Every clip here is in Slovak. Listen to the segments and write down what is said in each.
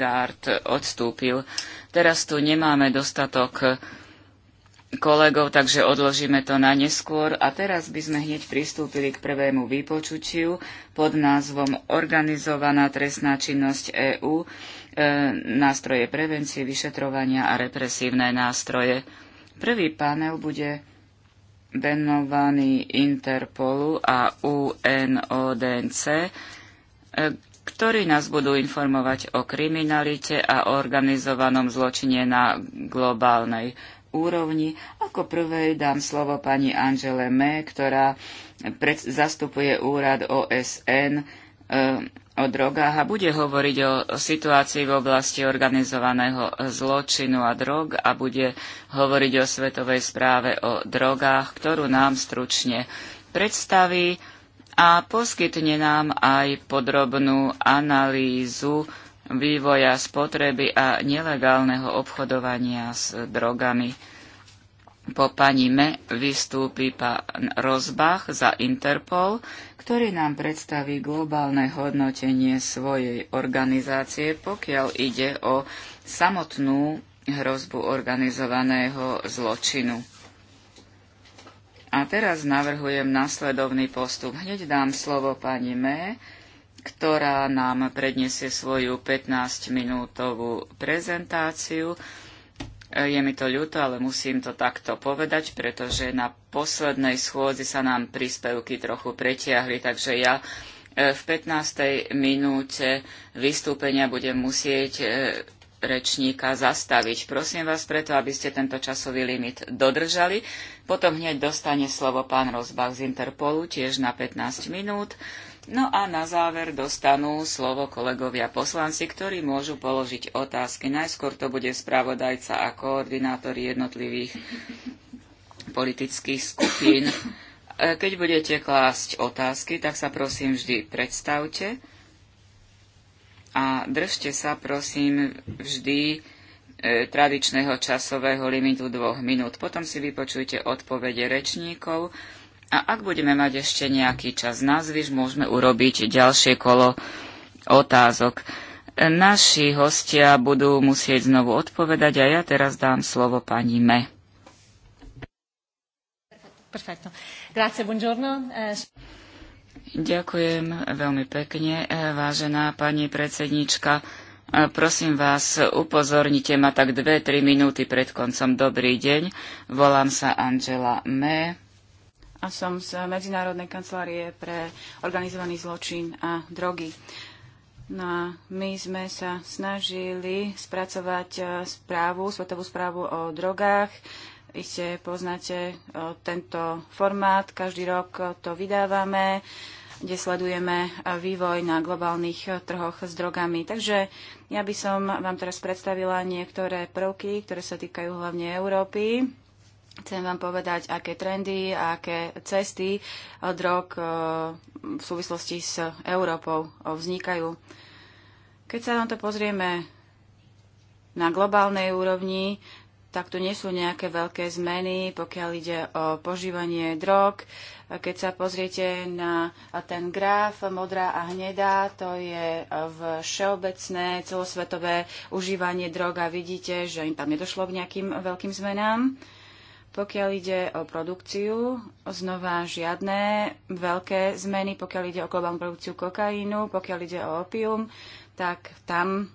Gard odstúpil. Teraz tu nemáme dostatok kolegov, takže odložíme to na neskôr. A teraz by sme hneď pristúpili k prvému vypočutiu pod názvom Organizovaná trestná činnosť EÚ, e, nástroje prevencie, vyšetrovania a represívne nástroje. Prvý panel bude venovaný Interpolu a UNODNC, e, ktorí nás budú informovať o kriminalite a organizovanom zločine na globálnej úrovni. Ako prvej dám slovo pani Angele Me, ktorá pred, zastupuje úrad OSN e, eh, o drogách a bude hovoriť o, o situácii v oblasti organizovaného zločinu a drog a bude hovoriť o svetovej správe o drogách, ktorú nám stručne predstaví a poskytne nám aj podrobnú analýzu vývoja spotreby a nelegálneho obchodovania s drogami. Po pani Me vystúpi pán Rozbach za Interpol, ktorý nám predstaví globálne hodnotenie svojej organizácie, pokiaľ ide o samotnú hrozbu organizovaného zločinu. A teraz navrhujem nasledovný postup. Hneď dám slovo pani Mé, ktorá nám predniesie svoju 15-minútovú prezentáciu. Je mi to ľúto, ale musím to takto povedať, pretože na poslednej schôdzi sa nám príspevky trochu pretiahli, takže ja e, v 15. minúte vystúpenia budem musieť e, rečníka zastaviť. Prosím vás preto, aby ste tento časový limit dodržali. Potom hneď dostane slovo pán Rozbach z Interpolu, tiež na 15 minút. No a na záver dostanú slovo kolegovia poslanci, ktorí môžu položiť otázky. Najskôr to bude spravodajca a koordinátor jednotlivých politických skupín. Keď budete klásť otázky, tak sa prosím vždy predstavte a držte sa, prosím, vždy e, tradičného časového limitu dvoch minút. Potom si vypočujte odpovede rečníkov a ak budeme mať ešte nejaký čas na zvyš, môžeme urobiť ďalšie kolo otázok. Naši hostia budú musieť znovu odpovedať a ja teraz dám slovo pani Me. Perfetto. Grazie, buongiorno. Eh, Ďakujem veľmi pekne, eh, vážená pani predsednička. Eh, prosím vás, upozornite ma tak dve, tri minúty pred koncom. Dobrý deň, volám sa Angela Mé. A som z Medzinárodnej kancelárie pre organizovaný zločin a drogy. No a my sme sa snažili spracovať eh, správu, svetovú správu o drogách. Iste poznáte tento formát, každý rok to vydávame kde sledujeme eh, vývoj na globálnych eh, trhoch s drogami. Takže ja by som vám teraz predstavila niektoré prvky, ktoré sa týkajú hlavne Európy. Chcem vám povedať, aké trendy a aké cesty eh, drog v súvislosti s Európou vznikajú. Keď sa na to pozrieme na globálnej úrovni, tak tu nie sú nejaké veľké zmeny, pokiaľ ide o požívanie drog. Keď sa pozriete na ten graf modrá a hnedá, to je všeobecné celosvetové užívanie drog a vidíte, že im tam nedošlo k nejakým veľkým zmenám. Pokiaľ ide o produkciu, znova žiadne veľké zmeny. Pokiaľ ide o globálnu produkciu kokainu, pokiaľ ide o opium, tak tam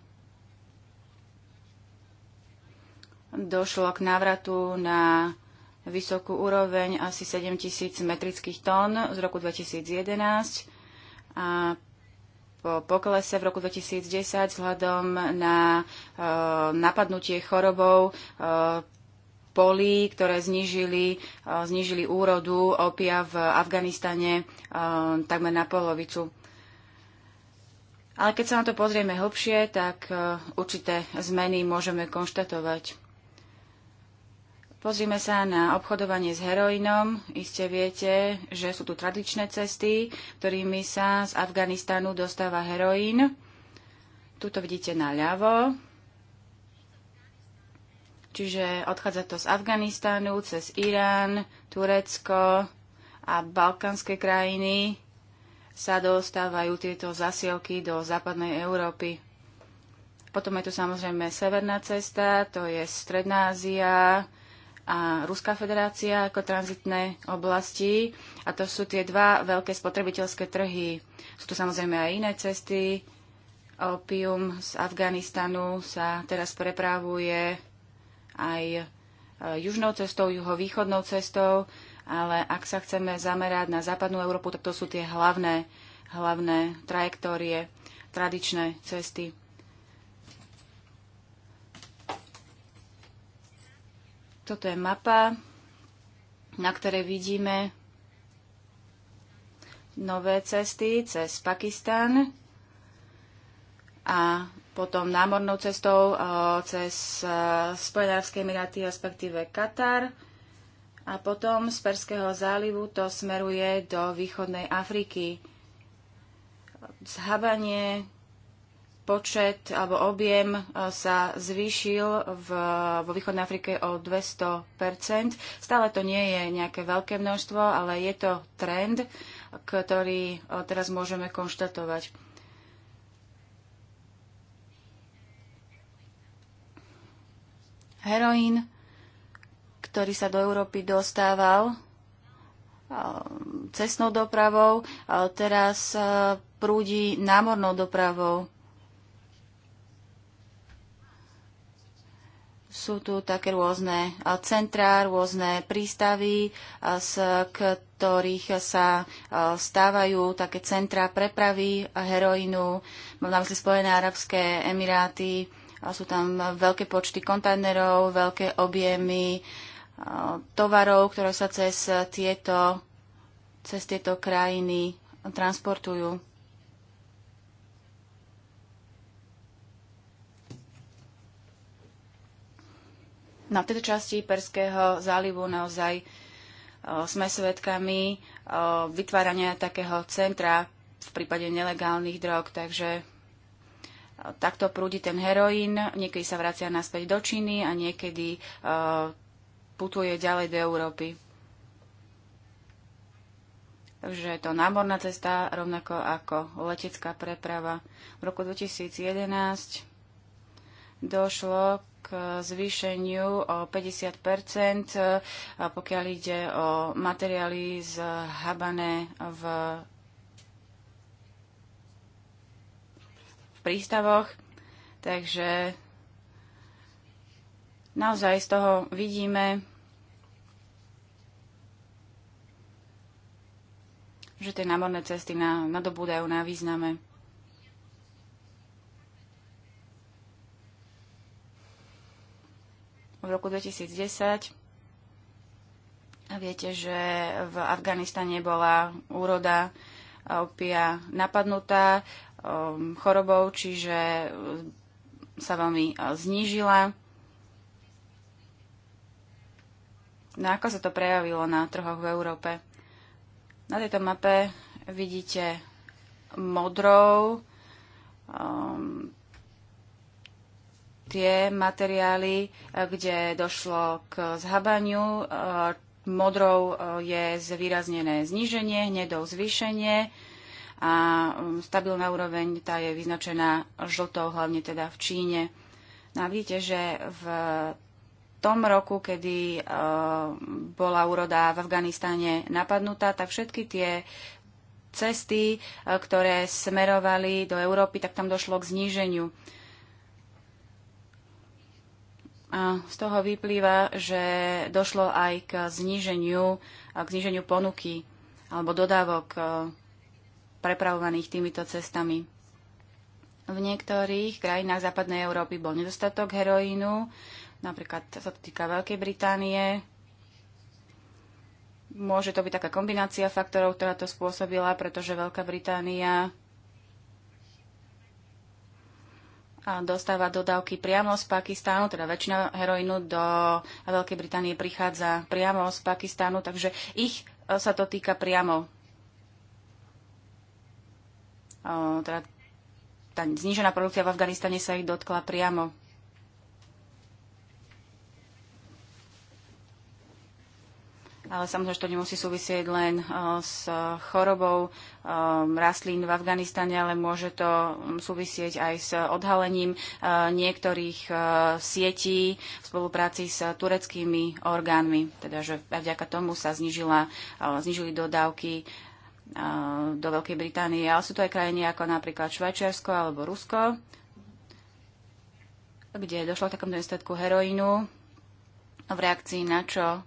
došlo k návratu na vysokú úroveň asi 7000 metrických tón z roku 2011 a po poklese v roku 2010 vzhľadom na e, napadnutie chorobou e, eh, polí, ktoré znižili, e, eh, znižili úrodu opia v Afganistane e, takmer na polovicu. Ale keď sa na to pozrieme hlbšie, tak e, určité zmeny môžeme konštatovať. Pozrime sa na obchodovanie s heroinom. Iste viete, že sú tu tradičné cesty, ktorými sa z Afganistanu dostáva heroín. Tuto vidíte naľavo. Čiže odchádza to z Afganistanu cez Irán, Turecko a balkánske krajiny sa dostávajú tieto zasielky do západnej Európy. Potom je tu samozrejme severná cesta, to je Stredná Ázia, a Ruská federácia ako tranzitné oblasti. A to sú tie dva veľké spotrebiteľské trhy. Sú tu samozrejme aj iné cesty. Opium z Afganistanu sa teraz prepravuje aj e, južnou cestou, juhovýchodnou cestou, ale ak sa chceme zamerať na západnú Európu, tak to sú tie hlavné, hlavné trajektórie, tradičné cesty. Toto je mapa, na ktorej vidíme nové cesty cez Pakistan a potom námornou cestou eh, cez eh, Spojené arabské emiráty, respektíve Katar. A potom z Perského zálivu to smeruje do východnej Afriky. Zhabanie počet alebo objem e, sa zvýšil v, vo východnej Afrike o 200 Stále to nie je nejaké veľké množstvo, ale je to trend, ktorý e, teraz môžeme konštatovať. Heroín, ktorý sa do Európy dostával e, cestnou dopravou, teraz prúdi námornou dopravou Sú tu také rôzne centrá, rôzne prístavy, z ktorých sa stávajú také centrá prepravy heroínu. Mám na mysli Spojené arabské emiráty. Sú tam veľké počty kontajnerov, veľké objemy tovarov, ktoré sa cez tieto, cez tieto krajiny transportujú. Na tejto časti Perského zálivu naozaj e, sme svedkami e, vytvárania takého centra v prípade nelegálnych drog, takže e, takto prúdi ten heroín, niekedy sa vracia naspäť do Číny a niekedy putuje ďalej do Európy. Takže je to námorná cesta, rovnako ako letecká preprava. V roku 2011 došlo k zvýšeniu o 50 e, pokiaľ ide o materiály zhabané v, v prístavoch. Takže naozaj z toho vidíme, že tie námorné cesty na, nadobúdajú na význame. v roku 2010. A viete, že v Afganistane bola úroda opia napadnutá um, chorobou, čiže um, sa veľmi uh, znížila. No ako sa to prejavilo na trhoch v Európe? Na tejto mape vidíte modrou um, tie materiály, e, kde došlo k zhabaniu. E, modrou e, je zvýraznené zníženie, hnedou zvýšenie a mm, stabilná úroveň tá je vyznačená žltou, hlavne teda v Číne. No a vidíte, že v tom roku, kedy bola úroda v Afganistáne napadnutá, tak všetky tie cesty, ktoré smerovali do Európy, tak tam došlo k zníženiu. A z toho vyplýva, že došlo aj k zníženiu, k zníženiu ponuky alebo dodávok e, prepravovaných týmito cestami. V niektorých krajinách západnej Európy bol nedostatok heroínu, napríklad sa to týka Veľkej Británie. Môže to byť taká kombinácia faktorov, ktorá to spôsobila, pretože Veľká Británia dostáva dodávky priamo z Pakistánu, teda väčšina heroínu do Veľkej Británie prichádza priamo z Pakistánu, takže ich e, sa to týka priamo. E, teda tá znížená produkcia v Afganistane sa ich dotkla priamo. ale samozrejme, že to nemusí súvisieť len eh, s chorobou eh, rastlín v Afganistane, ale môže to hm, súvisieť aj s odhalením eh, niektorých sietí v spolupráci s tureckými orgánmi. Teda, že vďaka tomu sa znižila, znižili dodávky do Veľkej Británie, ale sú to aj krajiny ako napríklad Švajčiarsko alebo Rusko, kde došlo k takomto nedostatku heroínu v reakcii na čo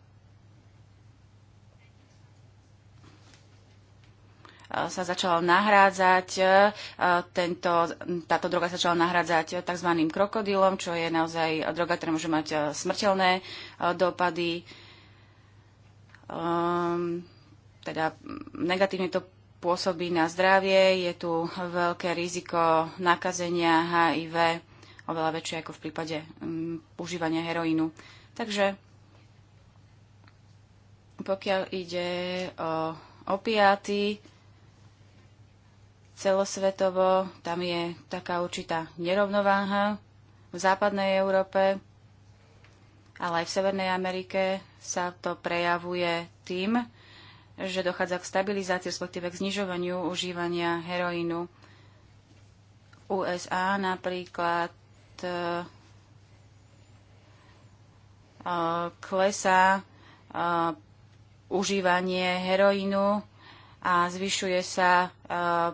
sa začal nahrádzať, tento, táto droga sa začala nahrádzať tzv. krokodilom, čo je naozaj droga, ktorá môže mať smrteľné dopady. Teda negatívne to pôsobí na zdravie, je tu veľké riziko nakazenia HIV, oveľa väčšie ako v prípade užívania heroínu. Takže pokiaľ ide o opiaty, Celosvetovo tam je taká určitá nerovnováha v západnej Európe, ale aj v Severnej Amerike sa to prejavuje tým, že dochádza k stabilizácii, respektíve k znižovaniu užívania heroínu. USA napríklad e, e, klesá e, užívanie heroínu a zvyšuje sa e,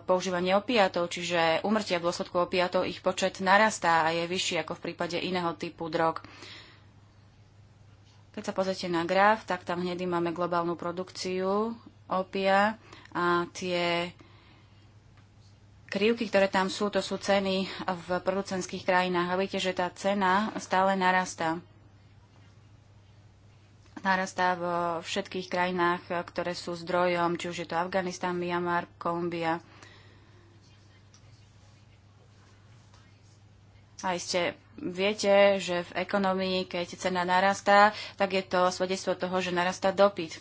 používanie opiatov, čiže umrtia v dôsledku opiatov ich počet narastá a je vyšší ako v prípade iného typu drog. Keď sa pozrite na graf, tak tam hnedy máme globálnu produkciu opia a tie krivky, ktoré tam sú, to sú ceny v producentských krajinách. A vidíte, že tá cena stále narastá narastá vo všetkých krajinách, ktoré sú zdrojom, či už je to Afganistan, Myanmar, Kolumbia. A iste viete, že v ekonomii, keď cena narastá, tak je to svedectvo toho, že narastá dopyt.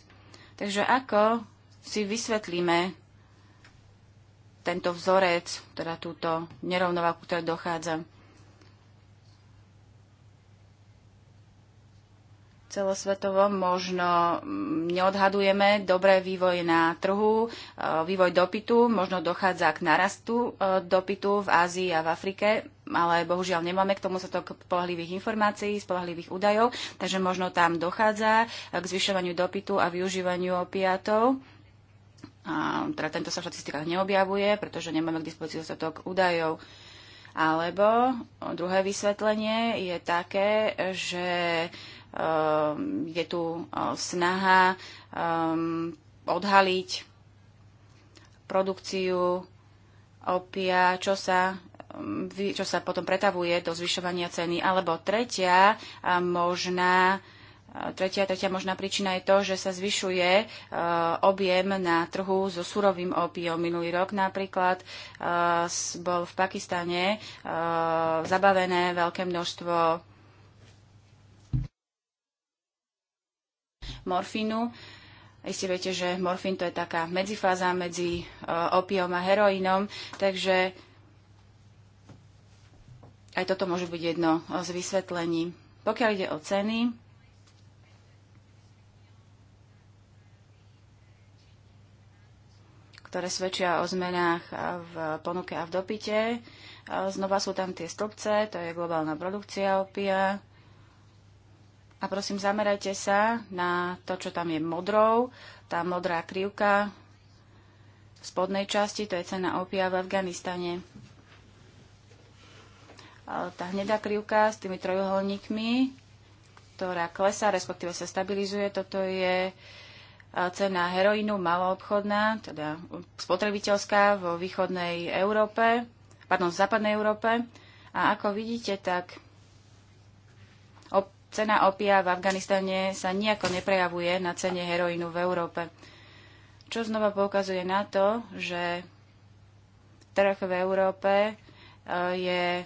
Takže ako si vysvetlíme tento vzorec, teda túto nerovnováhu, ktorá dochádza? celosvetovo možno mm, neodhadujeme dobré vývoj na trhu, e, vývoj dopytu, možno dochádza k narastu e, dopytu v Ázii a v Afrike, ale bohužiaľ nemáme k tomu sa to k spolahlivých informácií, spolahlivých údajov, takže možno tam dochádza e, k zvyšovaniu dopytu a využívaniu opiatov. A, teda tento sa v štatistikách neobjavuje, pretože nemáme k dispozícii dostatok údajov. Alebo druhé vysvetlenie je také, že Ehm, je tu e, snaha ehm, odhaliť produkciu opia, čo sa ehm, čo sa potom pretavuje do zvyšovania ceny. Alebo tretia e, možná e, Tretia, tretia možná príčina je to, že sa zvyšuje objem na trhu so surovým opiom. Minulý rok napríklad bol v Pakistane zabavené veľké množstvo morfínu. Iste viete, že morfín to je taká medzifáza medzi e, opiom a heroínom, takže aj toto môže byť jedno e, z vysvetlení. Pokiaľ ide o ceny, ktoré svedčia o zmenách e, v ponuke a v dopite. Znova sú tam tie stĺpce, to je globálna produkcia opia, a prosím, zamerajte sa na to, čo tam je modrou. Tá modrá krivka v spodnej časti, to je cena opia v Afganistane. Tá hnedá krivka s tými trojuholníkmi, ktorá klesá, respektíve sa stabilizuje, toto je cena heroínu maloobchodná, teda spotrebiteľská vo východnej Európe, pardon, v západnej Európe. A ako vidíte, tak Cena opia v Afganistane sa nejako neprejavuje na cene heroínu v Európe. Čo znova poukazuje na to, že trh v Európe e, je e,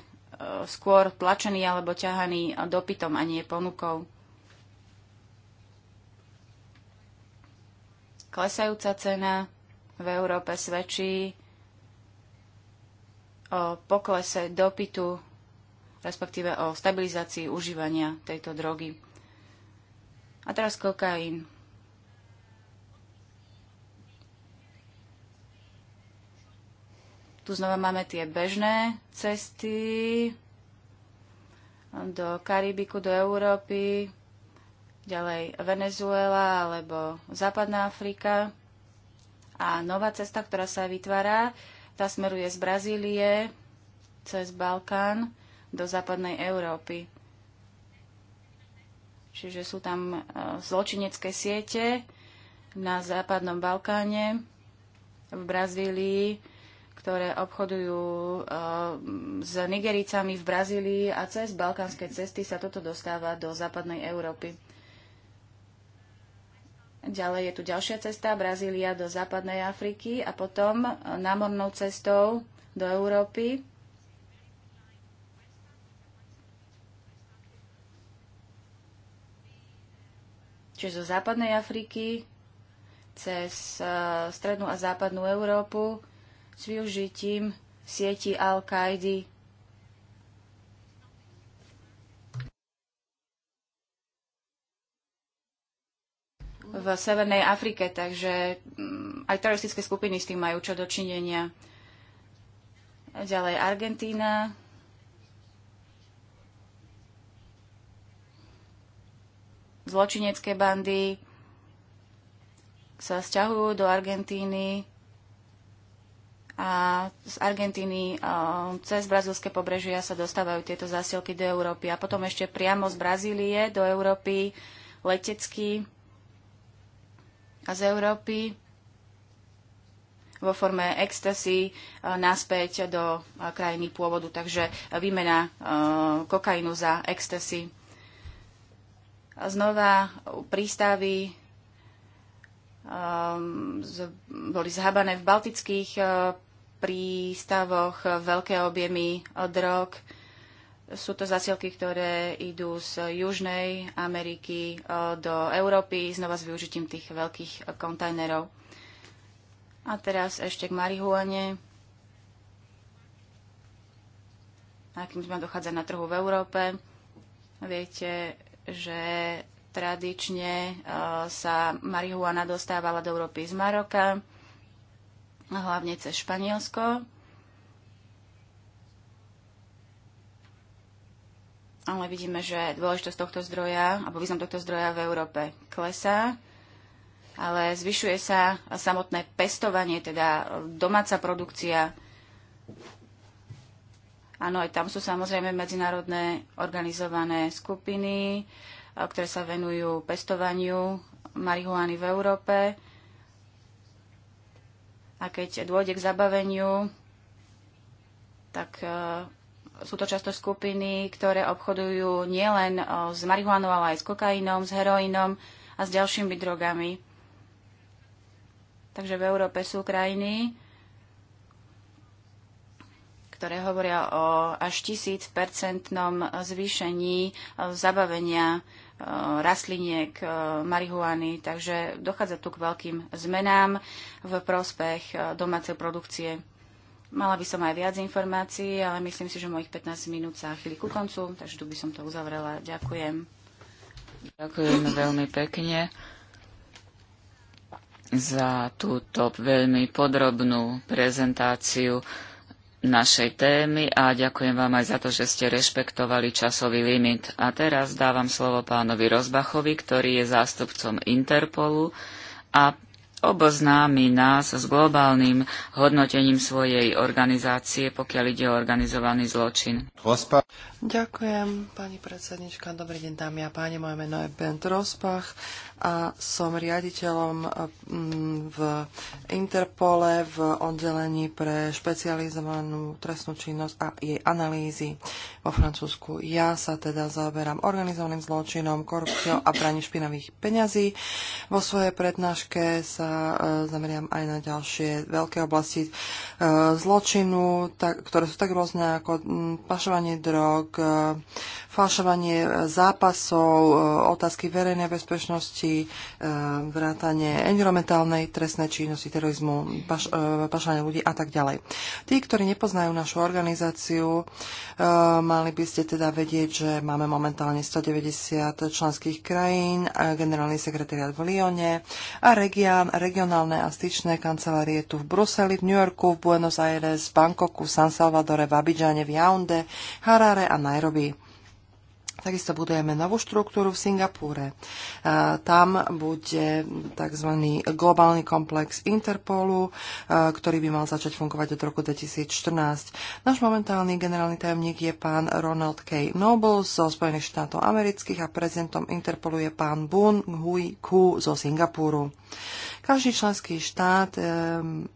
skôr tlačený alebo ťahaný dopytom a nie ponukou. Klesajúca cena v Európe svedčí o poklese dopytu respektíve o stabilizácii užívania tejto drogy. A teraz kokain. Tu znova máme tie bežné cesty do Karibiku, do Európy, ďalej Venezuela alebo Západná Afrika. A nová cesta, ktorá sa vytvára, tá smeruje z Brazílie cez Balkán do západnej Európy. Čiže sú tam e, zločinecké siete na západnom Balkáne, v Brazílii, ktoré obchodujú e, s Nigericami v Brazílii a cez balkánske cesty sa toto dostáva do západnej Európy. Ďalej je tu ďalšia cesta, Brazília do západnej Afriky a potom e, námornou cestou do Európy čiže zo západnej Afriky cez eh, strednú a západnú Európu s využitím sieti Al-Kaidy v Severnej Afrike, takže mm, aj teroristické skupiny s tým majú čo dočinenia. Ďalej Argentína, zločinecké bandy sa sťahujú do Argentíny a z Argentíny eh, cez brazílske pobrežia sa dostávajú tieto zásielky do Európy a potom ešte priamo z Brazílie do Európy letecky a z Európy vo forme ecstasy eh, naspäť do eh, krajiny pôvodu. Takže výmena kokainu za ecstasy znova prístavy um, z, boli zhabané v baltických uh, prístavoch, veľké objemy drog. Sú to zasielky, ktoré idú z Južnej Ameriky uh, do Európy, znova s využitím tých veľkých uh, kontajnerov. A teraz ešte k marihuane. Akým sme dochádza na trhu v Európe. Viete, že tradične e, sa marihuana dostávala do Európy z Maroka, hlavne cez Španielsko. Ale vidíme, že dôležitosť tohto zdroja, alebo význam tohto zdroja v Európe klesá, ale zvyšuje sa samotné pestovanie, teda domáca produkcia Áno, aj tam sú samozrejme medzinárodné organizované skupiny, ktoré sa venujú pestovaniu marihuany v Európe. A keď dôjde k zabaveniu, tak e, sú to často skupiny, ktoré obchodujú nielen e, s marihuanou, ale aj s kokainom, s heroínom a s ďalšími drogami. Takže v Európe sú krajiny, ktoré hovoria o až tisícpercentnom zvýšení eh, zabavenia eh, rastliniek, eh, marihuany, takže dochádza tu k veľkým zmenám v prospech domácej produkcie. Mala by som aj viac informácií, ale myslím si, že mojich 15 minút sa chvíli ku koncu, takže tu by som to uzavrela. Ďakujem. Ďakujem veľmi pekne za túto veľmi podrobnú prezentáciu našej témy a ďakujem vám aj za to, že ste rešpektovali časový limit. A teraz dávam slovo pánovi Rozbachovi, ktorý je zástupcom Interpolu a oboznámi nás s globálnym hodnotením svojej organizácie, pokiaľ ide o organizovaný zločin. Rozpa. Ďakujem, pani predsednička. Dobrý deň, dámy a páni. Moje meno je Bent Rozpach a som riaditeľom mm, v Interpole v oddelení pre špecializovanú trestnú činnosť a jej analýzy vo Francúzsku. Ja sa teda zaoberám organizovaným zločinom, korupciou a praní špinavých peňazí. Vo svojej prednáške sa e, zameriam aj na ďalšie veľké oblasti e, zločinu, ktoré sú tak rôzne ako mm, pašovanie drog, e, falšovanie zápasov, otázky verejnej bezpečnosti, činnosti, e, vrátanie environmentálnej trestnej činnosti, terorizmu, paš, e, pašania ľudí a tak ďalej. Tí, ktorí nepoznajú našu organizáciu, e, mali by ste teda vedieť, že máme momentálne 190 členských krajín, generálny sekretariat v Lyone a region, regionálne a styčné kancelárie tu v Bruseli, v New Yorku, v Buenos Aires, v v San Salvadore, v Abidžane, v Jaunde, Harare a Nairobi. Takisto budujeme novú štruktúru v Singapúre. E, tam bude tzv. globálny komplex Interpolu, e, ktorý by mal začať fungovať od roku 2014. Náš momentálny generálny tajomník je pán Ronald K. Noble zo Spojených štátov amerických a prezidentom Interpolu je pán Boon Hui Ku zo Singapúru. Každý členský štát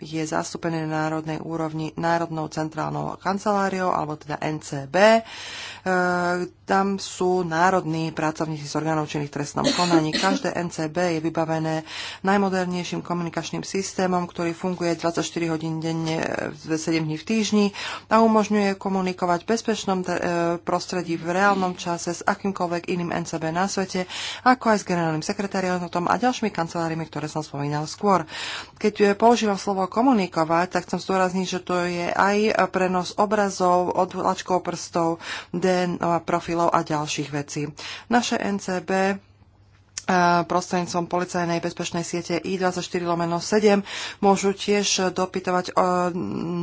je zastúpený na národnej úrovni Národnou centrálnou kanceláriou, alebo teda NCB. Tam sú národní pracovníci z orgánov činných trestnom konaní. Každé NCB je vybavené najmodernejším komunikačným systémom, ktorý funguje 24 hodín denne, 7 e, dní v týždni a umožňuje komunikovať v bezpečnom e, prostredí v reálnom čase s akýmkoľvek iným NCB na svete, ako aj s generálnym sekretáriom a ďalšími kanceláriami, ktoré som spomínal spomínal skôr. Keď eh, používam slovo komunikovať, tak chcem zdôrazniť, že to je aj prenos obrazov, odvlačkov prstov, DNA profilov a ďalších vecí. Naše NCB prostrednícom policajnej bezpečnej siete I24 lomeno 7 môžu tiež dopytovať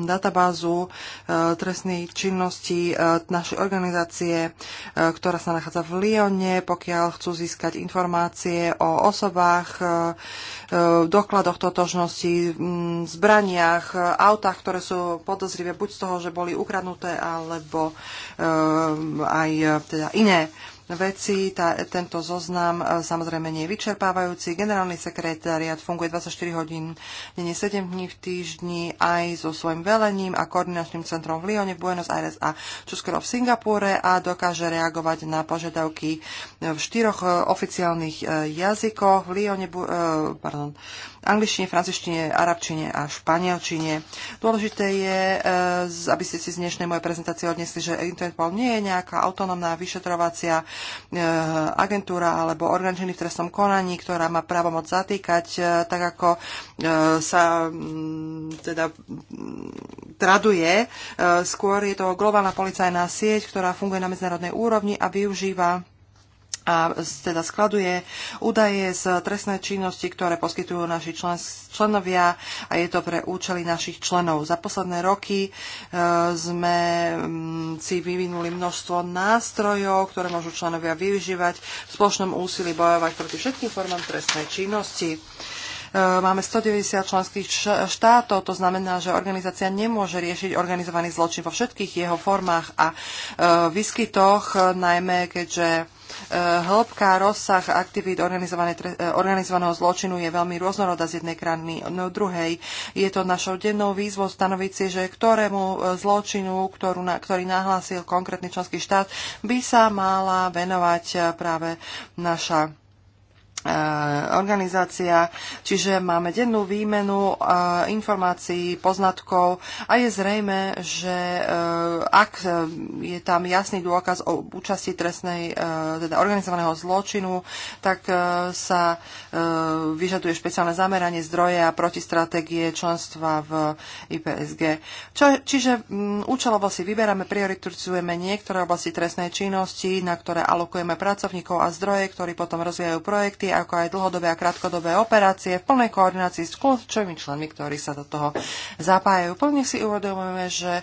databázu e, trestnej činnosti e, našej organizácie, e, ktorá sa nachádza v Lione, pokiaľ chcú získať informácie o osobách, dokladoch totožnosti, zbraniach, autách, ktoré sú podozrivé buď z toho, že boli ukradnuté, alebo aj teda iné veci. Tá, tento zoznam e, samozrejme nie je vyčerpávajúci. Generálny sekretariat funguje 24 hodín, denne 7 dní v týždni aj so svojim velením a koordinačným centrom v Lyone, v Buenos Aires a čoskoro v Singapúre a dokáže reagovať na požiadavky v štyroch e, oficiálnych e, jazykoch v Lyone, pardon, angličtine, francúzštine, arabčine a španielčine. Dôležité je, e, aby ste si z dnešnej mojej prezentácie odnesli, že Interpol nie je nejaká autonómna vyšetrovacia e, agentúra alebo orgán v trestnom konaní, ktorá má právo moc zatýkať, e, tak ako sa mm, teda mm, traduje. Skôr je to globálna policajná sieť, ktorá funguje na medzinárodnej úrovni a využíva a teda skladuje údaje z trestnej činnosti, ktoré poskytujú naši člen, členovia a je to pre účely našich členov. Za posledné roky e, sme mm, si vyvinuli množstvo nástrojov, ktoré môžu členovia využívať v spoločnom úsilí bojovať proti všetkým formám trestnej činnosti. E, máme 190 členských štátov, to znamená, že organizácia nemôže riešiť organizovaný zločin vo všetkých jeho formách a e, výskytoch, e, najmä keďže Hĺbka, rozsah aktivít eh, organizovaného zločinu je veľmi rôznorodá z jednej krajiny do druhej. Je to našou dennou výzvou stanoviť si, že ktorému eh, zločinu, ktorú, ktorý nahlásil konkrétny členský štát, by sa mala venovať eh, práve naša E, organizácia, čiže máme dennú výmenu e, informácií, poznatkov a je zrejme, že e, ak je tam jasný dôkaz o účasti trestnej, teda organizovaného zločinu, tak sa vyžaduje špeciálne zameranie zdroje a protistratégie členstva v IPSG. Čo, čiže účelovo si vyberáme, prioritizujeme niektoré oblasti trestnej činnosti, na ktoré alokujeme pracovníkov a zdroje, ktorí potom rozvíjajú projekty aktivity, ako aj dlhodobé a krátkodobé operácie v plnej koordinácii s kľúčovými členmi, ktorí sa do toho zapájajú. Plne si uvedomujeme, že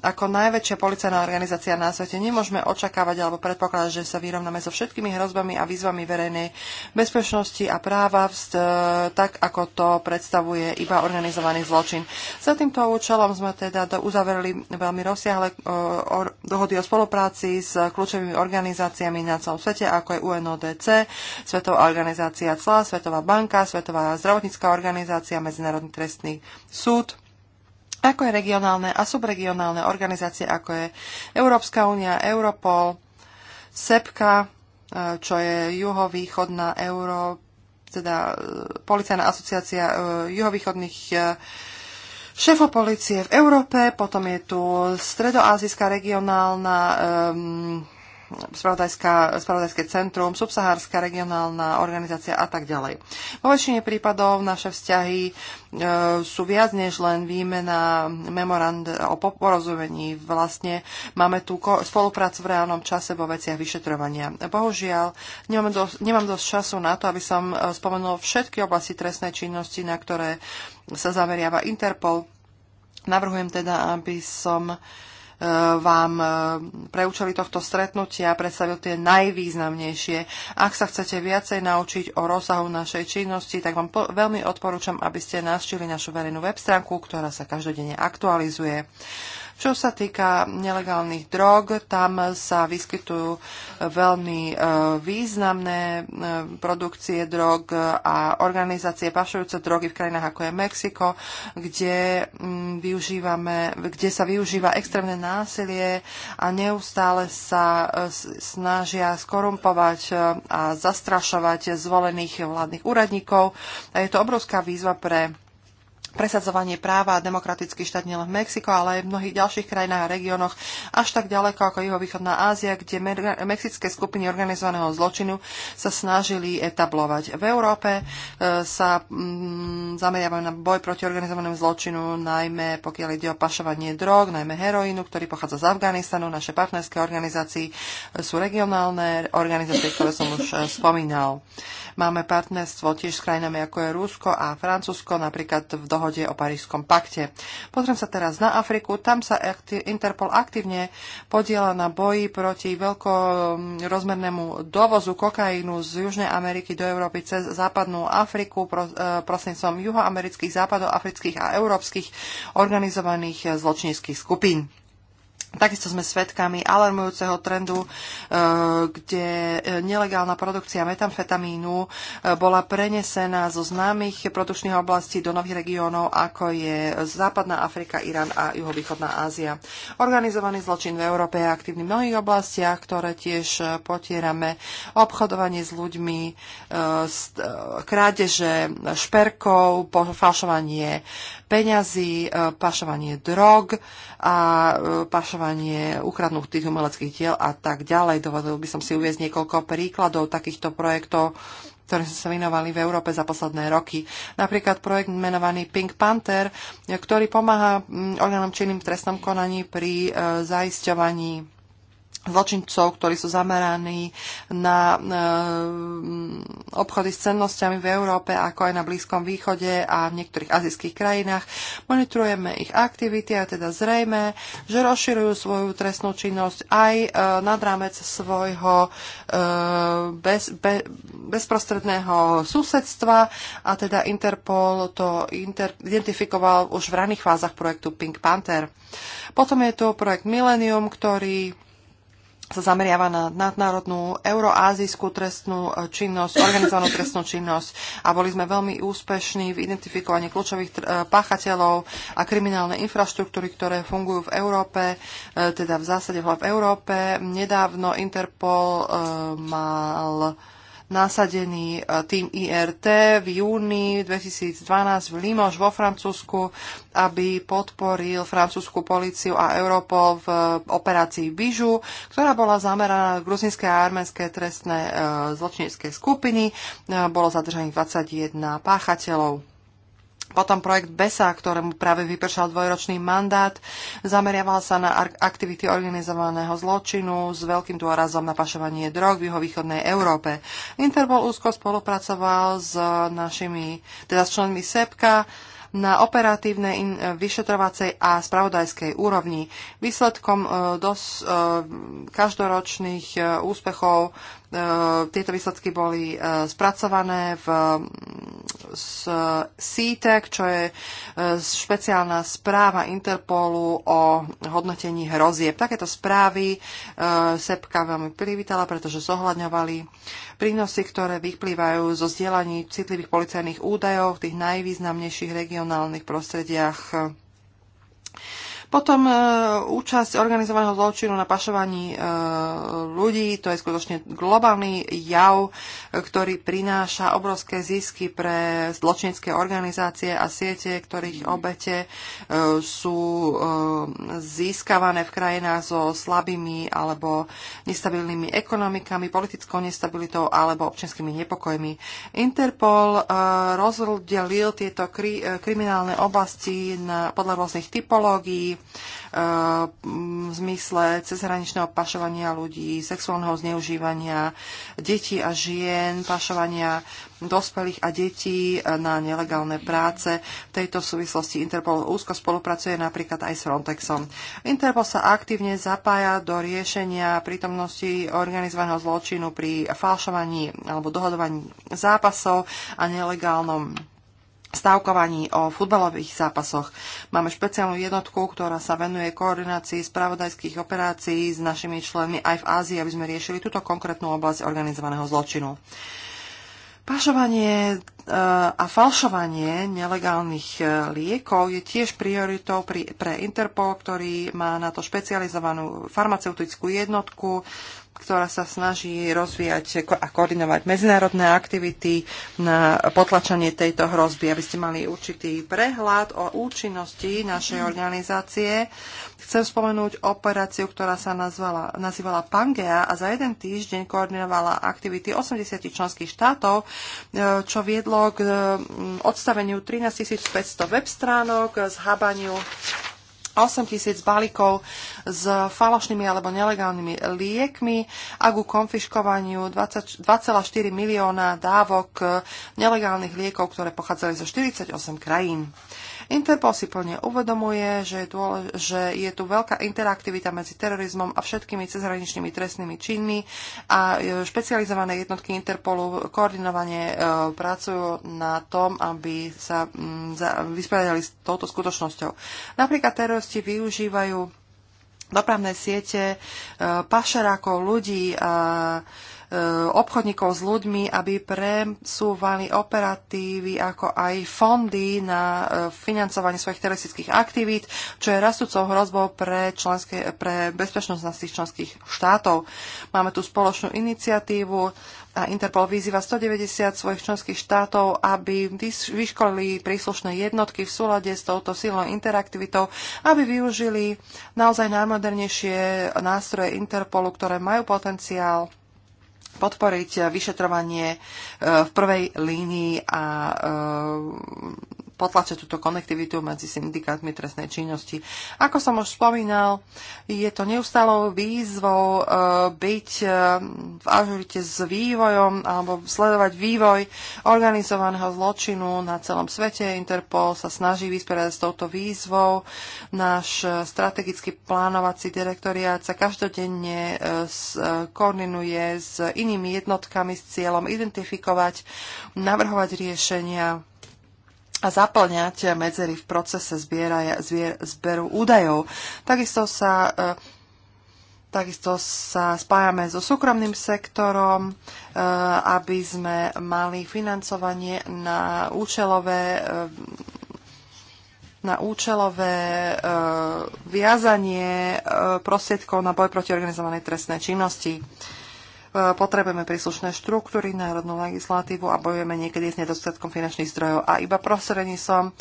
ako najväčšia policajná organizácia na svete nemôžeme očakávať alebo predpokladať, že sa vyrovnáme so všetkými hrozbami a výzvami verejnej bezpečnosti a práva vst, e, tak, ako to predstavuje iba organizovaný zločin. Za týmto účelom sme teda uzavreli veľmi rozsiahle e, dohody o spolupráci s kľúčovými organizáciami na celom svete, ako je UNODC, Svetová organizácia CLA, Svetová banka, Svetová zdravotnícká organizácia, Medzinárodný trestný súd ako je regionálne a subregionálne organizácie, ako je Európska únia, Europol, SEPKA, e, čo je juhovýchodná euro, teda e, policajná asociácia e, juhovýchodných šéfov policie v Európe, potom je tu stredoázijská regionálna um, spravodajské centrum, subsahárska regionálna organizácia a tak ďalej. Vo väčšine prípadov naše vzťahy e, sú viac než len výmena memorand o porozumení. Vlastne máme tú spoluprácu v reálnom čase vo veciach vyšetrovania. Bohužiaľ, nemám dosť, nemám dosť času na to, aby som e, spomenul všetky oblasti trestnej činnosti, na ktoré sa zameriava Interpol. Navrhujem teda, aby som uh, vám e, pre účely tohto stretnutia predstavil tie najvýznamnejšie. Ak sa chcete viacej naučiť o rozsahu našej činnosti, tak vám veľmi odporúčam, aby ste navštívili našu verejnú web stránku, ktorá sa každodenne aktualizuje. Čo sa týka nelegálnych drog, tam sa vyskytujú veľmi e, významné e, produkcie drog a organizácie pašujúce drogy v krajinách ako je Mexiko, kde, mm, využívame, kde sa využíva extrémne násilie a neustále sa e, snažia skorumpovať a zastrašovať zvolených vládnych úradníkov. A je to obrovská výzva pre presadzovanie práva a demokratický štát nielen v Mexiko, ale aj v mnohých ďalších krajinách a regiónoch až tak ďaleko ako juhovýchodná Ázia, kde mexické skupiny organizovaného zločinu sa snažili etablovať. V Európe e, sa mm, zameriavajú na boj proti organizovanému zločinu, najmä pokiaľ ide o pašovanie drog, najmä heroínu, ktorý pochádza z Afganistanu. Naše partnerské organizácie e, sú regionálne organizácie, ktoré som už e, spomínal. Máme partnerstvo tiež s krajinami ako je Rusko a Francúzsko, napríklad v dohode o Parížskom pakte. Pozriem sa teraz na Afriku. Tam sa Interpol aktívne podiela na boji proti veľkorozmernému dovozu kokainu z Južnej Ameriky do Európy cez západnú Afriku e, prostredníctvom juhoamerických, západoafrických a európskych organizovaných zločinských skupín. Takisto sme svedkami alarmujúceho trendu, e, kde e, nelegálna produkcia metamfetamínu e, bola prenesená zo známych produkčných oblastí do nových regiónov, ako je Západná Afrika, Irán a Juhovýchodná Ázia. Organizovaný zločin v Európe je aktívny v mnohých oblastiach, ktoré tiež potierame. Obchodovanie s ľuďmi, krádeže šperkov, falšovanie peňazí, pašovanie drog a pašovanie spracovanie ukradnutých umeleckých diel a tak ďalej. Dovolil by som si uviezť niekoľko príkladov takýchto projektov, ktoré sa venovali v Európe za posledné roky. Napríklad projekt menovaný Pink Panther, ktorý pomáha mm, orgánom činným trestnom konaní pri e, zaisťovaní zločincov, ktorí sú zameraní na e, obchody s cennosťami v Európe, ako aj na Blízkom východe a v niektorých azijských krajinách. Monitorujeme ich aktivity a teda zrejme, že rozširujú svoju trestnú činnosť aj e, nad rámec svojho e, bez, be, bezprostredného susedstva a teda Interpol to inter, identifikoval už v raných fázach projektu Pink Panther. Potom je tu projekt Millennium, ktorý sa zameriava na nadnárodnú euroázijskú trestnú e, činnosť, organizovanú trestnú činnosť a boli sme veľmi úspešní v identifikovaní kľúčových e, páchateľov a kriminálnej infraštruktúry, ktoré fungujú v Európe, e, teda v zásade v Európe. Nedávno Interpol mal nasadený e, tým IRT v júni 2012 v Limoš vo Francúzsku, aby podporil francúzsku políciu a Europol v e, operácii Bižu, ktorá bola zameraná na gruzinské a arménske trestné e, zločinecké skupiny. Bolo zadržaných 21 páchateľov. Potom projekt BESA, ktorému práve vypršal dvojročný mandát, zameriaval sa na aktivity organizovaného zločinu s veľkým dôrazom na pašovanie drog v juhovýchodnej Európe. Interpol úzko spolupracoval s našimi, teda s členmi SEPKA, na operatívnej vyšetrovacej a spravodajskej úrovni. Výsledkom eh, dos, eh, každoročných eh, úspechov E, tieto výsledky boli e, spracované v CTEC, čo je e, špeciálna správa Interpolu o hodnotení hrozieb. Takéto správy SEPKA veľmi privítala, pretože zohľadňovali prínosy, ktoré vyplývajú zo zdieľaní citlivých policajných údajov v tých najvýznamnejších regionálnych prostrediach potom e, účasť organizovaného zločinu na pašovaní e, ľudí, to je skutočne globálny jav, e, ktorý prináša obrovské zisky pre zločinecké organizácie a siete, ktorých mhm. obete e, sú e, získavané v krajinách so slabými alebo nestabilnými ekonomikami, politickou nestabilitou alebo občianskými nepokojmi. Interpol e, rozdelil tieto kri, e, kriminálne oblasti na, podľa rôznych typológií, v zmysle cezhraničného pašovania ľudí, sexuálneho zneužívania detí a žien, pašovania dospelých a detí na nelegálne práce. V tejto súvislosti Interpol úzko spolupracuje napríklad aj s Frontexom. Interpol sa aktívne zapája do riešenia prítomnosti organizovaného zločinu pri falšovaní alebo dohodovaní zápasov a nelegálnom stavkovaní, o futbalových zápasoch. Máme špeciálnu jednotku, ktorá sa venuje koordinácii spravodajských operácií s našimi členmi aj v Ázii, aby sme riešili túto konkrétnu oblasť organizovaného zločinu. Pašovanie e, a falšovanie nelegálnych e, liekov je tiež prioritou pre Interpol, ktorý má na to špecializovanú farmaceutickú jednotku ktorá sa snaží rozvíjať a koordinovať medzinárodné aktivity na potlačanie tejto hrozby, aby ste mali určitý prehľad o účinnosti našej organizácie. Chcem spomenúť operáciu, ktorá sa nazvala, nazývala Pangea a za jeden týždeň koordinovala aktivity 80 členských štátov, e, čo viedlo k mm, odstaveniu 13 500 web stránok, zhabaniu tisíc balíkov s falošnými alebo nelegálnymi liekmi a ku konfiškovaniu 2,4 milióna dávok nelegálnych liekov, ktoré pochádzali zo 48 krajín. Interpol si plne uvedomuje, že je, dôle, že je tu veľká interaktivita medzi terorizmom a všetkými cezhraničnými trestnými činmi a e, špecializované jednotky Interpolu koordinovane e, pracujú na tom, aby sa mm, vysporiadali s touto skutočnosťou. Napríklad teroristi využívajú dopravné siete e, pašerákov ľudí a Eh, obchodníkov s ľuďmi, aby presúvali operatívy ako aj fondy na eh, financovanie svojich teroristických aktivít, čo je rastúcou hrozbou pre, členské, pre bezpečnosť tých členských štátov. Máme tu spoločnú iniciatívu a Interpol vyzýva 190 svojich členských štátov, aby vyškolili príslušné jednotky v súlade s touto silnou interaktivitou, aby využili naozaj najmodernejšie nástroje Interpolu, ktoré majú potenciál podporiť vyšetrovanie e, v prvej línii a e, potlačiť túto konektivitu medzi syndikátmi trestnej činnosti. Ako som už spomínal, je to neustálou výzvou e, byť e, v ažurite s vývojom alebo sledovať vývoj organizovaného zločinu na celom svete. Interpol sa snaží vysporiadať s touto výzvou. Náš e, strategický plánovací direktoriát sa každodenne koordinuje s inými jednotkami s cieľom identifikovať, navrhovať riešenia a zaplňať medzery v procese zbieraja, zbier, zberu údajov. Takisto sa, e, takisto sa spájame so súkromným sektorom, e, aby sme mali financovanie na účelové e, na účelové e, viazanie e, prostriedkov na boj proti organizovanej trestnej činnosti. E, potrebujeme príslušné štruktúry, národnú legislatívu a bojujeme niekedy s nedostatkom finančných zdrojov. A iba prostredníctvom eh,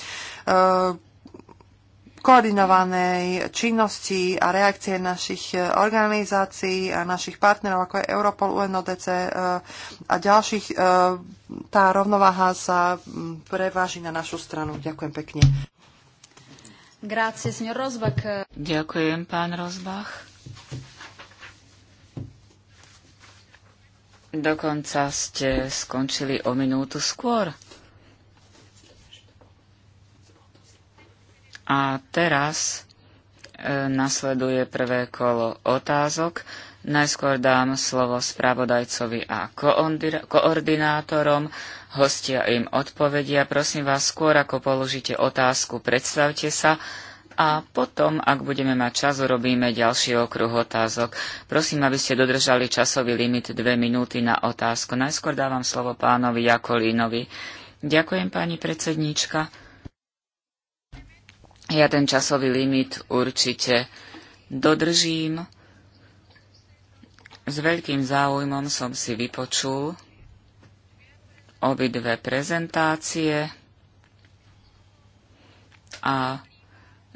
koordinovanej činnosti a reakcie našich eh, organizácií a našich partnerov, ako je Europol, UNODC eh, a ďalších, tá rovnováha sa mm, preváži na našu stranu. Ďakujem pekne. Grazie, signor Ďakujem, pán Rozbach. Dokonca ste skončili o minútu skôr. A teraz e, nasleduje prvé kolo otázok. Najskôr dám slovo spravodajcovi a koordinátorom. Hostia im odpovedia. Prosím vás, skôr ako položíte otázku, predstavte sa a potom, ak budeme mať čas, urobíme ďalší okruh otázok. Prosím, aby ste dodržali časový limit dve minúty na otázku. Najskôr dávam slovo pánovi Jakolínovi. Ďakujem, pani predsedníčka. Ja ten časový limit určite dodržím. S veľkým záujmom som si vypočul obidve prezentácie a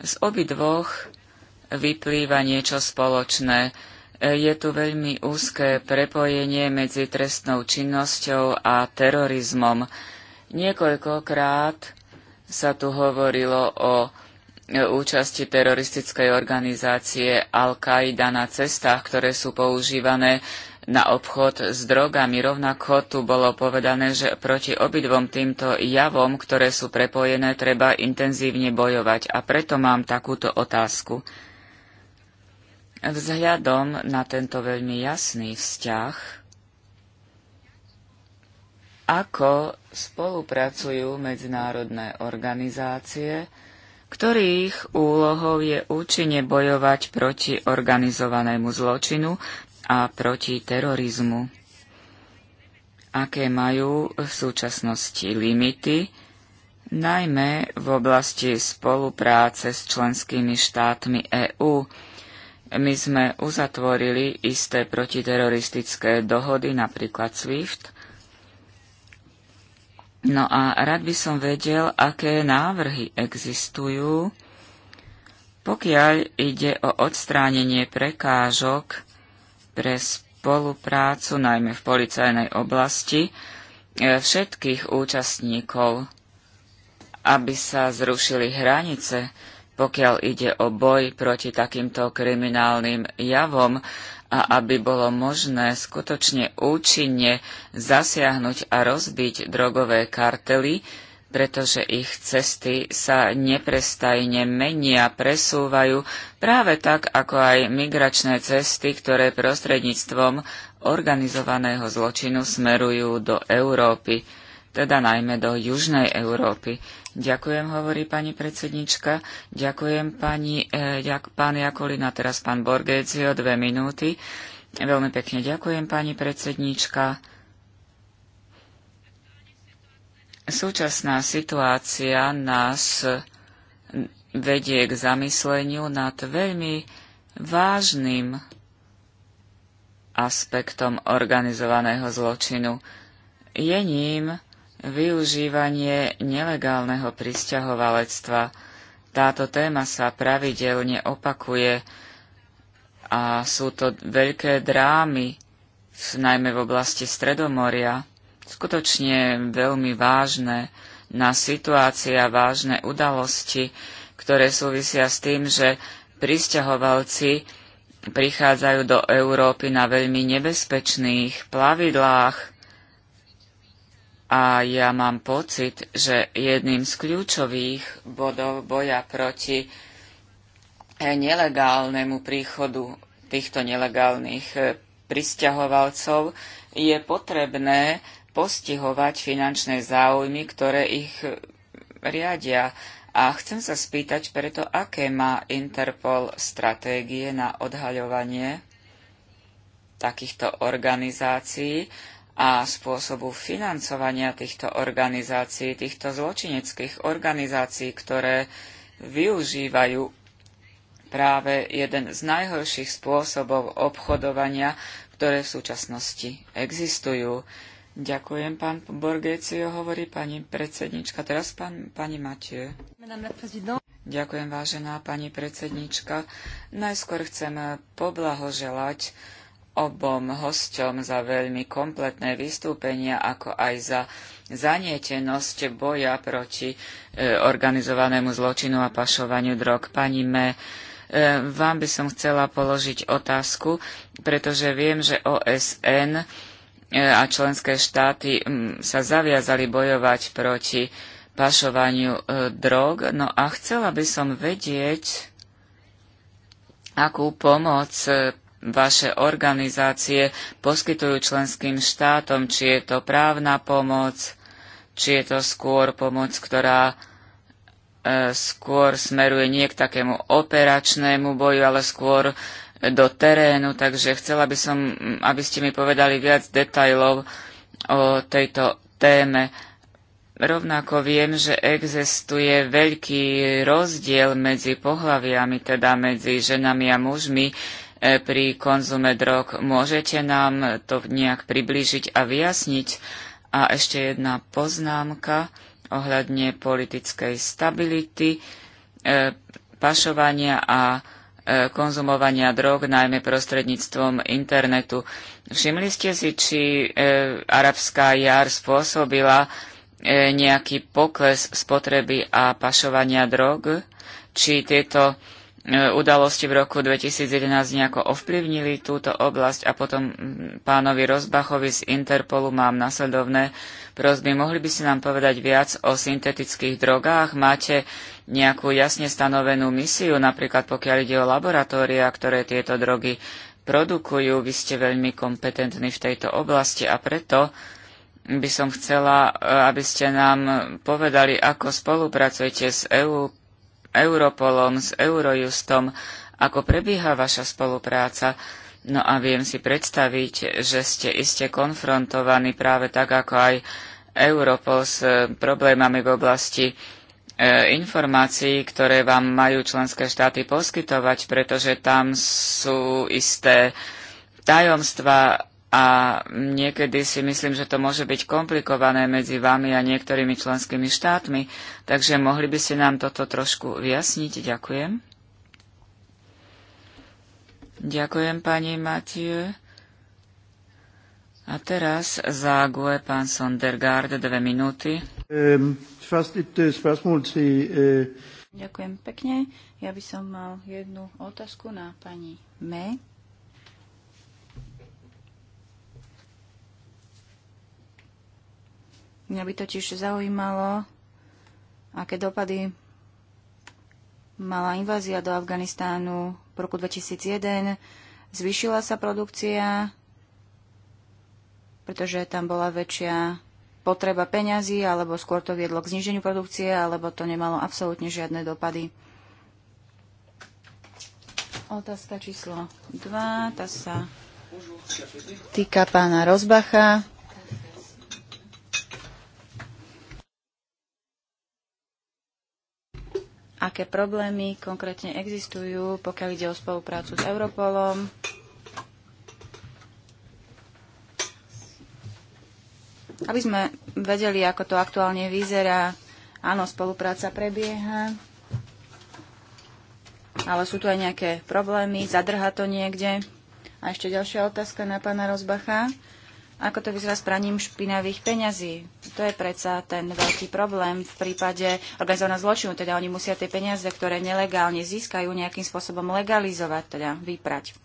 z obidvoch vyplýva niečo spoločné. Je tu veľmi úzké prepojenie medzi trestnou činnosťou a terorizmom. Niekoľkokrát sa tu hovorilo o účasti teroristickej organizácie Al-Qaida na cestách, ktoré sú používané na obchod s drogami. Rovnako tu bolo povedané, že proti obidvom týmto javom, ktoré sú prepojené, treba intenzívne bojovať. A preto mám takúto otázku. Vzhľadom na tento veľmi jasný vzťah, ako spolupracujú medzinárodné organizácie, ktorých úlohou je účinne bojovať proti organizovanému zločinu, a proti terorizmu. Aké majú v súčasnosti limity, najmä v oblasti spolupráce s členskými štátmi EÚ. My sme uzatvorili isté protiteroristické dohody, napríklad SWIFT. No a rád by som vedel, aké návrhy existujú, pokiaľ ide o odstránenie prekážok pre spoluprácu, najmä v policajnej oblasti, e, všetkých účastníkov, aby sa zrušili hranice, pokiaľ ide o boj proti takýmto kriminálnym javom a aby bolo možné skutočne účinne zasiahnuť a rozbiť drogové kartely, pretože ich cesty sa neprestajne menia, presúvajú, práve tak ako aj migračné cesty, ktoré prostredníctvom organizovaného zločinu smerujú do Európy, teda najmä do Južnej Európy. Ďakujem, hovorí pani predsednička. Ďakujem, pani, e, ďak, pán Jakolina, teraz pán Borgézio, dve minúty. Veľmi pekne ďakujem, pani predsednička. Súčasná situácia nás vedie k zamysleniu nad veľmi vážnym aspektom organizovaného zločinu. Je ním využívanie nelegálneho prisťahovalectva. Táto téma sa pravidelne opakuje a sú to veľké drámy, najmä v oblasti Stredomoria skutočne veľmi vážne na situácia, vážne udalosti, ktoré súvisia s tým, že pristahovalci prichádzajú do Európy na veľmi nebezpečných plavidlách a ja mám pocit, že jedným z kľúčových bodov boja proti nelegálnemu príchodu týchto nelegálnych eh, pristahovalcov je potrebné postihovať finančné záujmy, ktoré ich riadia. A chcem sa spýtať preto, aké má Interpol stratégie na odhaľovanie takýchto organizácií a spôsobu financovania týchto organizácií, týchto zločineckých organizácií, ktoré využívajú práve jeden z najhorších spôsobov obchodovania, ktoré v súčasnosti existujú. Ďakujem, pán Borgecio, hovorí pani predsednička. Teraz pán, pani Matie. Ďakujem, vážená pani predsednička. Najskôr chcem poblahoželať obom hosťom za veľmi kompletné vystúpenia, ako aj za zanietenosť boja proti e, organizovanému zločinu a pašovaniu drog. Pani Me, e, vám by som chcela položiť otázku, pretože viem, že OSN E, a členské štáty mm, sa zaviazali bojovať proti pašovaniu e, drog. No a chcela by som vedieť, akú pomoc e, vaše organizácie poskytujú členským štátom, či je to právna pomoc, či je to skôr pomoc, ktorá skôr smeruje nie k takému operačnému boju, ale skôr do terénu, takže chcela by som, mm, aby ste mi povedali viac detajlov o tejto téme. Rovnako viem, že existuje veľký rozdiel medzi pohľaviami, teda medzi ženami a mužmi e, pri konzume drog. Môžete nám to nejak priblížiť a vyjasniť? A ešte jedna poznámka ohľadne politickej stability, e, pašovania a E, konzumovania drog, najmä prostredníctvom internetu. Všimli ste si, či e, arabská jar spôsobila e, nejaký pokles spotreby a pašovania drog? Či tieto e, udalosti v roku 2011 nejako ovplyvnili túto oblasť? A potom pánovi Rozbachovi z Interpolu mám nasledovné prosby. Mohli by ste nám povedať viac o syntetických drogách? Máte nejakú jasne stanovenú misiu, napríklad pokiaľ ide o laboratória, ktoré tieto drogy produkujú. Vy ste veľmi kompetentní v tejto oblasti a preto by som chcela, eh, aby ste nám povedali, ako spolupracujete s EU, Europolom, s Eurojustom, ako prebieha vaša spolupráca. No a viem si predstaviť, že ste iste konfrontovaní práve tak, ako aj Europol s eh, problémami v oblasti E, informácií, ktoré vám majú členské štáty poskytovať, pretože tam sú isté tajomstva a niekedy si myslím, že to môže byť komplikované medzi vami a niektorými členskými štátmi. Takže mohli by ste nám toto trošku vyjasniť? Ďakujem. Ďakujem, pani Matiu. A teraz za pán Sondergaard, dve minúty. Ehm, eh, eh. Ďakujem pekne. Ja by som mal jednu otázku na pani Me. Mňa by totiž zaujímalo, aké dopady mala invázia do Afganistánu v roku 2001. Zvyšila sa produkcia pretože tam bola väčšia potreba peňazí, alebo skôr to viedlo k zniženiu produkcie, alebo to nemalo absolútne žiadne dopady. Otázka číslo 2, tá sa týka pána Rozbacha. Aké problémy konkrétne existujú, pokiaľ ide o spoluprácu s Europolom? aby sme vedeli, ako to aktuálne vyzerá. Áno, spolupráca prebieha, ale sú tu aj nejaké problémy, zadrha to niekde. A ešte ďalšia otázka na pána Rozbacha. Ako to vyzerá s praním špinavých peňazí? To je predsa ten veľký problém v prípade organizovaného zločinu. Teda oni musia tie peniaze, ktoré nelegálne získajú, nejakým spôsobom legalizovať, teda vyprať.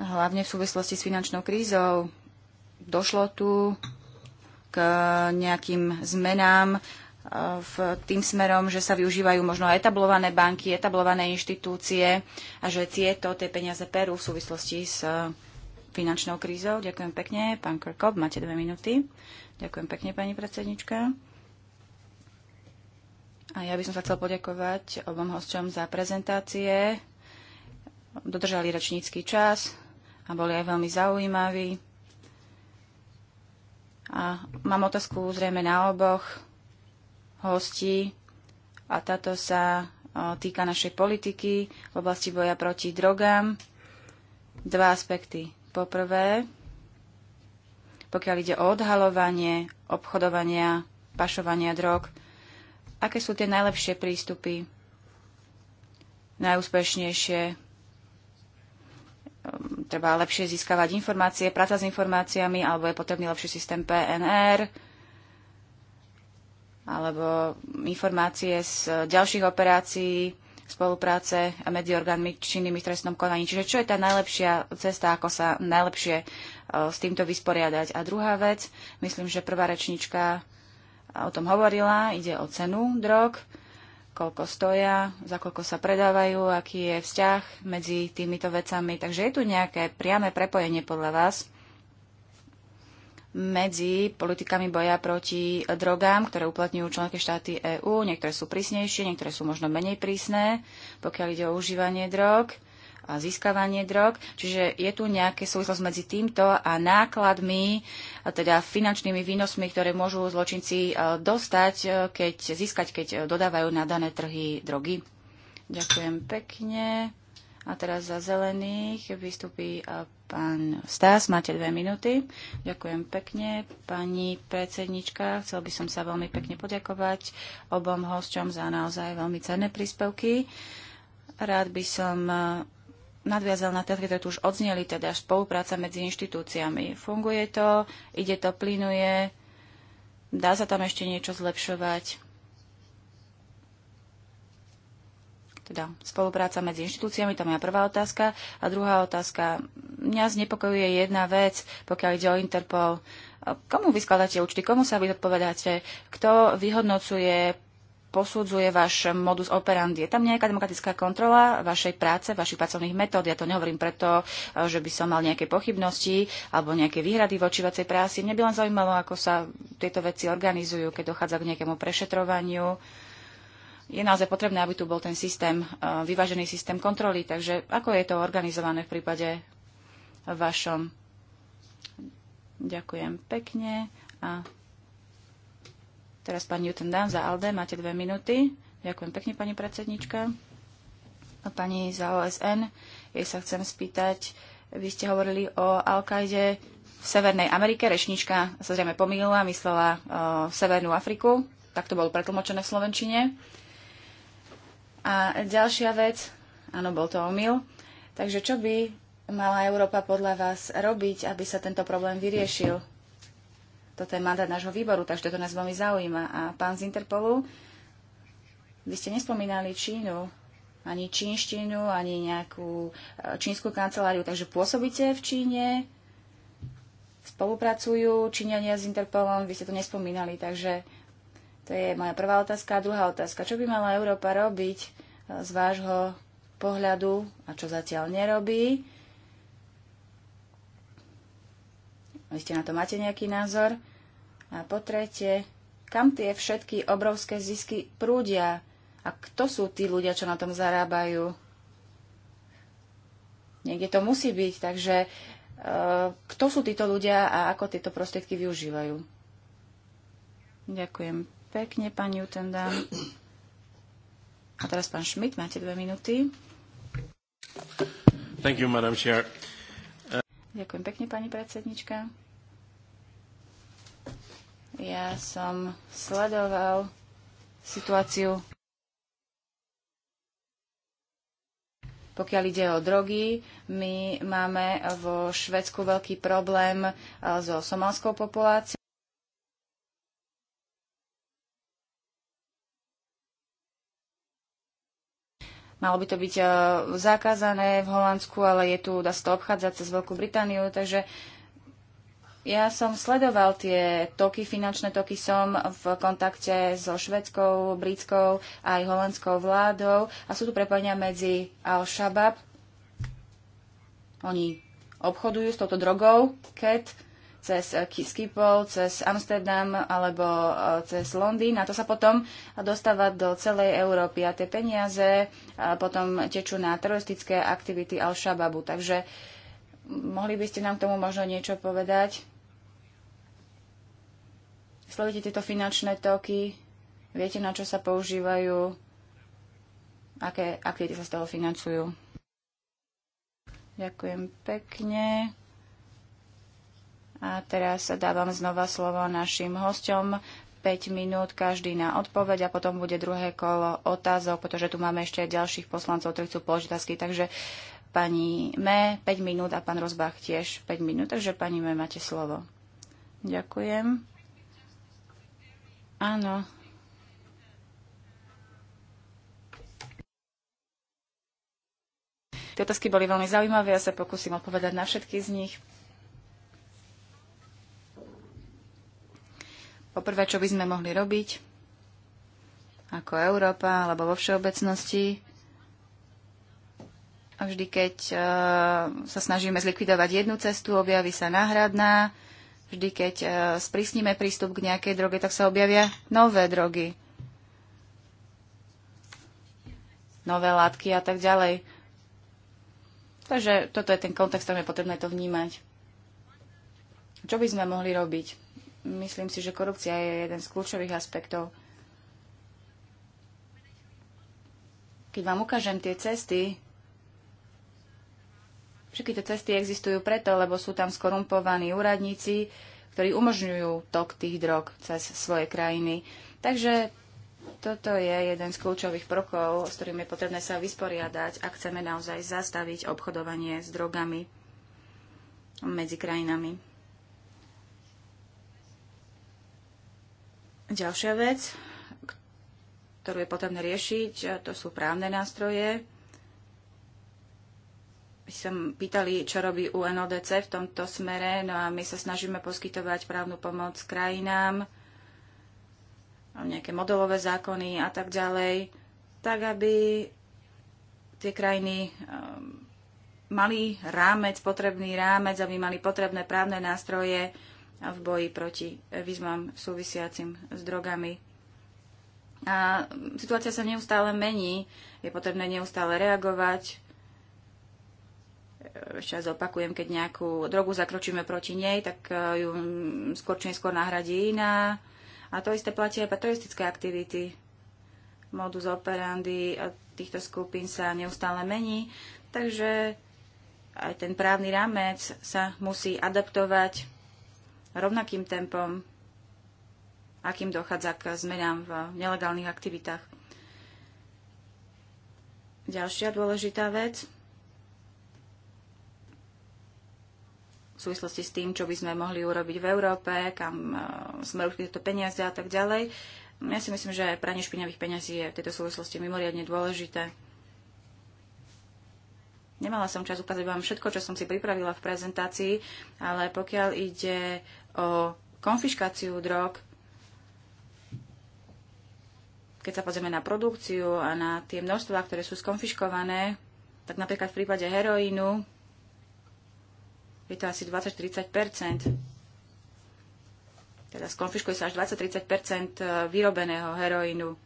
Hlavne v súvislosti s finančnou krízou, došlo tu k nejakým zmenám e, v tým smerom, že sa využívajú možno etablované banky, etablované inštitúcie a že tieto tie peniaze perú v súvislosti s e, finančnou krízou. Ďakujem pekne. Pán Krkop, máte dve minúty. Ďakujem pekne, pani predsednička. A ja by som sa chcel poďakovať obom hosťom za prezentácie. Dodržali rečnícky čas a boli aj veľmi zaujímaví. A mám otázku zrejme na oboch hostí a táto sa týka našej politiky v oblasti boja proti drogám. Dva aspekty. Poprvé, pokiaľ ide o odhalovanie, obchodovania, pašovania drog, aké sú tie najlepšie prístupy, najúspešnejšie treba lepšie získavať informácie, práca s informáciami, alebo je potrebný lepší systém PNR, alebo informácie z ďalších operácií, spolupráce medzi orgánmi činnými v trestnom konaní. Čiže čo je tá najlepšia cesta, ako sa najlepšie e, s týmto vysporiadať. A druhá vec, myslím, že prvá rečnička o tom hovorila, ide o cenu drog koľko stoja, za koľko sa predávajú, aký je vzťah medzi týmito vecami. Takže je tu nejaké priame prepojenie podľa vás medzi politikami boja proti drogám, ktoré uplatňujú členské štáty EÚ. Niektoré sú prísnejšie, niektoré sú možno menej prísne, pokiaľ ide o užívanie drog a získavanie drog. Čiže je tu nejaké súvislosť medzi týmto a nákladmi, a teda finančnými výnosmi, ktoré môžu zločinci e, dostať, e, keď získať, keď e, dodávajú na dané trhy drogy. Ďakujem pekne. A teraz za zelených vystupí pán Stás. Máte dve minúty. Ďakujem pekne. Pani predsednička, chcel by som sa veľmi pekne poďakovať obom hosťom za naozaj veľmi cenné príspevky. Rád by som nadviazal na tie, ktoré tu už odzneli, teda spolupráca medzi inštitúciami. Funguje to, ide to, plynuje, dá sa tam ešte niečo zlepšovať. Teda spolupráca medzi inštitúciami, to je moja prvá otázka. A druhá otázka, mňa znepokojuje jedna vec, pokiaľ ide o Interpol. Komu vyskladáte účty, komu sa vy odpovedáte, kto vyhodnocuje posudzuje váš modus operandi. Je tam nejaká demokratická kontrola vašej práce, vašich pracovných metód? Ja to nehovorím preto, eh, že by som mal nejaké pochybnosti alebo nejaké výhrady voči vacej práci. Mne by len zaujímalo, ako sa tieto veci organizujú, keď dochádza k nejakému prešetrovaniu. Je naozaj potrebné, aby tu bol ten systém, eh, vyvážený systém kontroly. Takže ako je to organizované v prípade vašom? Ďakujem pekne a Teraz pán Newton Dan za ALDE, máte dve minúty. Ďakujem pekne, pani predsednička. A pani za OSN, jej sa chcem spýtať, vy ste hovorili o al v Severnej Amerike, rečnička sa zrejme pomýlila, myslela uh, Severnú Afriku, tak to bolo pretlmočené v Slovenčine. A ďalšia vec, áno, bol to omyl, takže čo by mala Európa podľa vás robiť, aby sa tento problém vyriešil? Toto je mandát nášho výboru, takže toto nás veľmi zaujíma. A pán z Interpolu, vy ste nespomínali Čínu, ani čínštinu, ani nejakú e, čínsku kanceláriu, takže pôsobíte v Číne, spolupracujú Číňania s Interpolom, vy ste to nespomínali, takže to je moja prvá otázka. A druhá otázka, čo by mala Európa robiť e, z vášho pohľadu a čo zatiaľ nerobí? Vy ste na to máte nejaký názor? A po tretie, kam tie všetky obrovské zisky prúdia? A kto sú tí ľudia, čo na tom zarábajú? Niekde to musí byť, takže e, kto sú títo ľudia a ako tieto prostriedky využívajú? Ďakujem pekne, pani Utendám. A teraz pán Šmit, máte dve minúty. Thank you, Madam Chair. Uh... Ďakujem pekne, pani predsednička. Ja som sledoval situáciu, pokiaľ ide o drogy. My máme vo Švedsku veľký problém e, so somalskou populáciou. Malo by to byť e, zakázané v Holandsku, ale je tu, dá sa to obchádzať cez Veľkú Britániu, takže ja som sledoval tie toky, finančné toky som v kontakte so švedskou, britskou aj holandskou vládou a sú tu prepojenia medzi Al-Shabaab, oni obchodujú s touto drogou, ket, cez Skipol, eh, cez Amsterdam alebo eh, cez Londýn a to sa potom dostáva do celej Európy a tie peniaze eh, potom tečú na teroristické aktivity Al-Shababu. Takže mohli by ste nám k tomu možno niečo povedať? Sledujete tieto finančné toky, viete, na čo sa používajú, aké aktivity sa z toho financujú. Ďakujem pekne. A teraz dávam znova slovo našim hosťom. 5 minút každý na odpoveď a potom bude druhé kolo otázok, pretože tu máme ešte ďalších poslancov, ktorí chcú položiť otázky. Takže pani Me 5 minút a pán Rozbach tiež 5 minút. Takže pani Me máte slovo. Ďakujem. Áno. Tie otázky boli veľmi zaujímavé, ja sa pokúsim odpovedať na všetky z nich. Poprvé, čo by sme mohli robiť ako Európa alebo vo všeobecnosti, vždy keď uh, sa snažíme zlikvidovať jednu cestu, objaví sa náhradná, Vždy, keď e, sprísnime prístup k nejakej droge, tak sa objavia nové drogy, nové látky a tak ďalej. Takže toto je ten kontext, tam je potrebné to vnímať. Čo by sme mohli robiť? Myslím si, že korupcia je jeden z kľúčových aspektov. Keď vám ukážem tie cesty, Všetky tie cesty existujú preto, lebo sú tam skorumpovaní úradníci, ktorí umožňujú tok tých drog cez svoje krajiny. Takže toto je jeden z kľúčových prokov, s ktorým je potrebné sa vysporiadať, ak chceme naozaj zastaviť obchodovanie s drogami medzi krajinami. Ďalšia vec, ktorú je potrebné riešiť, to sú právne nástroje, sa pýtali, čo robí UNODC v tomto smere, no a my sa snažíme poskytovať právnu pomoc krajinám, nejaké modelové zákony a tak ďalej, tak aby tie krajiny um, mali rámec, potrebný rámec, aby mali potrebné právne nástroje v boji proti výzvam súvisiacim s drogami. A situácia sa neustále mení, je potrebné neustále reagovať, ešte raz opakujem, keď nejakú drogu zakročíme proti nej, tak e, ju skôr či neskôr nahradí iná. A to isté platí aj patroistické aktivity. Modus operandi e, týchto skupín sa neustále mení, takže aj ten právny rámec sa musí adaptovať rovnakým tempom, akým dochádza k zmenám v nelegálnych aktivitách. Ďalšia dôležitá vec súvislosti s tým, čo by sme mohli urobiť v Európe, kam sme smerujú tieto peniaze a tak ďalej. Ja si myslím, že pranie špinavých peňazí je v tejto súvislosti mimoriadne dôležité. Nemala som čas ukázať vám všetko, čo som si pripravila v prezentácii, ale pokiaľ ide o konfiškáciu drog, keď sa pozrieme na produkciu a na tie množstva, ktoré sú skonfiškované, tak napríklad v prípade heroínu je to asi 20-30 Teda skonfiškuje sa až 20-30 e, vyrobeného heroínu.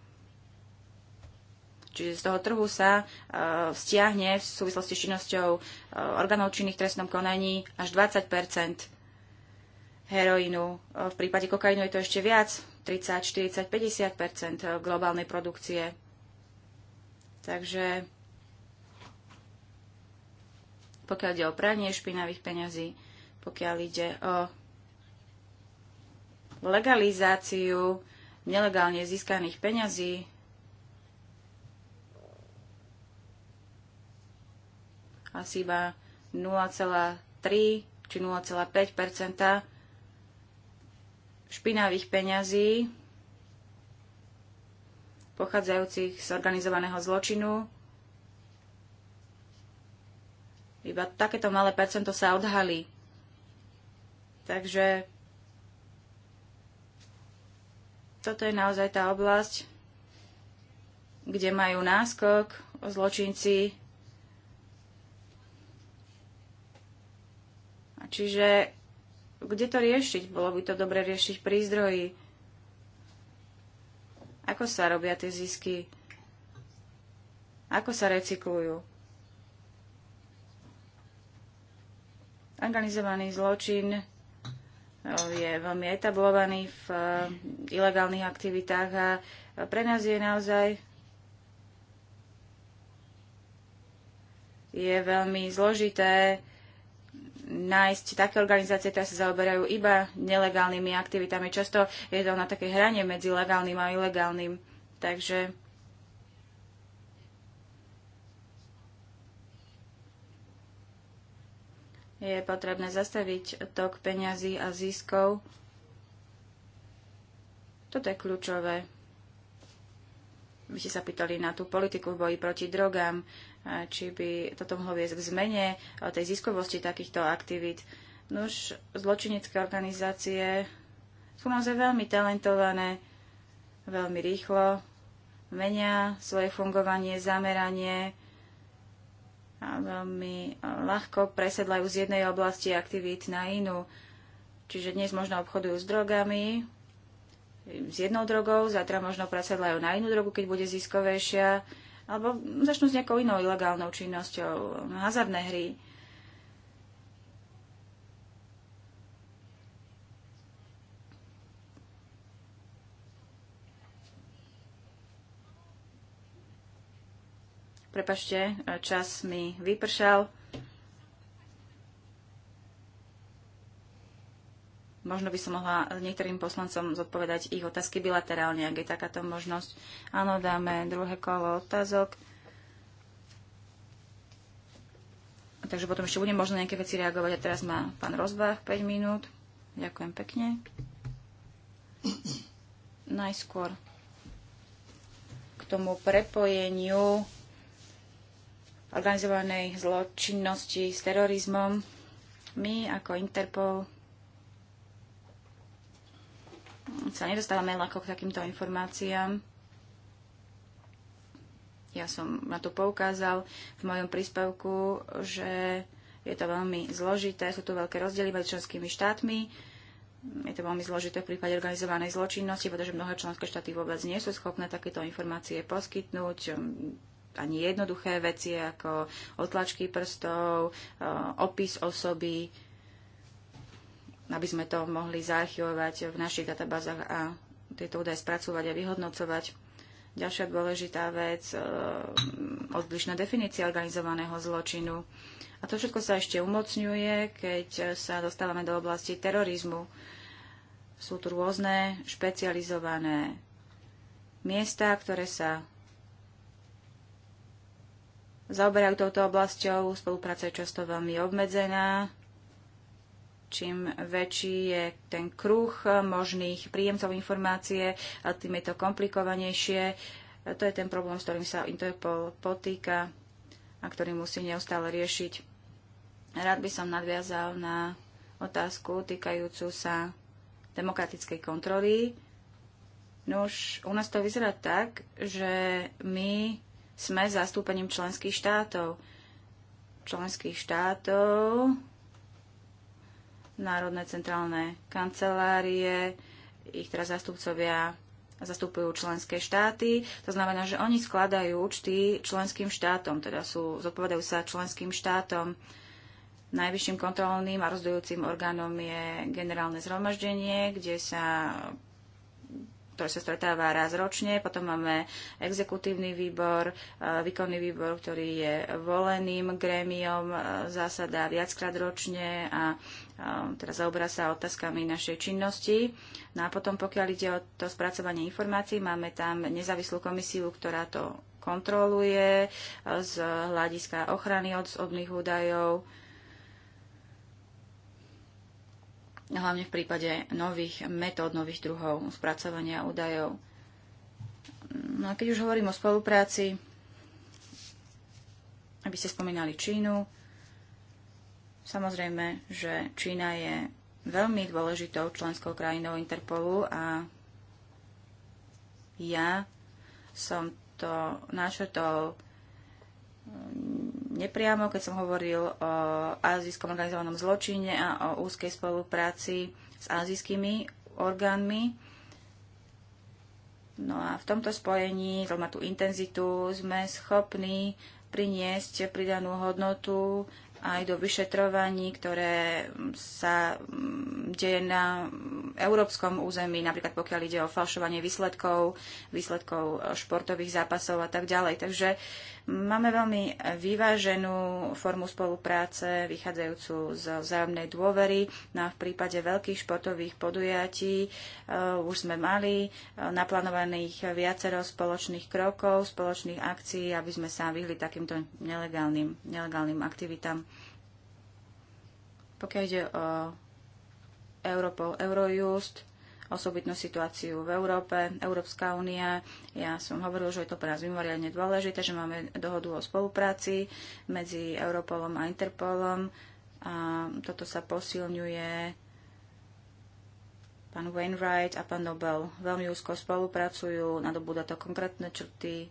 Čiže z toho trhu sa uh, stiahne v súvislosti s činnosťou uh, orgánov činných trestnom konaní až 20 heroínu. V prípade kokainu je to ešte viac, 30, 40, 50 globálnej produkcie. Takže pokiaľ ide o pranie špinavých peňazí, pokiaľ ide o legalizáciu nelegálne získaných peňazí, asi iba 0,3 či 0,5 špinavých peňazí pochádzajúcich z organizovaného zločinu Iba takéto malé percento sa odhalí. Takže toto je naozaj tá oblasť, kde majú náskok o zločinci. A čiže kde to riešiť? Bolo by to dobre riešiť pri zdroji. Ako sa robia tie zisky? Ako sa recyklujú? Organizovaný zločin eh, je veľmi etablovaný v eh, ilegálnych aktivitách a eh, pre nás je naozaj je veľmi zložité nájsť také organizácie, ktoré sa zaoberajú iba nelegálnymi aktivitami. Často je to na také hranie medzi legálnym a ilegálnym. Takže je potrebné zastaviť tok peňazí a ziskov. Toto je kľúčové. My ste sa pýtali na tú politiku v boji proti drogám, či by toto mohlo viesť k zmene tej ziskovosti takýchto aktivít. Nuž, zločinecké organizácie sú naozaj veľmi talentované, veľmi rýchlo, menia svoje fungovanie, zameranie, a veľmi ľahko presedlajú z jednej oblasti aktivít na inú. Čiže dnes možno obchodujú s drogami, s jednou drogou, zatra možno presedlajú na inú drogu, keď bude ziskovejšia, alebo začnú s nejakou inou ilegálnou činnosťou, hazardné hry, Prepašte, čas mi vypršal. Možno by som mohla niektorým poslancom zodpovedať ich otázky bilaterálne, ak je takáto možnosť. Áno, dáme druhé kolo otázok. Takže potom ešte bude možno nejaké veci reagovať. A teraz má pán Rozbach 5 minút. Ďakujem pekne. Najskôr k tomu prepojeniu organizovanej zločinnosti s terorizmom. My ako Interpol sa nedostávame ľahko k takýmto informáciám. Ja som na to poukázal v mojom príspevku, že je to veľmi zložité, sú tu veľké rozdiely medzi členskými štátmi. Je to veľmi zložité v prípade organizovanej zločinnosti, pretože mnohé členské štáty vôbec nie sú schopné takéto informácie poskytnúť ani jednoduché veci ako otlačky prstov, e, opis osoby, aby sme to mohli zaarchivovať v našich databázach a tieto údaje spracovať a vyhodnocovať. Ďalšia dôležitá vec, e, odlišná definícia organizovaného zločinu. A to všetko sa ešte umocňuje, keď sa dostávame do oblasti terorizmu. Sú tu rôzne špecializované miesta, ktoré sa zaoberajú touto oblasťou. Spolupráca je často veľmi obmedzená. Čím väčší je ten kruh možných príjemcov informácie, tým je to komplikovanejšie. To je ten problém, s ktorým sa Interpol potýka a ktorý musí neustále riešiť. Rád by som nadviazal na otázku týkajúcu sa demokratickej kontroly. Nuž, u nás to vyzerá tak, že my sme zastúpením členských štátov. Členských štátov, národné centrálne kancelárie, ich teraz zastupcovia zastupujú členské štáty. To znamená, že oni skladajú účty členským štátom, teda sú, zodpovedajú sa členským štátom. Najvyšším kontrolným a rozdujúcim orgánom je generálne zhromaždenie, kde sa ktorý sa stretáva raz ročne. Potom máme exekutívny výbor, e, výkonný výbor, ktorý je voleným grémiom, e, zásada viackrát ročne a e, teda zaoberá sa otázkami našej činnosti. No a potom, pokiaľ ide o to spracovanie informácií, máme tam nezávislú komisiu, ktorá to kontroluje z hľadiska ochrany osobných údajov hlavne v prípade nových metód, nových druhov spracovania údajov. No a keď už hovorím o spolupráci, aby ste spomínali Čínu, samozrejme, že Čína je veľmi dôležitou členskou krajinou Interpolu a ja som to našetol nepriamo, keď som hovoril o azijskom organizovanom zločine a o úzkej spolupráci s azijskými orgánmi. No a v tomto spojení, to má tú intenzitu, sme schopní priniesť pridanú hodnotu aj do vyšetrovaní, ktoré sa mm, deje na európskom území, napríklad pokiaľ ide o falšovanie výsledkov, výsledkov e, športových zápasov a tak ďalej. Takže máme veľmi vyváženú formu spolupráce, vychádzajúcu z vzájomnej dôvery. No a v prípade veľkých športových podujatí uh, už sme mali uh, naplánovaných viacero spoločných krokov, spoločných akcií, aby sme sa vyhli takýmto nelegálnym, nelegálnym aktivitám. Pokiaľ ide o Europol, Eurojust, osobitnú situáciu v Európe, Európska únia. Ja som hovoril, že je to pre nás mimoriadne dôležité, že máme dohodu o spolupráci medzi Europolom a Interpolom. A toto sa posilňuje pán Wainwright a pán Nobel veľmi úzko spolupracujú, nadobúda to konkrétne črty, e,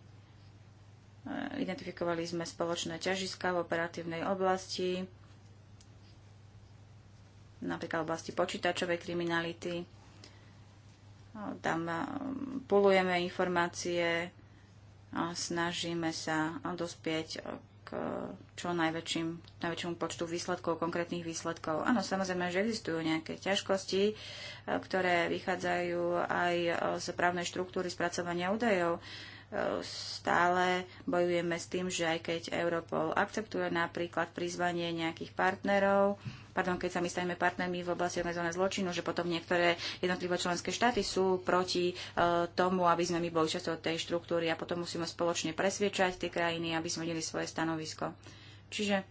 identifikovali sme spoločné ťažiska v operatívnej oblasti, napríklad v oblasti počítačovej kriminality. Tam polujeme informácie, a snažíme sa dospieť k čo najväčším, najväčšiemu počtu výsledkov, konkrétnych výsledkov. Áno, samozrejme, že existujú nejaké ťažkosti, e, ktoré vychádzajú aj e, z právnej štruktúry spracovania údajov. E, stále bojujeme s tým, že aj keď Europol akceptuje napríklad prizvanie nejakých partnerov, pardon, keď sa my stajeme partnermi v oblasti organizovaného zločinu, že potom niektoré jednotlivé členské štáty sú proti e, tomu, aby sme my boli časťou tej štruktúry a potom musíme spoločne presviečať tie krajiny, aby sme vedeli svoje stanovisko. Čiže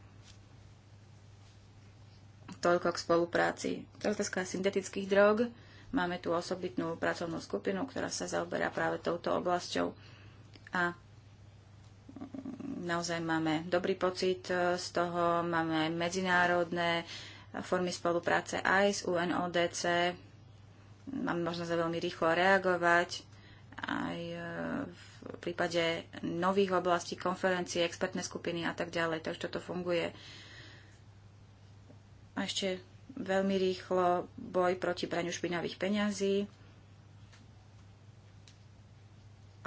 toľko k spolupráci. Otázka syntetických drog. Máme tu osobitnú pracovnú skupinu, ktorá sa zaoberá práve touto oblasťou. A naozaj máme dobrý pocit e, z toho, máme aj medzinárodné uh, formy spolupráce aj s UNODC. Máme možnosť veľmi rýchlo reagovať aj e, v prípade nových oblastí, konferencie, expertné skupiny a tak ďalej. Takže toto funguje. A ešte veľmi rýchlo boj proti praniu špinavých peňazí.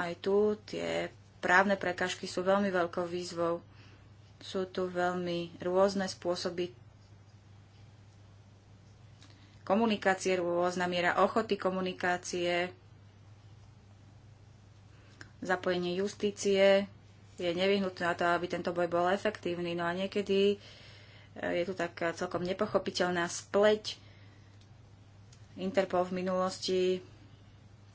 Aj tu tie právne prekažky sú veľmi veľkou výzvou. Sú tu veľmi rôzne spôsoby komunikácie, rôzna miera ochoty komunikácie, zapojenie justície je nevyhnutné na to, aby tento boj bol efektívny. No a niekedy eh, je tu taká celkom nepochopiteľná spleť. Interpol v minulosti,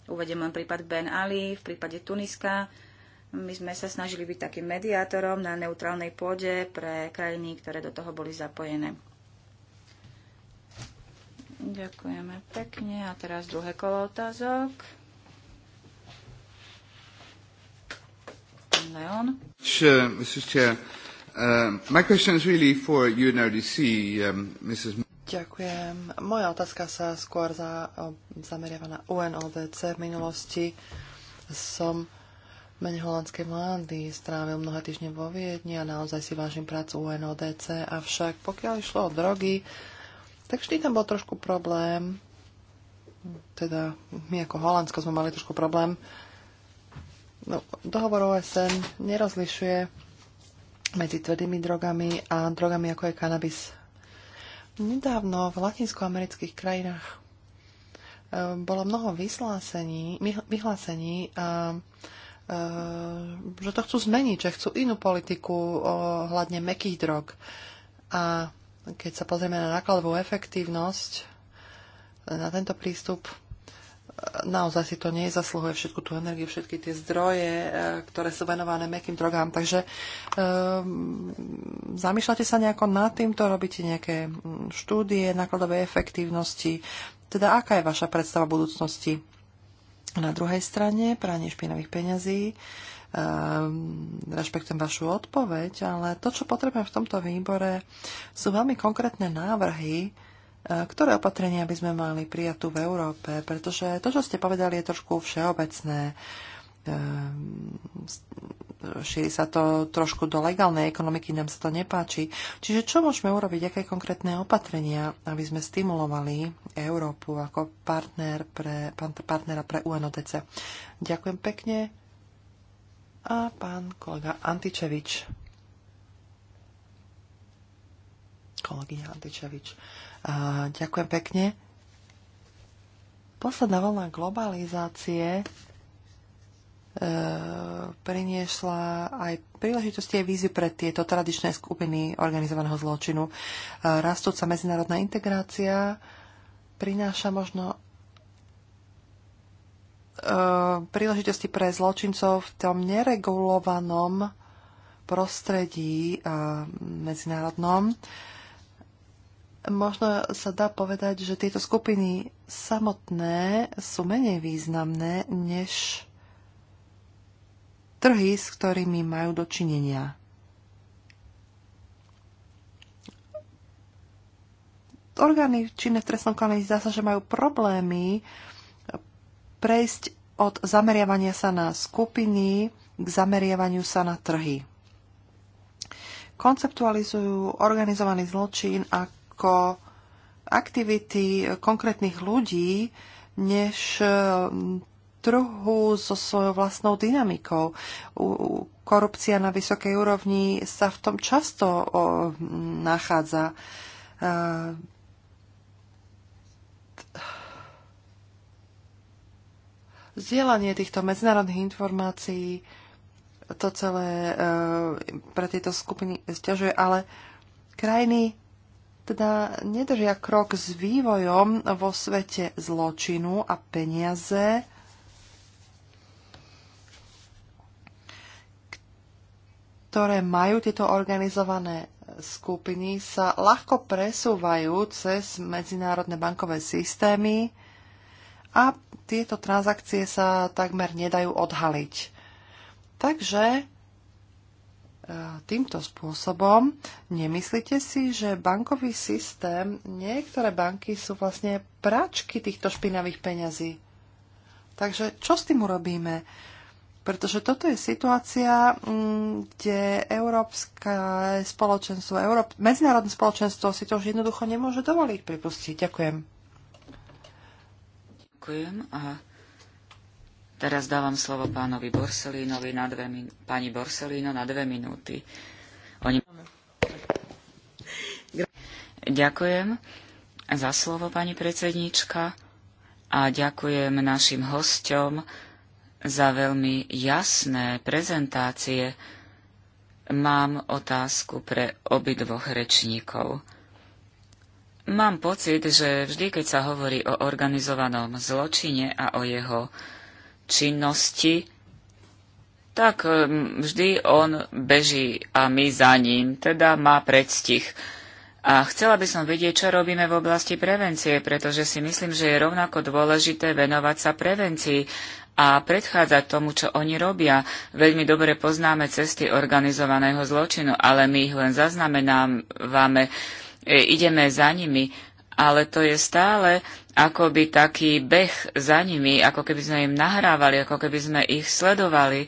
uvediem len prípad Ben Ali, v prípade Tuniska, my sme sa snažili byť takým mediátorom na neutrálnej pôde pre krajiny, ktoré do toho boli zapojené. Ďakujeme pekne. A teraz druhé kolo otázok. Leon. Sure, Mrs. Chair. Uh, my question is really for um, Mrs. Ďakujem. Moja otázka sa skôr za, zameriava na UNODC. V minulosti som mene holandskej vlády strávil mnohé týždne vo Viedni a naozaj si vážim prácu UNODC, avšak pokiaľ išlo o drogy, tak vždy tam bol trošku problém. Teda my ako Holandsko sme mali trošku problém. No, dohovor OSN nerozlišuje medzi tvrdými drogami a drogami ako je kanabis. Nedávno v latinskoamerických krajinách e, bolo mnoho vyhlásení, vyhlásení a, e, a, e, že to chcú zmeniť, že chcú inú politiku ohľadne mekých drog. A keď sa pozrieme na nákladovú efektívnosť, na tento prístup, naozaj si to nezasluhuje všetku tú energiu, všetky tie zdroje, e, ktoré sú venované mekým drogám. Takže um, zamýšľate sa nejako nad týmto, robíte nejaké mm, štúdie nákladovej efektívnosti, teda aká je vaša predstava budúcnosti? Na druhej strane, pranie špinavých peňazí. Uh, Ehm, rešpektujem vašu odpoveď, ale to, čo potrebujem v tomto výbore, sú veľmi konkrétne návrhy, e, ktoré opatrenia by sme mali prijať tu v Európe, pretože to, čo ste povedali, je trošku všeobecné ehm, šíri sa to trošku do legálnej ekonomiky, nám sa to nepáči. Čiže čo môžeme urobiť, aké konkrétne opatrenia, aby sme stimulovali Európu ako partner pre, partnera pre UNODC? Ďakujem pekne a pán kolega Antičevič. Kolegyňa Antičevič. A, ďakujem pekne. Posledná vlna globalizácie e, priniesla aj príležitosti aj vízy pre tieto tradičné skupiny organizovaného zločinu. E, rastúca medzinárodná integrácia prináša možno Eh, príležitosti pre zločincov v tom neregulovanom prostredí eh, medzinárodnom. Možno sa dá povedať, že tieto skupiny samotné sú menej významné než trhy, s ktorými majú dočinenia. Orgány činné v trestnom konaní zdá sa, že majú problémy prejsť od zameriavania sa na skupiny k zameriavaniu sa na trhy. Konceptualizujú organizovaný zločin ako aktivity konkrétnych ľudí, než trhu so svojou vlastnou dynamikou. Korupcia na vysokej úrovni sa v tom často nachádza. Zdieľanie týchto medzinárodných informácií to celé e, pre tieto skupiny zťažuje, ale krajiny teda nedržia krok s vývojom vo svete zločinu a peniaze, ktoré majú tieto organizované skupiny, sa ľahko presúvajú cez medzinárodné bankové systémy a tieto transakcie sa takmer nedajú odhaliť. Takže e, týmto spôsobom nemyslíte si, že bankový systém, niektoré banky sú vlastne pračky týchto špinavých peňazí. Takže čo s tým urobíme? Pretože toto je situácia, mm, kde Európska spoločenstvo, Euró... medzinárodné spoločenstvo si to už jednoducho nemôže dovoliť pripustiť. Ďakujem. Ďakujem a teraz dávam slovo pánovi Borselínovi na dve min- pani Borselíno na dve minúty. Oni... Ďakujem za slovo, pani predsednička, a ďakujem našim hosťom za veľmi jasné prezentácie. Mám otázku pre obidvoch rečníkov. Mám pocit, že vždy, keď sa hovorí o organizovanom zločine a o jeho činnosti, tak mm, vždy on beží a my za ním, teda má predstih. A chcela by som vedieť, čo robíme v oblasti prevencie, pretože si myslím, že je rovnako dôležité venovať sa prevencii a predchádzať tomu, čo oni robia. Veľmi dobre poznáme cesty organizovaného zločinu, ale my ich len zaznamenávame E, ideme za nimi, ale to je stále akoby taký beh za nimi, ako keby sme im nahrávali, ako keby sme ich sledovali.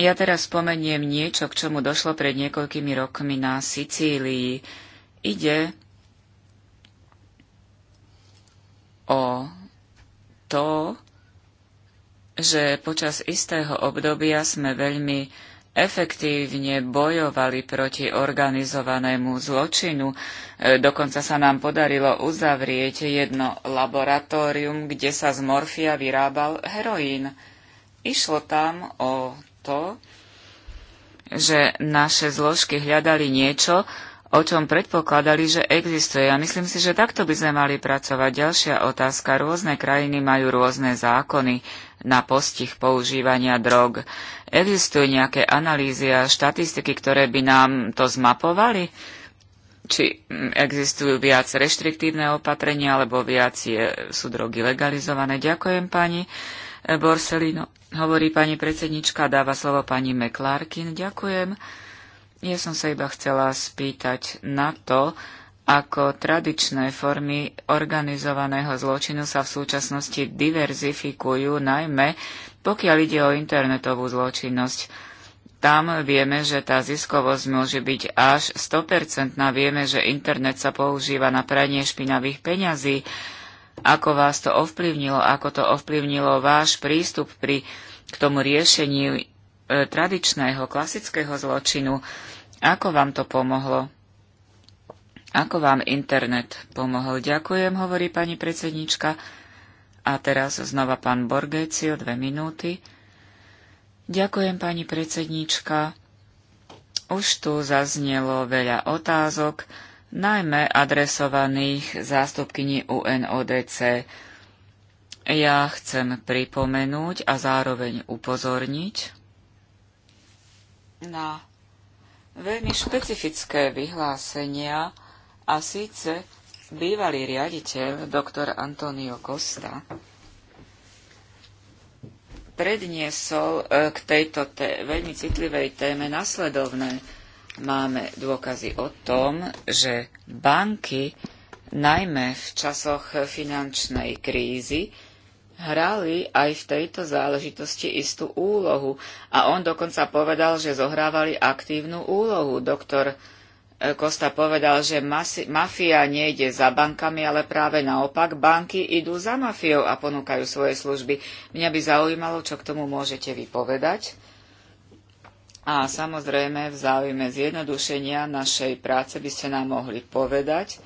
Ja teraz spomeniem niečo, k čomu došlo pred niekoľkými rokmi na Sicílii. Ide o to, že počas istého obdobia sme veľmi efektívne bojovali proti organizovanému zločinu. E, dokonca sa nám podarilo uzavrieť jedno laboratórium, kde sa z morfia vyrábal heroín. Išlo tam o to, že naše zložky hľadali niečo, o čom predpokladali, že existuje. A myslím si, že takto by sme mali pracovať. Ďalšia otázka. Rôzne krajiny majú rôzne zákony na postih používania drog. Existujú nejaké analýzy a štatistiky, ktoré by nám to zmapovali? Či mm, existujú viac reštriktívne opatrenia, alebo viac je, sú drogy legalizované? Ďakujem pani Borselino. Hovorí pani predsednička, dáva slovo pani McClarkin. Ďakujem. Ja som sa iba chcela spýtať na to, ako tradičné formy organizovaného zločinu sa v súčasnosti diverzifikujú, najmä pokiaľ ide o internetovú zločinnosť. Tam vieme, že tá ziskovosť môže byť až 100%. Vieme, že internet sa používa na pranie špinavých peňazí. Ako vás to ovplyvnilo? Ako to ovplyvnilo váš prístup pri, k tomu riešeniu E, tradičného, klasického zločinu. Ako vám to pomohlo? Ako vám internet pomohol? Ďakujem, hovorí pani predsednička. A teraz znova pán o dve minúty. Ďakujem, pani predsednička. Už tu zaznelo veľa otázok, najmä adresovaných zástupkyni UNODC. Ja chcem pripomenúť a zároveň upozorniť, na veľmi špecifické vyhlásenia a síce bývalý riaditeľ doktor Antonio Costa predniesol e, k tejto té, veľmi citlivej téme nasledovné. Máme dôkazy o tom, že banky najmä v časoch finančnej krízy hrali aj v tejto záležitosti istú úlohu. A on dokonca povedal, že zohrávali aktívnu úlohu. Doktor eh, Kosta povedal, že masi- mafia nejde za bankami, ale práve naopak, banky idú za mafiou a ponúkajú svoje služby. Mňa by zaujímalo, čo k tomu môžete vypovedať. A samozrejme, v záujme zjednodušenia našej práce by ste nám mohli povedať,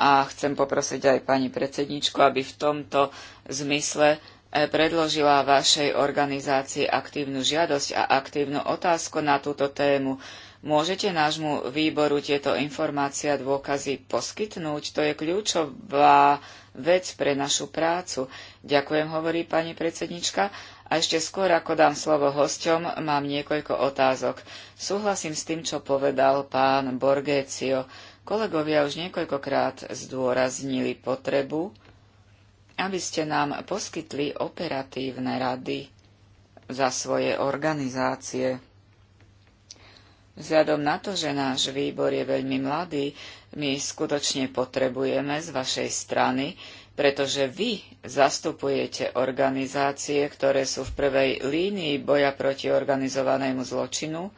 a chcem poprosiť aj pani predsedničku, aby v tomto zmysle e, predložila vašej organizácii aktívnu žiadosť a aktívnu otázku na túto tému. Môžete nášmu výboru tieto informácie a dôkazy poskytnúť? To je kľúčová vec pre našu prácu. Ďakujem, hovorí pani predsednička. A ešte skôr, ako dám slovo hosťom, mám niekoľko otázok. Súhlasím s tým, čo povedal pán Borgécio. Kolegovia už niekoľkokrát zdôraznili potrebu aby ste nám poskytli operatívne rady za svoje organizácie. Vzhľadom na to, že náš výbor je veľmi mladý, my skutočne potrebujeme z vašej strany, pretože vy zastupujete organizácie, ktoré sú v prvej línii boja proti organizovanému zločinu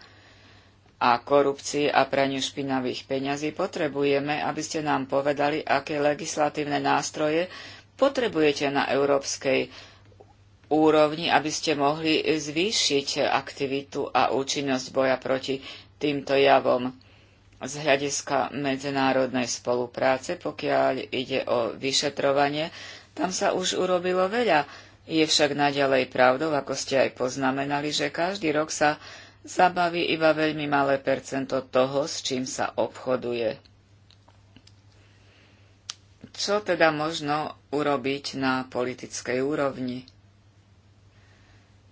a korupcii a praniu špinavých peňazí, potrebujeme, aby ste nám povedali, aké legislatívne nástroje potrebujete na európskej úrovni, aby ste mohli zvýšiť aktivitu a účinnosť boja proti týmto javom z hľadiska medzinárodnej spolupráce, pokiaľ ide o vyšetrovanie. Tam sa už urobilo veľa. Je však naďalej pravdou, ako ste aj poznamenali, že každý rok sa zabaví iba veľmi malé percento toho, s čím sa obchoduje čo teda možno urobiť na politickej úrovni?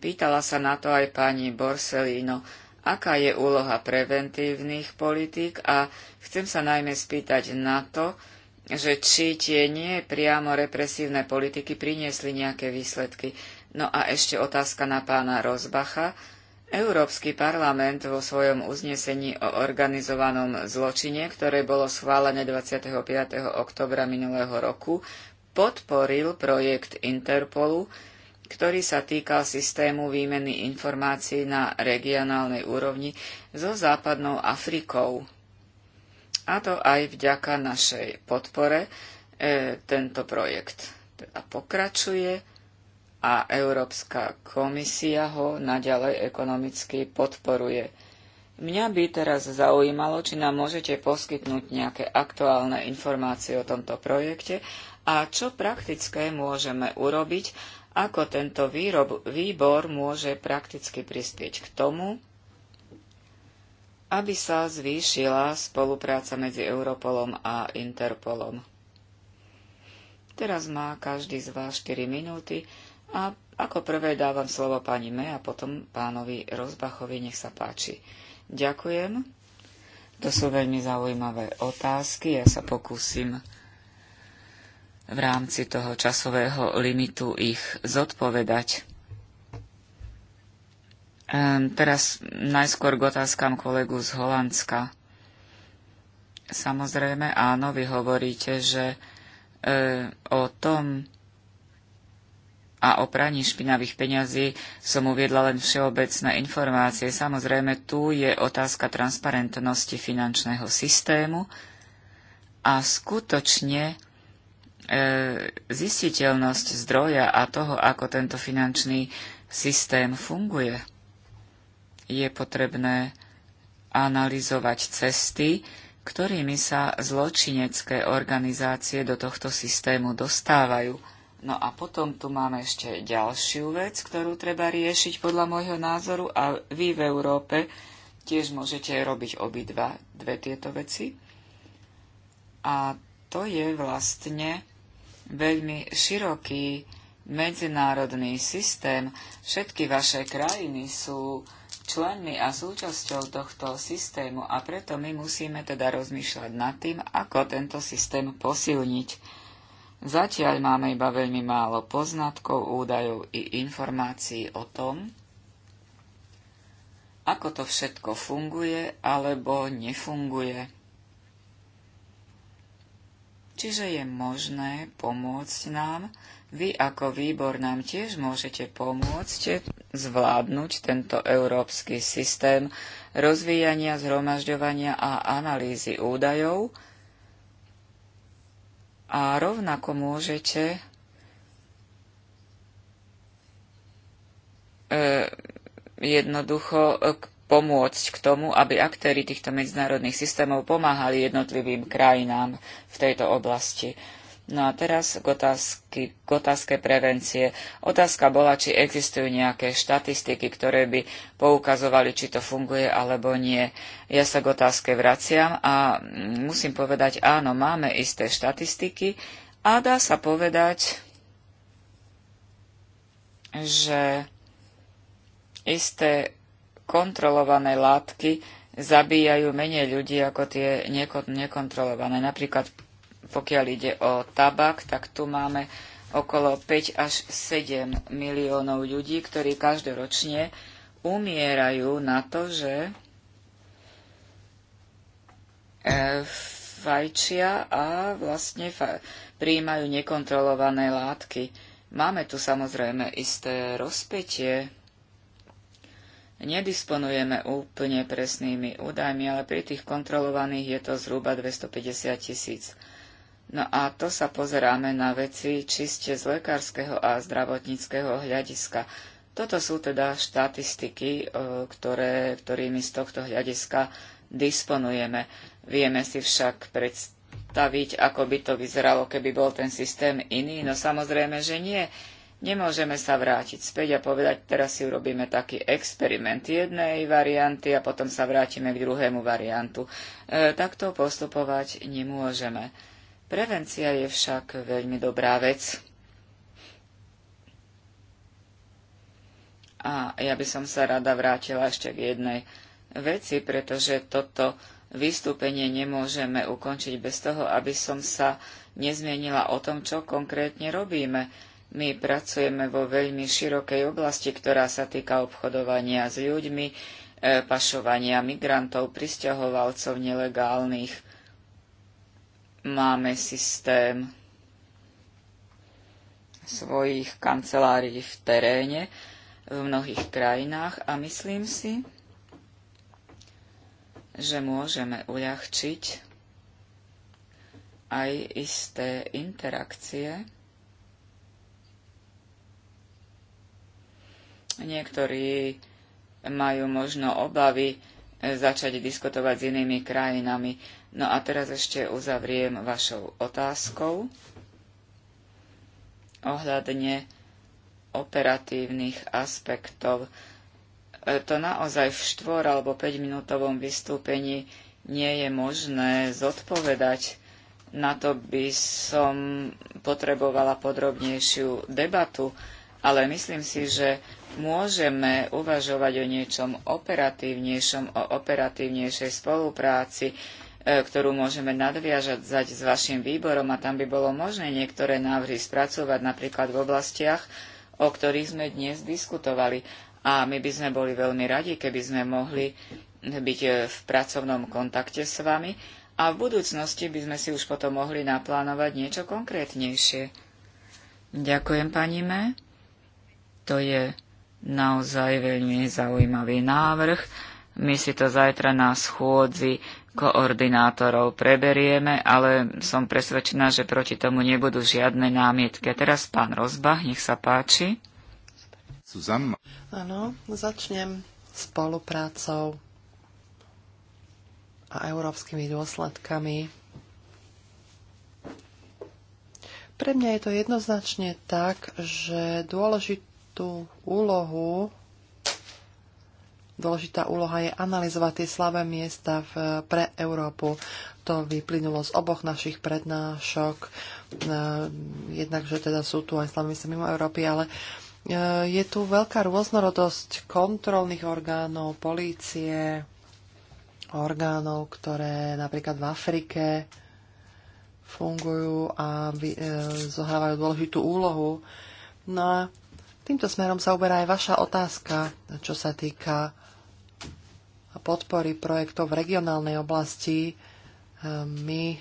Pýtala sa na to aj pani Borsellino, aká je úloha preventívnych politík a chcem sa najmä spýtať na to, že či tie nie priamo represívne politiky priniesli nejaké výsledky. No a ešte otázka na pána Rozbacha Európsky parlament vo svojom uznesení o organizovanom zločine, ktoré bolo schválené 25. oktobra minulého roku, podporil projekt Interpolu, ktorý sa týkal systému výmeny informácií na regionálnej úrovni so západnou Afrikou. A to aj vďaka našej podpore e, tento projekt teda pokračuje a Európska komisia ho naďalej ekonomicky podporuje. Mňa by teraz zaujímalo, či nám môžete poskytnúť nejaké aktuálne informácie o tomto projekte a čo praktické môžeme urobiť, ako tento výrob, výbor môže prakticky prispieť k tomu, aby sa zvýšila spolupráca medzi Europolom a Interpolom. Teraz má každý z vás 4 minúty a ako prvé dávam slovo pani Me a potom pánovi Rozbachovi, nech sa páči. Ďakujem. To sú veľmi zaujímavé otázky. Ja sa pokúsim v rámci toho časového limitu ich zodpovedať. Ehm, teraz najskôr k otázkam kolegu z Holandska. Samozrejme, áno, vy hovoríte, že e, o tom, a o praní špinavých peňazí som uviedla len všeobecné informácie. Samozrejme, tu je otázka transparentnosti finančného systému a skutočne e, zistiteľnosť zdroja a toho, ako tento finančný systém funguje. Je potrebné analyzovať cesty, ktorými sa zločinecké organizácie do tohto systému dostávajú. No a potom tu máme ešte ďalšiu vec, ktorú treba riešiť podľa môjho názoru a vy v Európe tiež môžete robiť obidva dve tieto veci. A to je vlastne veľmi široký medzinárodný systém. Všetky vaše krajiny sú členmi a súčasťou tohto systému a preto my musíme teda rozmýšľať nad tým, ako tento systém posilniť. Zatiaľ máme iba veľmi málo poznatkov, údajov i informácií o tom, ako to všetko funguje alebo nefunguje. Čiže je možné pomôcť nám, vy ako výbor nám tiež môžete pomôcť zvládnuť tento európsky systém rozvíjania, zhromažďovania a analýzy údajov, a rovnako môžete e, jednoducho e, pomôcť k tomu, aby aktéry týchto medzinárodných systémov pomáhali jednotlivým krajinám v tejto oblasti. No a teraz k, otázky, k otázke prevencie. Otázka bola, či existujú nejaké štatistiky, ktoré by poukazovali, či to funguje alebo nie. Ja sa k otázke vraciam a musím povedať, áno, máme isté štatistiky a dá sa povedať, že isté kontrolované látky zabíjajú menej ľudí ako tie nekontrolované. Napríklad pokiaľ ide o tabak, tak tu máme okolo 5 až 7 miliónov ľudí, ktorí každoročne umierajú na to, že e, fajčia a vlastne prijímajú príjmajú nekontrolované látky. Máme tu samozrejme isté rozpetie. Nedisponujeme úplne presnými údajmi, ale pri tých kontrolovaných je to zhruba 250 tisíc No a to sa pozeráme na veci čiste z lekárskeho a zdravotníckého hľadiska. Toto sú teda štatistiky, e, ktoré, ktorými z tohto hľadiska disponujeme. Vieme si však predstaviť, ako by to vyzeralo, keby bol ten systém iný. No samozrejme, že nie. Nemôžeme sa vrátiť späť a povedať, teraz si urobíme taký experiment jednej varianty a potom sa vrátime k druhému variantu. E, takto postupovať nemôžeme. Prevencia je však veľmi dobrá vec. A ja by som sa rada vrátila ešte k jednej veci, pretože toto vystúpenie nemôžeme ukončiť bez toho, aby som sa nezmienila o tom, čo konkrétne robíme. My pracujeme vo veľmi širokej oblasti, ktorá sa týka obchodovania s ľuďmi, e, pašovania migrantov, pristahovalcov nelegálnych Máme systém svojich kancelárií v teréne v mnohých krajinách a myslím si, že môžeme uľahčiť aj isté interakcie. Niektorí majú možno obavy začať diskutovať s inými krajinami. No a teraz ešte uzavriem vašou otázkou ohľadne operatívnych aspektov. E, to naozaj v štvor alebo 5-minútovom vystúpení nie je možné zodpovedať. Na to by som potrebovala podrobnejšiu debatu, ale myslím si, že môžeme uvažovať o niečom operatívnejšom, o operatívnejšej spolupráci, E, ktorú môžeme nadviažať s vašim výborom a tam by bolo možné niektoré návrhy spracovať napríklad v oblastiach, o ktorých sme dnes diskutovali. A my by sme boli veľmi radi, keby sme mohli byť e, v pracovnom kontakte s vami a v budúcnosti by sme si už potom mohli naplánovať niečo konkrétnejšie. Ďakujem, pani Me. To je naozaj veľmi zaujímavý návrh. My si to zajtra na schôdzi koordinátorov preberieme, ale som presvedčená, že proti tomu nebudú žiadne námietky. teraz pán Rozbach, nech sa páči. Suzanne. Áno, začnem spoluprácou a európskymi dôsledkami. Pre mňa je to jednoznačne tak, že dôležitú úlohu Dôležitá úloha je analyzovať tie slabé miesta v, pre Európu. To vyplynulo z oboch našich prednášok. E, jednak, že teda sú tu aj slabé miesta mimo Európy, ale e, je tu veľká rôznorodosť kontrolných orgánov, polície, orgánov, ktoré napríklad v Afrike fungujú a e, zohrávajú dôležitú úlohu. No a týmto smerom sa uberá aj vaša otázka, čo sa týka podpory projektov v regionálnej oblasti e, my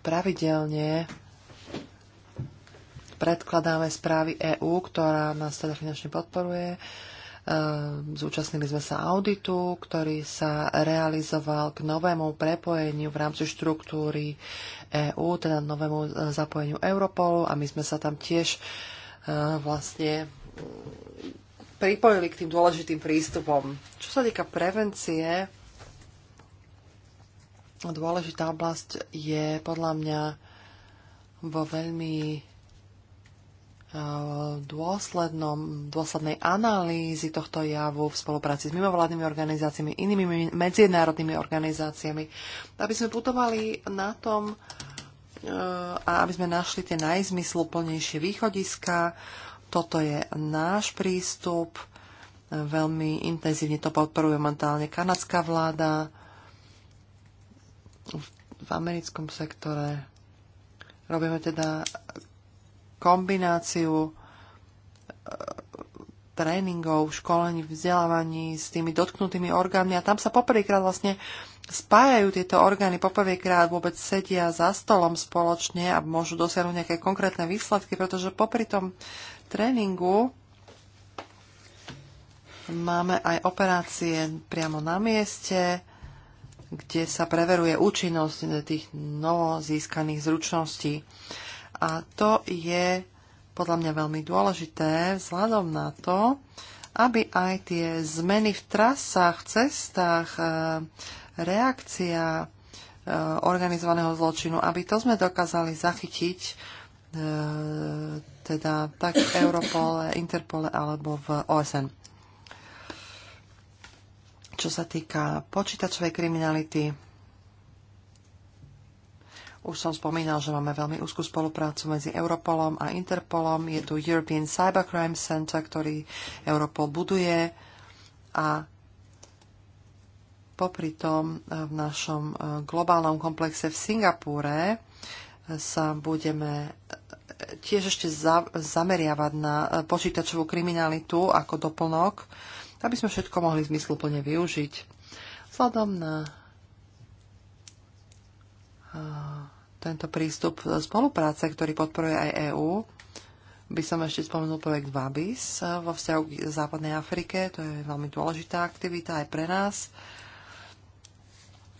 pravidelne predkladáme správy EÚ, ktorá nás teda finančne podporuje. E, zúčastnili sme sa auditu, ktorý sa realizoval k novému prepojeniu v rámci štruktúry EÚ, teda novému e, zapojeniu Europolu a my sme sa tam tiež vlastne pripojili k tým dôležitým prístupom. Čo sa týka prevencie, dôležitá oblasť je podľa mňa vo veľmi eh, dôslednom, dôslednej analýzy tohto javu v spolupráci s mimovládnymi organizáciami, inými medzinárodnými organizáciami, aby sme putovali na tom eh, a aby sme našli tie najzmysluplnejšie východiska, toto je náš prístup. Veľmi intenzívne to podporuje momentálne kanadská vláda v americkom sektore. Robíme teda kombináciu e, tréningov, školení, vzdelávaní s tými dotknutými orgánmi a tam sa poprvýkrát vlastne spájajú tieto orgány, poprvýkrát vôbec sedia za stolom spoločne a môžu dosiahnuť nejaké konkrétne výsledky, pretože popri tom tréningu máme aj operácie priamo na mieste, kde sa preveruje účinnosť tých novozískaných zručností. A to je podľa mňa veľmi dôležité vzhľadom na to, aby aj tie zmeny v trasách, v cestách, e, reakcia e, organizovaného zločinu, aby to sme dokázali zachytiť e, teda tak v Europole, Interpole alebo v OSN. Čo sa týka počítačovej kriminality, už som spomínal, že máme veľmi úzkú spoluprácu medzi Europolom a Interpolom. Je tu European Cybercrime Center, ktorý Europol buduje a popri tom e, v našom e, globálnom komplexe v Singapúre sa budeme tiež ešte za, zameriavať na e, počítačovú kriminalitu ako doplnok, aby sme všetko mohli zmysluplne využiť. Vzhľadom na e, tento prístup spolupráce, ktorý podporuje aj EÚ, by som ešte spomenul projekt VABIS e, vo vzťahu k západnej Afrike. To je veľmi dôležitá aktivita aj pre nás.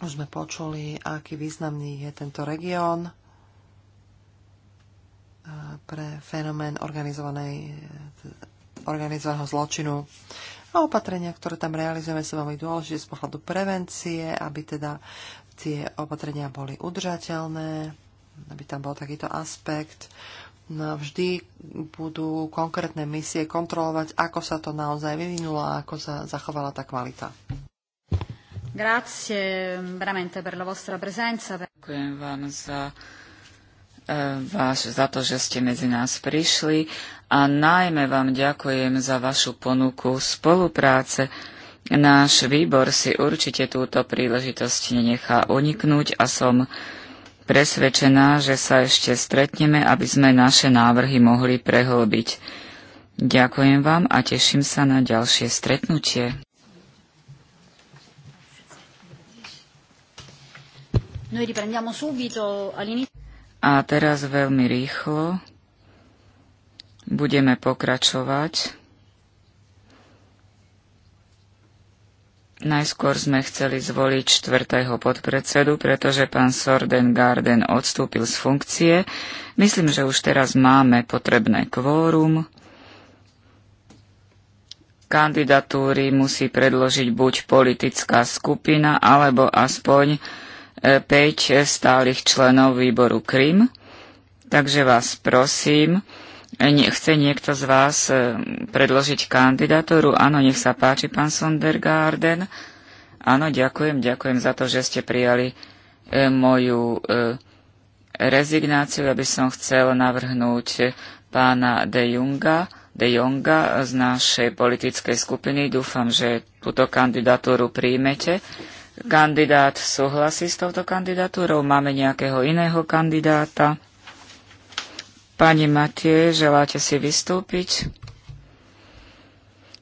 Už sme počuli, aký významný je tento región pre fenomén e, organizovaného zločinu. A opatrenia, ktoré tam realizujeme, sú veľmi dôležité z pohľadu prevencie, aby teda tie opatrenia boli udržateľné, aby tam bol takýto aspekt. No, vždy budú konkrétne misie kontrolovať, ako sa to naozaj vyvinulo a ako sa zachovala tá kvalita. Grazie veramente per la vostra presenza. Ďakujem vám za vás za to, že ste medzi nás prišli a najmä vám ďakujem za vašu ponuku spolupráce. Náš výbor si určite túto príležitosť nenechá uniknúť a som presvedčená, že sa ešte stretneme, aby sme naše návrhy mohli prehlbiť. Ďakujem vám a teším sa na ďalšie stretnutie. Noi riprendiamo subito all'inizio. A teraz veľmi rýchlo budeme pokračovať. Najskôr sme chceli zvoliť čtvrtého podpredsedu, pretože pán Sorden Garden odstúpil z funkcie. Myslím, že už teraz máme potrebné kvórum. Kandidatúry musí predložiť buď politická skupina, alebo aspoň 5 stálych členov výboru Krym. Takže vás prosím, chce niekto z vás e, predložiť kandidatúru? Áno, nech sa páči, pán Sondergarden. Áno, ďakujem, ďakujem za to, že ste prijali e, moju e, rezignáciu. Ja by som chcel navrhnúť pána De Junga, De Jonga z našej politickej skupiny. Dúfam, že túto kandidatúru príjmete. Kandidát súhlasí s touto kandidatúrou? Máme nejakého iného kandidáta? Pani Matie, želáte si vystúpiť?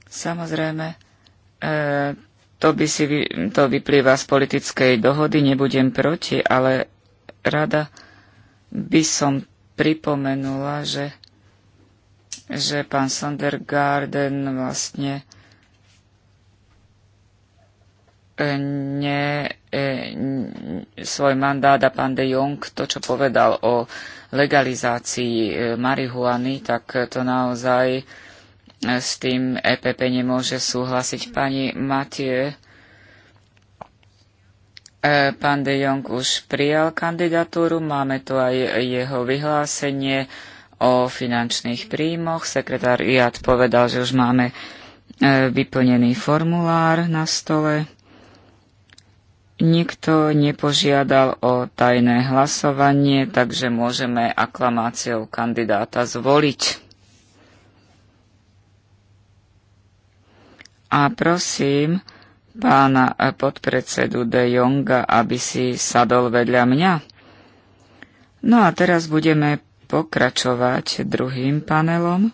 Samozrejme, e, to, by si, to vyplýva z politickej dohody, nebudem proti, ale rada by som pripomenula, že, že pán Sondergarden vlastne ne, e, svoj mandát a pán de Jong to, čo povedal o legalizácii e, marihuany, tak to naozaj e, s tým EPP nemôže súhlasiť. Pani Matie, pán de Jong už prijal kandidatúru, máme tu aj jeho vyhlásenie o finančných príjmoch. Sekretár Sekretariat povedal, že už máme vyplnený formulár na stole. Nikto nepožiadal o tajné hlasovanie, takže môžeme aklamáciou kandidáta zvoliť. A prosím pána podpredsedu De Jonga, aby si sadol vedľa mňa. No a teraz budeme pokračovať druhým panelom.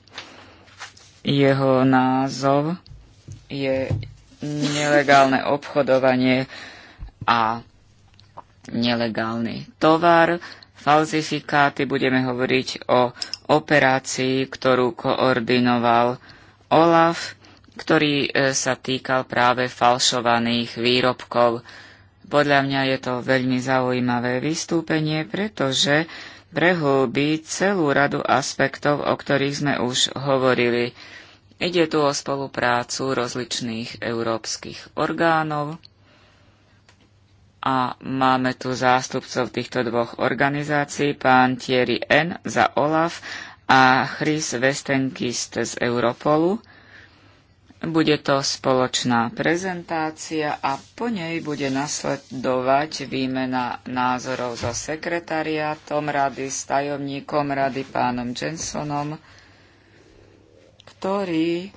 Jeho názov je nelegálne obchodovanie a nelegálny tovar, falzifikáty, budeme hovoriť o operácii, ktorú koordinoval OLAF, ktorý e, sa týkal práve falšovaných výrobkov. Podľa mňa je to veľmi zaujímavé vystúpenie, pretože prehlbí celú radu aspektov, o ktorých sme už hovorili. Ide tu o spoluprácu rozličných európskych orgánov, a máme tu zástupcov týchto dvoch organizácií, pán Thierry N. za OLAF a Chris Westenkist z Europolu. Bude to spoločná prezentácia a po nej bude nasledovať výmena názorov so sekretariátom rady, s tajomníkom rady pánom Jensonom, ktorý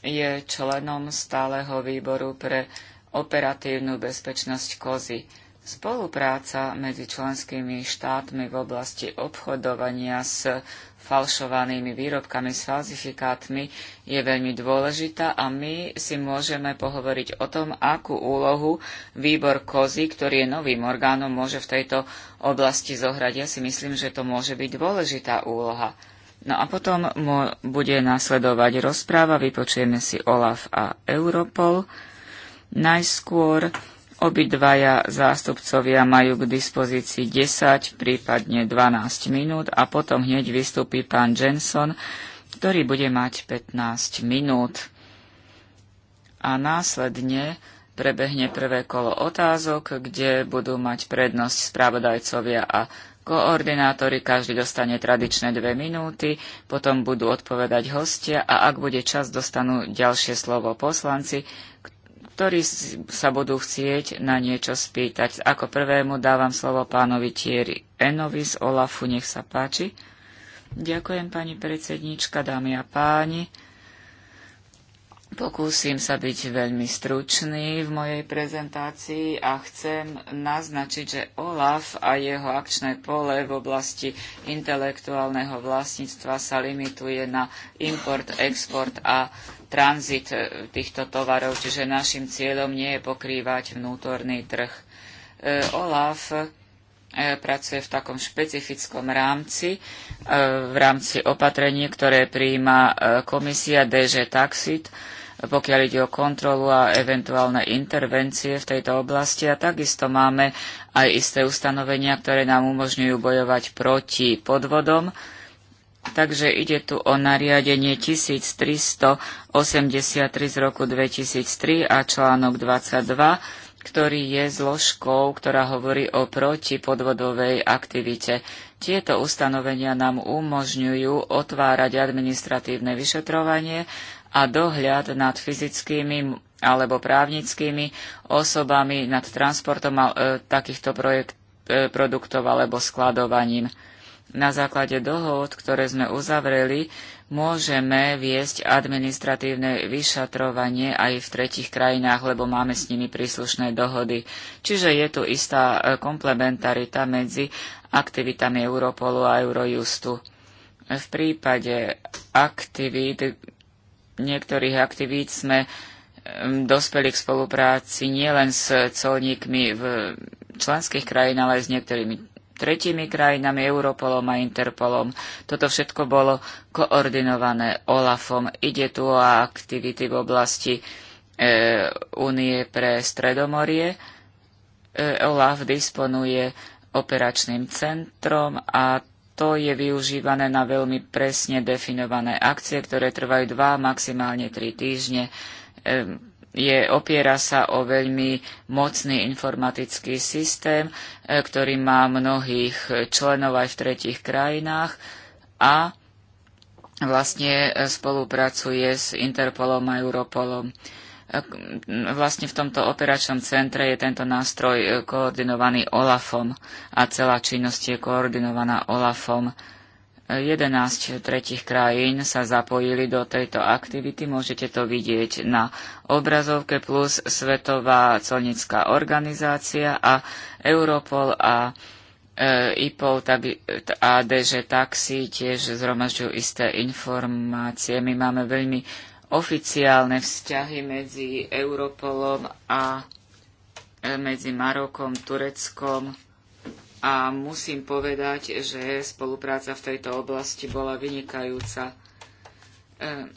je členom stáleho výboru pre operatívnu bezpečnosť kozy. Spolupráca medzi členskými štátmi v oblasti obchodovania s falšovanými výrobkami, s falzifikátmi je veľmi dôležitá a my si môžeme pohovoriť o tom, akú úlohu výbor kozy, ktorý je novým orgánom, môže v tejto oblasti zohrať. Ja si myslím, že to môže byť dôležitá úloha. No a potom bude nasledovať rozpráva, vypočujeme si OLAF a Europol. Najskôr obidvaja zástupcovia majú k dispozícii 10, prípadne 12 minút a potom hneď vystúpi pán Jenson, ktorý bude mať 15 minút. A následne prebehne prvé kolo otázok, kde budú mať prednosť spravodajcovia a koordinátori, každý dostane tradičné dve minúty, potom budú odpovedať hostia a ak bude čas, dostanú ďalšie slovo poslanci, ktorí sa budú chcieť na niečo spýtať. Ako prvému dávam slovo pánovi Tieri Enovi z Olafu, nech sa páči. Ďakujem, pani predsednička, dámy a páni. Pokúsim sa byť veľmi stručný v mojej prezentácii a chcem naznačiť, že OLAF a jeho akčné pole v oblasti intelektuálneho vlastníctva sa limituje na import, export a tranzit týchto tovarov, čiže našim cieľom nie je pokrývať vnútorný trh. E, OLAF e, pracuje v takom špecifickom rámci, e, v rámci opatrení, ktoré prijíma komisia DG Taxit pokiaľ ide o kontrolu a eventuálne intervencie v tejto oblasti. A takisto máme aj isté ustanovenia, ktoré nám umožňujú bojovať proti podvodom. Takže ide tu o nariadenie 1383 z roku 2003 a článok 22 ktorý je zložkou, ktorá hovorí o protipodvodovej aktivite. Tieto ustanovenia nám umožňujú otvárať administratívne vyšetrovanie a dohľad nad fyzickými alebo právnickými osobami nad transportom e, takýchto projekt, e, produktov alebo skladovaním. Na základe dohod, ktoré sme uzavreli, môžeme viesť administratívne vyšatrovanie aj v tretich krajinách, lebo máme s nimi príslušné dohody. Čiže je tu istá e, komplementarita medzi aktivitami Europolu a Eurojustu. V prípade aktivít, niektorých aktivít sme dospeli k spolupráci nielen s colníkmi v členských krajinách, ale aj s niektorými tretími krajinami, Europolom a Interpolom. Toto všetko bolo koordinované OLAFom. Ide tu o aktivity v oblasti e, Únie e, pre Stredomorie. E, OLAF disponuje operačným centrom a to je využívané na veľmi presne definované akcie, ktoré trvajú 2, maximálne tri týždne. Ehm, je, opiera sa o veľmi mocný informatický systém, e, ktorý má mnohých členov aj v tretich krajinách a vlastne e, spolupracuje s Interpolom a Europolom vlastne v tomto operačnom centre je tento nástroj e, koordinovaný OLAFom a celá činnosť je koordinovaná OLAFom. 11 tretich krajín sa zapojili do tejto aktivity, môžete to vidieť na obrazovke, plus Svetová colnická organizácia a Europol a e, IPOL a DŽ Taxi tiež zhromažďujú isté informácie. My máme veľmi oficiálne vzťahy medzi Europolom a e, medzi Marokom, Tureckom a musím povedať, že spolupráca v tejto oblasti bola vynikajúca. E,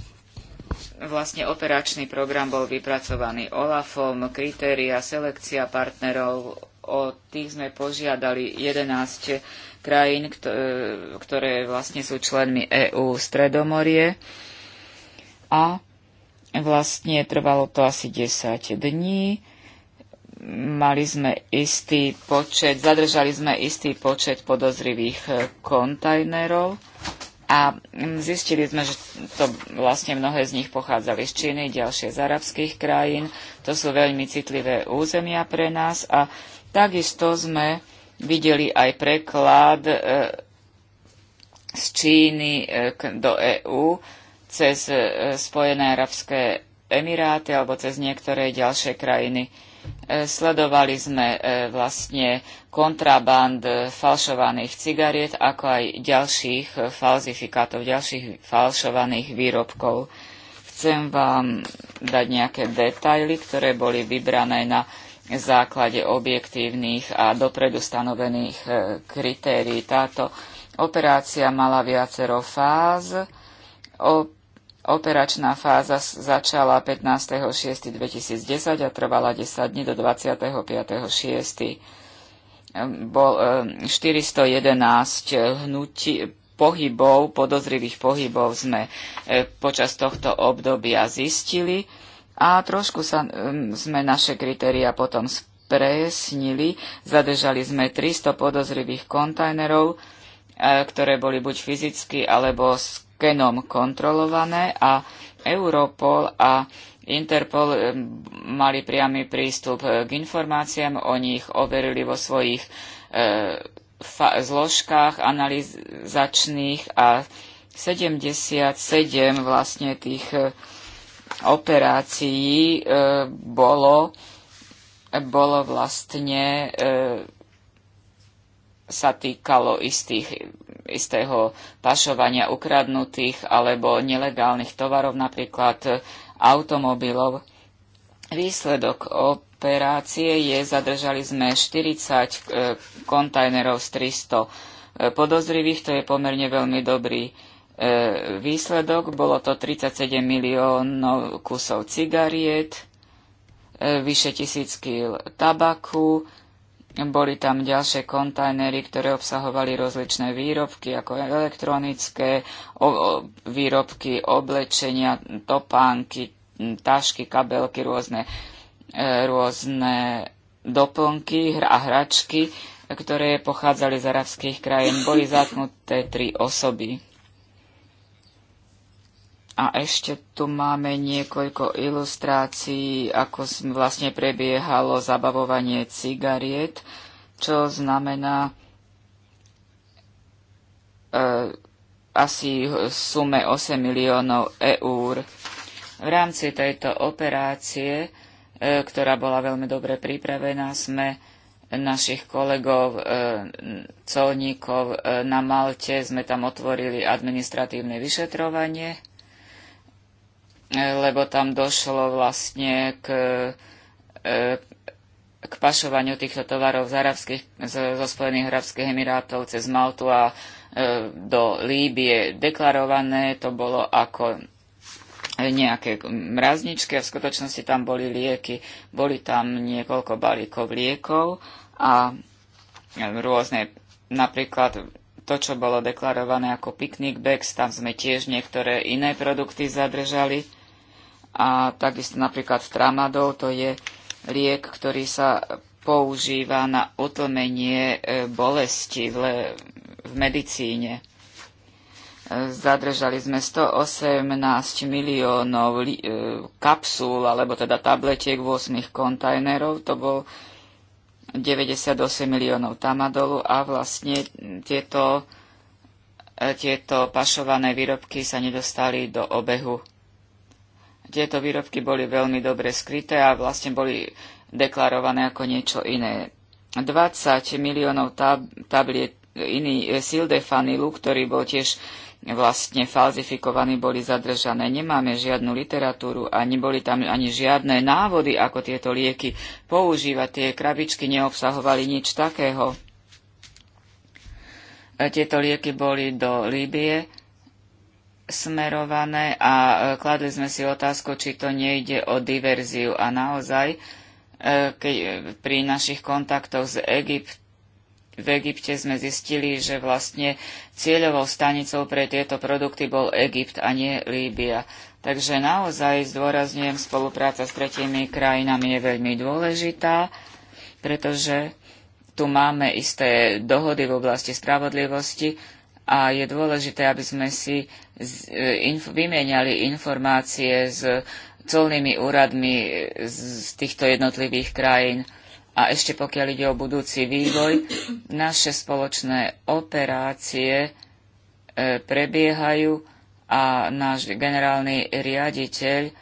vlastne operačný program bol vypracovaný OLAFom, kritéria, selekcia partnerov, o tých sme požiadali 11 krajín, e, ktoré vlastne sú členmi EÚ Stredomorie a vlastne trvalo to asi 10 dní. Mali sme istý počet, zadržali sme istý počet podozrivých eh, kontajnerov a mm, zistili sme, že to vlastne mnohé z nich pochádzali z Číny, ďalšie z arabských krajín. To sú veľmi citlivé územia pre nás a takisto sme videli aj preklad eh, z Číny eh, do EÚ cez e, Spojené arabské emiráty alebo cez niektoré ďalšie krajiny. E, sledovali sme e, vlastne kontraband falšovaných cigariet, ako aj ďalších falzifikátov, ďalších falšovaných výrobkov. Chcem vám dať nejaké detaily, ktoré boli vybrané na základe objektívnych a dopredu stanovených kritérií. Táto operácia mala viacero fáz. Operačná fáza začala 15.6.2010 a trvala 10 dní do 25.6. Ehm, bol 411 ehm, hnutí, pohybov, podozrivých pohybov sme e, počas tohto obdobia zistili a trošku sa, ehm, sme naše kritéria potom spresnili. Zadržali sme 300 podozrivých kontajnerov, e, ktoré boli buď fyzicky alebo genom kontrolované a Europol a Interpol eh, mali priamy prístup eh, k informáciám, oni ich overili vo svojich e, zložkách analyzačných a 77 vlastne tých operácií e, bolo, bolo vlastne e, sa týkalo istých istého pašovania ukradnutých alebo nelegálnych tovarov, napríklad automobilov. Výsledok operácie je, zadržali sme 40 e, kontajnerov z 300 e, podozrivých, to je pomerne veľmi dobrý e, výsledok. Bolo to 37 miliónov kusov cigariet, vyše tisíc tabaku, boli tam ďalšie kontajnery, ktoré obsahovali rozličné výrobky, ako elektronické o, o, výrobky, oblečenia, topánky, tašky, kabelky, rôzne, e, rôzne doplnky a hračky, ktoré pochádzali z arabských krajín. Boli zatknuté tri osoby. A ešte tu máme niekoľko ilustrácií, ako vlastne prebiehalo zabavovanie cigariet, čo znamená e, asi v sume 8 miliónov eur. V rámci tejto operácie, e, ktorá bola veľmi dobre pripravená, sme našich kolegov, e, colníkov e, na Malte, sme tam otvorili administratívne vyšetrovanie lebo tam došlo vlastne k, e, k pašovaniu týchto tovarov z arabských, zo Spojených arabských emirátov cez Maltu a e, do Líbie. Deklarované to bolo ako nejaké mrazničky a v skutočnosti tam boli lieky. Boli tam niekoľko balíkov liekov a e, rôzne, napríklad to, čo bolo deklarované ako picnic bags, tam sme tiež niektoré iné produkty zadržali a takisto napríklad tramadol, to je liek, ktorý sa používa na utlmenie e, bolesti v, le, v medicíne. E, zadržali sme 118 miliónov li, e, kapsúl, alebo teda tabletiek v 8 kontajnerov. To bol 98 miliónov tamadolu a vlastne tieto, tieto pašované výrobky sa nedostali do obehu tieto výrobky boli veľmi dobre skryté a vlastne boli deklarované ako niečo iné. 20 miliónov tab- tabliet iný e, Sildefanilu, ktorý bol tiež vlastne falzifikovaní, boli zadržané. Nemáme žiadnu literatúru a neboli tam ani žiadne návody, ako tieto lieky používať. Tie krabičky neobsahovali nič takého. E, tieto lieky boli do Líbie smerované a e, kladli sme si otázku, či to nejde o diverziu. A naozaj, e, keď, e, pri našich kontaktoch z Egypt, v Egypte sme zistili, že vlastne cieľovou stanicou pre tieto produkty bol Egypt a nie Líbia. Takže naozaj zdôrazňujem, spolupráca s tretimi krajinami je veľmi dôležitá, pretože tu máme isté dohody v oblasti spravodlivosti a je dôležité, aby sme si E, vymieniali informácie s colnými úradmi z týchto jednotlivých krajín. A ešte pokiaľ ide o budúci vývoj, naše spoločné operácie e, prebiehajú a náš generálny riaditeľ e,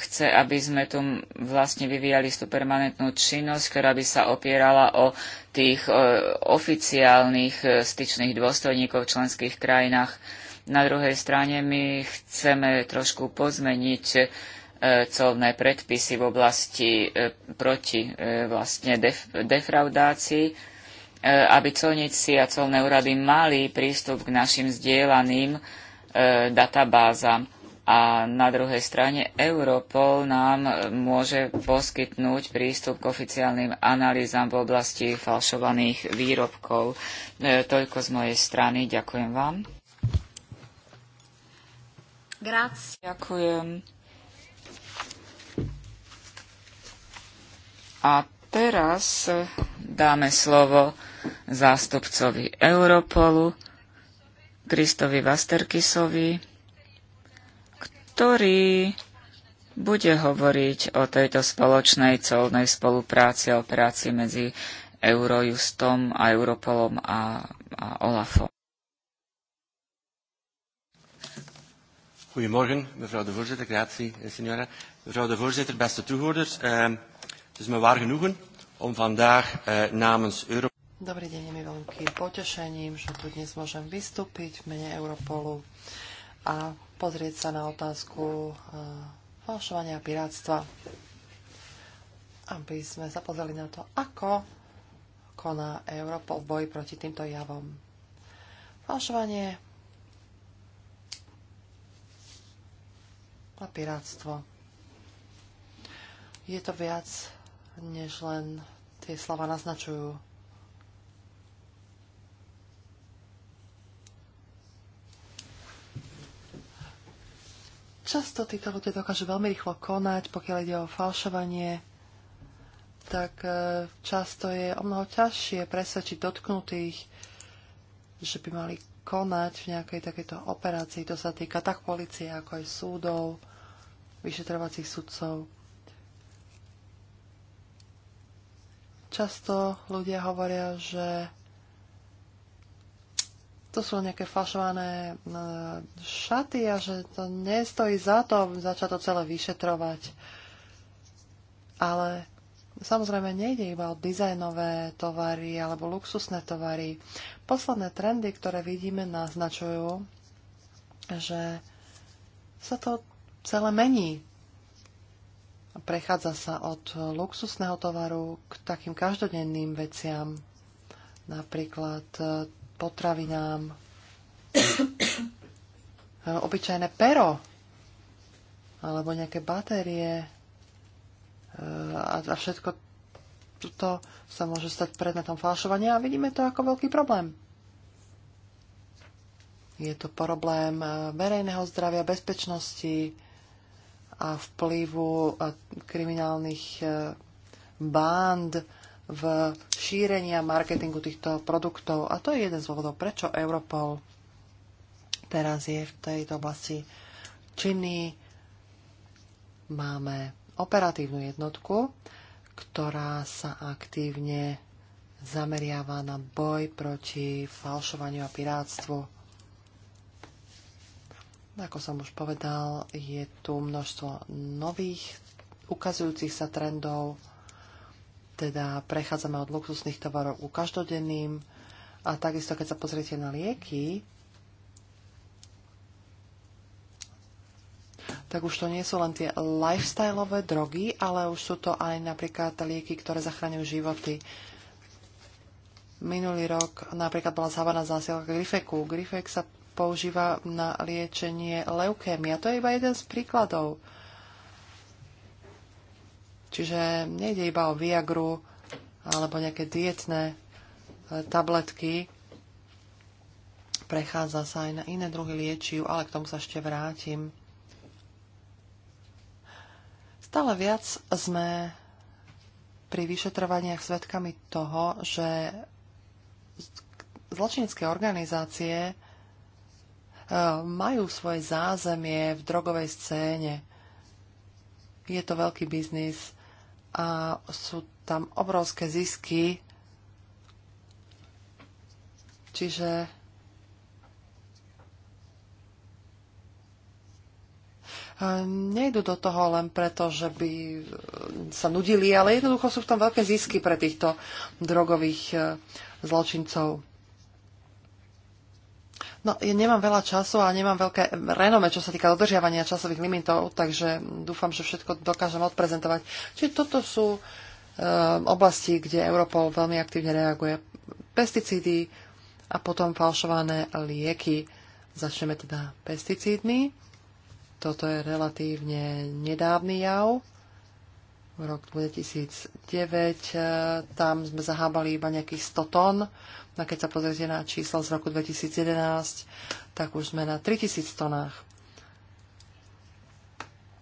chce, aby sme tu vlastne vyvíjali tú permanentnú činnosť, ktorá by sa opierala o tých oficiálnych styčných dôstojníkov v členských krajinách na druhej strane my chceme trošku pozmeniť e, colné predpisy v oblasti e, proti e, vlastne def defraudácii, aby colníci a colné úrady mali prístup k našim zdieľaným databázam. A na druhej strane Europol nám môže poskytnúť prístup k oficiálnym analýzam v oblasti falšovaných výrobkov. Toľko z mojej strany. Ďakujem vám. Grazie. Ďakujem. A teraz dáme slovo zástupcovi Europolu, Kristovi Vasterkisovi, ktorý bude hovoriť o tejto spoločnej colnej spolupráci a operácii medzi Eurojustom a Europolom a, a Olafom. Goedemorgen, mevrouw de voorzitter. Grazie, eh, signora. Mevrouw de voorzitter, beste toehoorders. Uh, het is me waar genoegen om vandaag uh, namens Europol... Dobrý deň, je mi veľkým potešením, že tu dnes môžem vystúpiť v mene Europolu a pozrieť sa na otázku uh, falšovania a pirátstva. Aby sme sa pozreli na to, ako koná Europol v boji proti týmto javom. Falšovanie na piráctvo. Je to viac, než len tie slova naznačujú. Často títo ľudia dokážu veľmi rýchlo konať, pokiaľ ide o falšovanie, tak e, často je o mnoho ťažšie presvedčiť dotknutých, že by mali konať v nejakej takejto operácii. To sa týka tak policie, ako aj súdov vyšetrovacích sudcov. Často ľudia hovoria, že to sú nejaké fašované e, šaty a že to nestojí za to začať to celé vyšetrovať. Ale Samozrejme, nejde iba o dizajnové tovary alebo luxusné tovary. Posledné trendy, ktoré vidíme, naznačujú, že sa to celé mení. Prechádza sa od luxusného tovaru k takým každodenným veciam, napríklad e, potravinám, e, obyčajné pero alebo nejaké batérie e, a všetko toto sa môže stať predmetom falšovania a vidíme to ako veľký problém. Je to problém verejného zdravia, bezpečnosti, a vplyvu kriminálnych e, band v šírení a marketingu týchto produktov. A to je jeden z dôvodov, prečo Europol teraz je v tejto oblasti činný. Máme operatívnu jednotku, ktorá sa aktívne zameriava na boj proti falšovaniu a pirátstvu ako som už povedal, je tu množstvo nových ukazujúcich sa trendov, teda prechádzame od luxusných tovarov ku každodenným a takisto, keď sa pozriete na lieky, tak už to nie sú len tie lifestyleové drogy, ale už sú to aj napríklad lieky, ktoré zachraňujú životy. Minulý rok napríklad bola zhávaná zásielka Grifeku. Grifek sa používa na liečenie leukémia. To je iba jeden z príkladov. Čiže nejde iba o Viagru alebo nejaké dietné e, tabletky. Prechádza sa aj na iné druhy liečiv, ale k tomu sa ešte vrátim. Stále viac sme pri vyšetrovaniach svedkami toho, že zločinecké organizácie majú svoje zázemie v drogovej scéne. Je to veľký biznis a sú tam obrovské zisky. Čiže nejdu do toho len preto, že by sa nudili, ale jednoducho sú v tom veľké zisky pre týchto drogových eh, zločincov. No, ja nemám veľa času a nemám veľké renome, čo sa týka dodržiavania časových limitov, takže dúfam, že všetko dokážem odprezentovať. Čiže toto sú e, oblasti, kde Europol veľmi aktívne reaguje. Pesticídy a potom falšované lieky. Začneme teda pesticídmi. Toto je relatívne nedávny jav. V roku 2009 e, tam sme zahábali iba nejakých 100 tón No keď sa pozriete na čísla z roku 2011, tak už sme na 3000 tonách.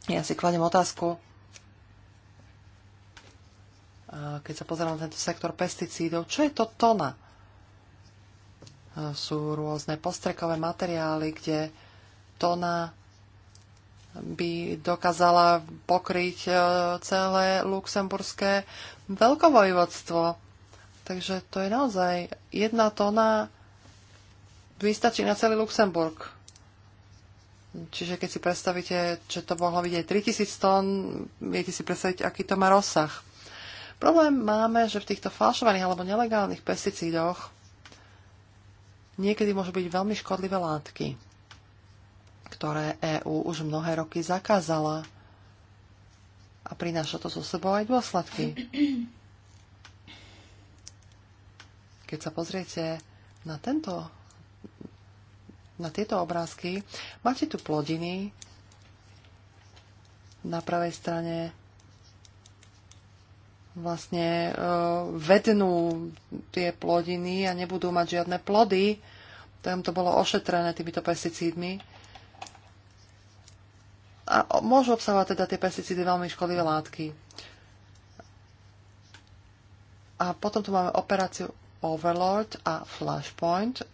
Ja si kladem otázku, keď sa pozerám na tento sektor pesticídov, čo je to tona? Sú rôzne postrekové materiály, kde tona by dokázala pokryť e, celé luxemburské veľkovojvodstvo Takže to je naozaj jedna tona vystačí na celý Luxemburg. Čiže keď si predstavíte, že to mohlo byť aj 3000 tón, viete si predstaviť, aký to má rozsah. Problém máme, že v týchto falšovaných alebo nelegálnych pesticídoch niekedy môžu byť veľmi škodlivé látky, ktoré EÚ už mnohé roky zakázala a prináša to so sebou aj dôsledky. Keď sa pozriete na tento na tieto obrázky. Máte tu plodiny. Na pravej strane vlastne e, vednú tie plodiny a nebudú mať žiadne plody. Tam to bolo ošetrené týmito pesticídmi. A môžu obsahovať teda tie pesticídy veľmi škodlivé látky. A potom tu máme operáciu Overlord a Flashpoint. E,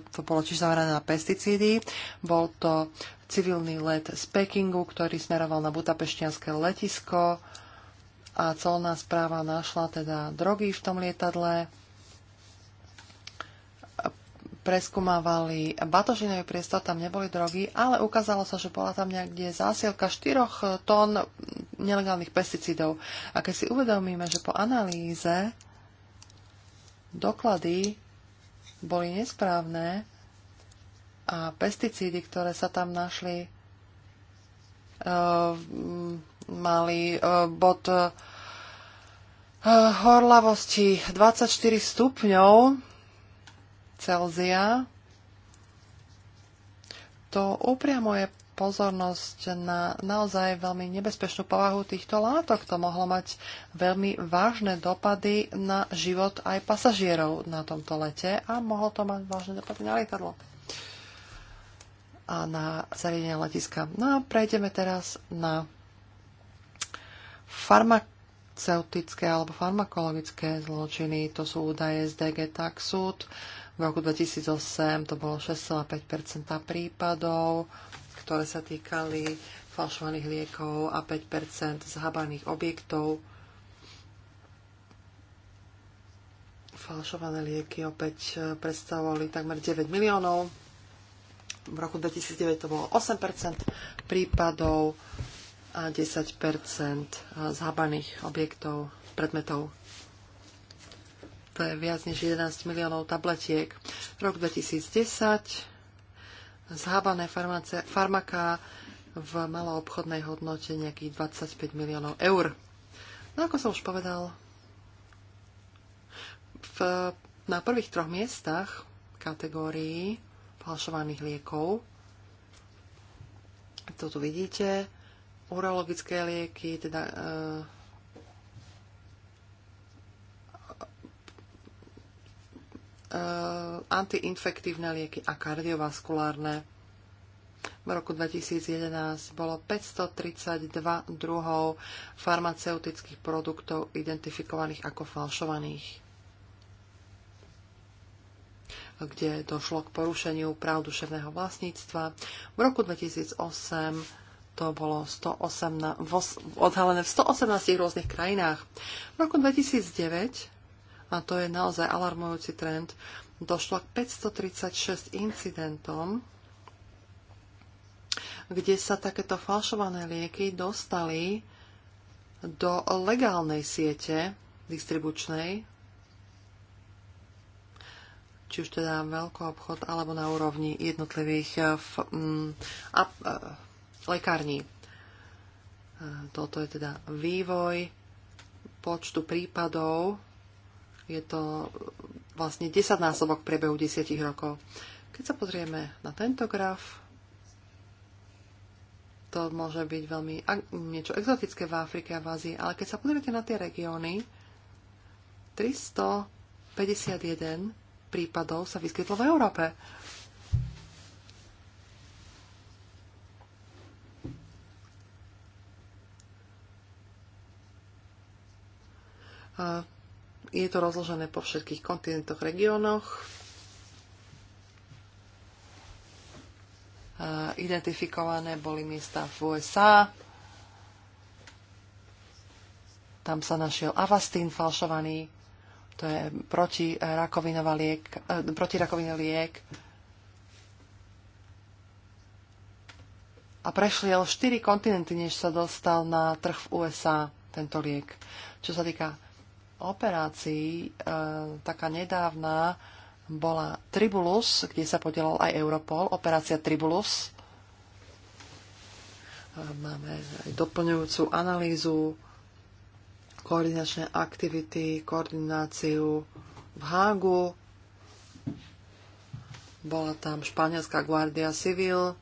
to bolo tiež zamerané na pesticídy. Bol to civilný let z Pekingu, ktorý smeroval na butapeštianské letisko a colná správa našla teda drogy v tom lietadle. Preskumávali batožinové priestor, tam neboli drogy, ale ukázalo sa, že bola tam niekde zásielka 4 tón nelegálnych pesticídov. A keď si uvedomíme, že po analýze doklady boli nesprávne a pesticídy, ktoré sa tam našli, e, mali e, bod e, horlavosti 24 stupňov Celzia. To upriamo je pozornosť na naozaj veľmi nebezpečnú povahu týchto látok. To mohlo mať veľmi vážne dopady na život aj pasažierov na tomto lete a mohlo to mať vážne dopady na lietadlo a na zariadenie letiska. No a prejdeme teraz na farmaceutické alebo farmakologické zločiny. To sú údaje z DG Taxud. V roku 2008 to bolo 6,5 prípadov ktoré sa týkali falšovaných liekov a 5 zhabaných objektov. Falšované lieky opäť e, predstavovali takmer 9 miliónov. V roku 2009 to bolo 8 prípadov a 10 e, zhabaných objektov, predmetov. To je viac než 11 miliónov tabletiek. Rok 2010 zhábané farmaká v maloobchodnej hodnote nejakých 25 miliónov eur. No ako som už povedal, v, na prvých troch miestach kategórií falšovaných liekov, to tu vidíte, urologické lieky, teda e, Eh, antiinfektívne lieky a kardiovaskulárne. V roku 2011 bolo 532 druhov farmaceutických produktov identifikovaných ako falšovaných, kde došlo k porušeniu práv duševného vlastníctva. V roku 2008 to bolo 108 odhalené v 118 rôznych krajinách. V roku 2009 a to je naozaj alarmujúci trend, došlo k 536 incidentom, kde sa takéto falšované lieky dostali do legálnej siete distribučnej, či už teda veľký obchod alebo na úrovni jednotlivých eh, f, m, mm, a, a, eh, lekární. Eh, toto je teda vývoj počtu prípadov je to e, vlastne 10 násobok v priebehu 10 rokov. Keď sa pozrieme na tento graf, to môže byť veľmi niečo exotické v Afrike a v Ázii, ale keď sa pozriete na tie regióny, 351 prípadov sa vyskytlo v Európe. Uh, je to rozložené po všetkých kontinentoch, regiónoch. Identifikované boli miesta v USA. Tam sa našiel avastín falšovaný, to je liek, eh, protirakovinový liek. A prešiel 4 kontinenty, než sa dostal na trh v USA tento liek. Čo sa týka operácií, e, taká nedávna, bola Tribulus, kde sa podielal aj Europol, operácia Tribulus. E, máme aj doplňujúcu analýzu, koordinačné aktivity, koordináciu v Hágu. Bola tam španielská Guardia Civil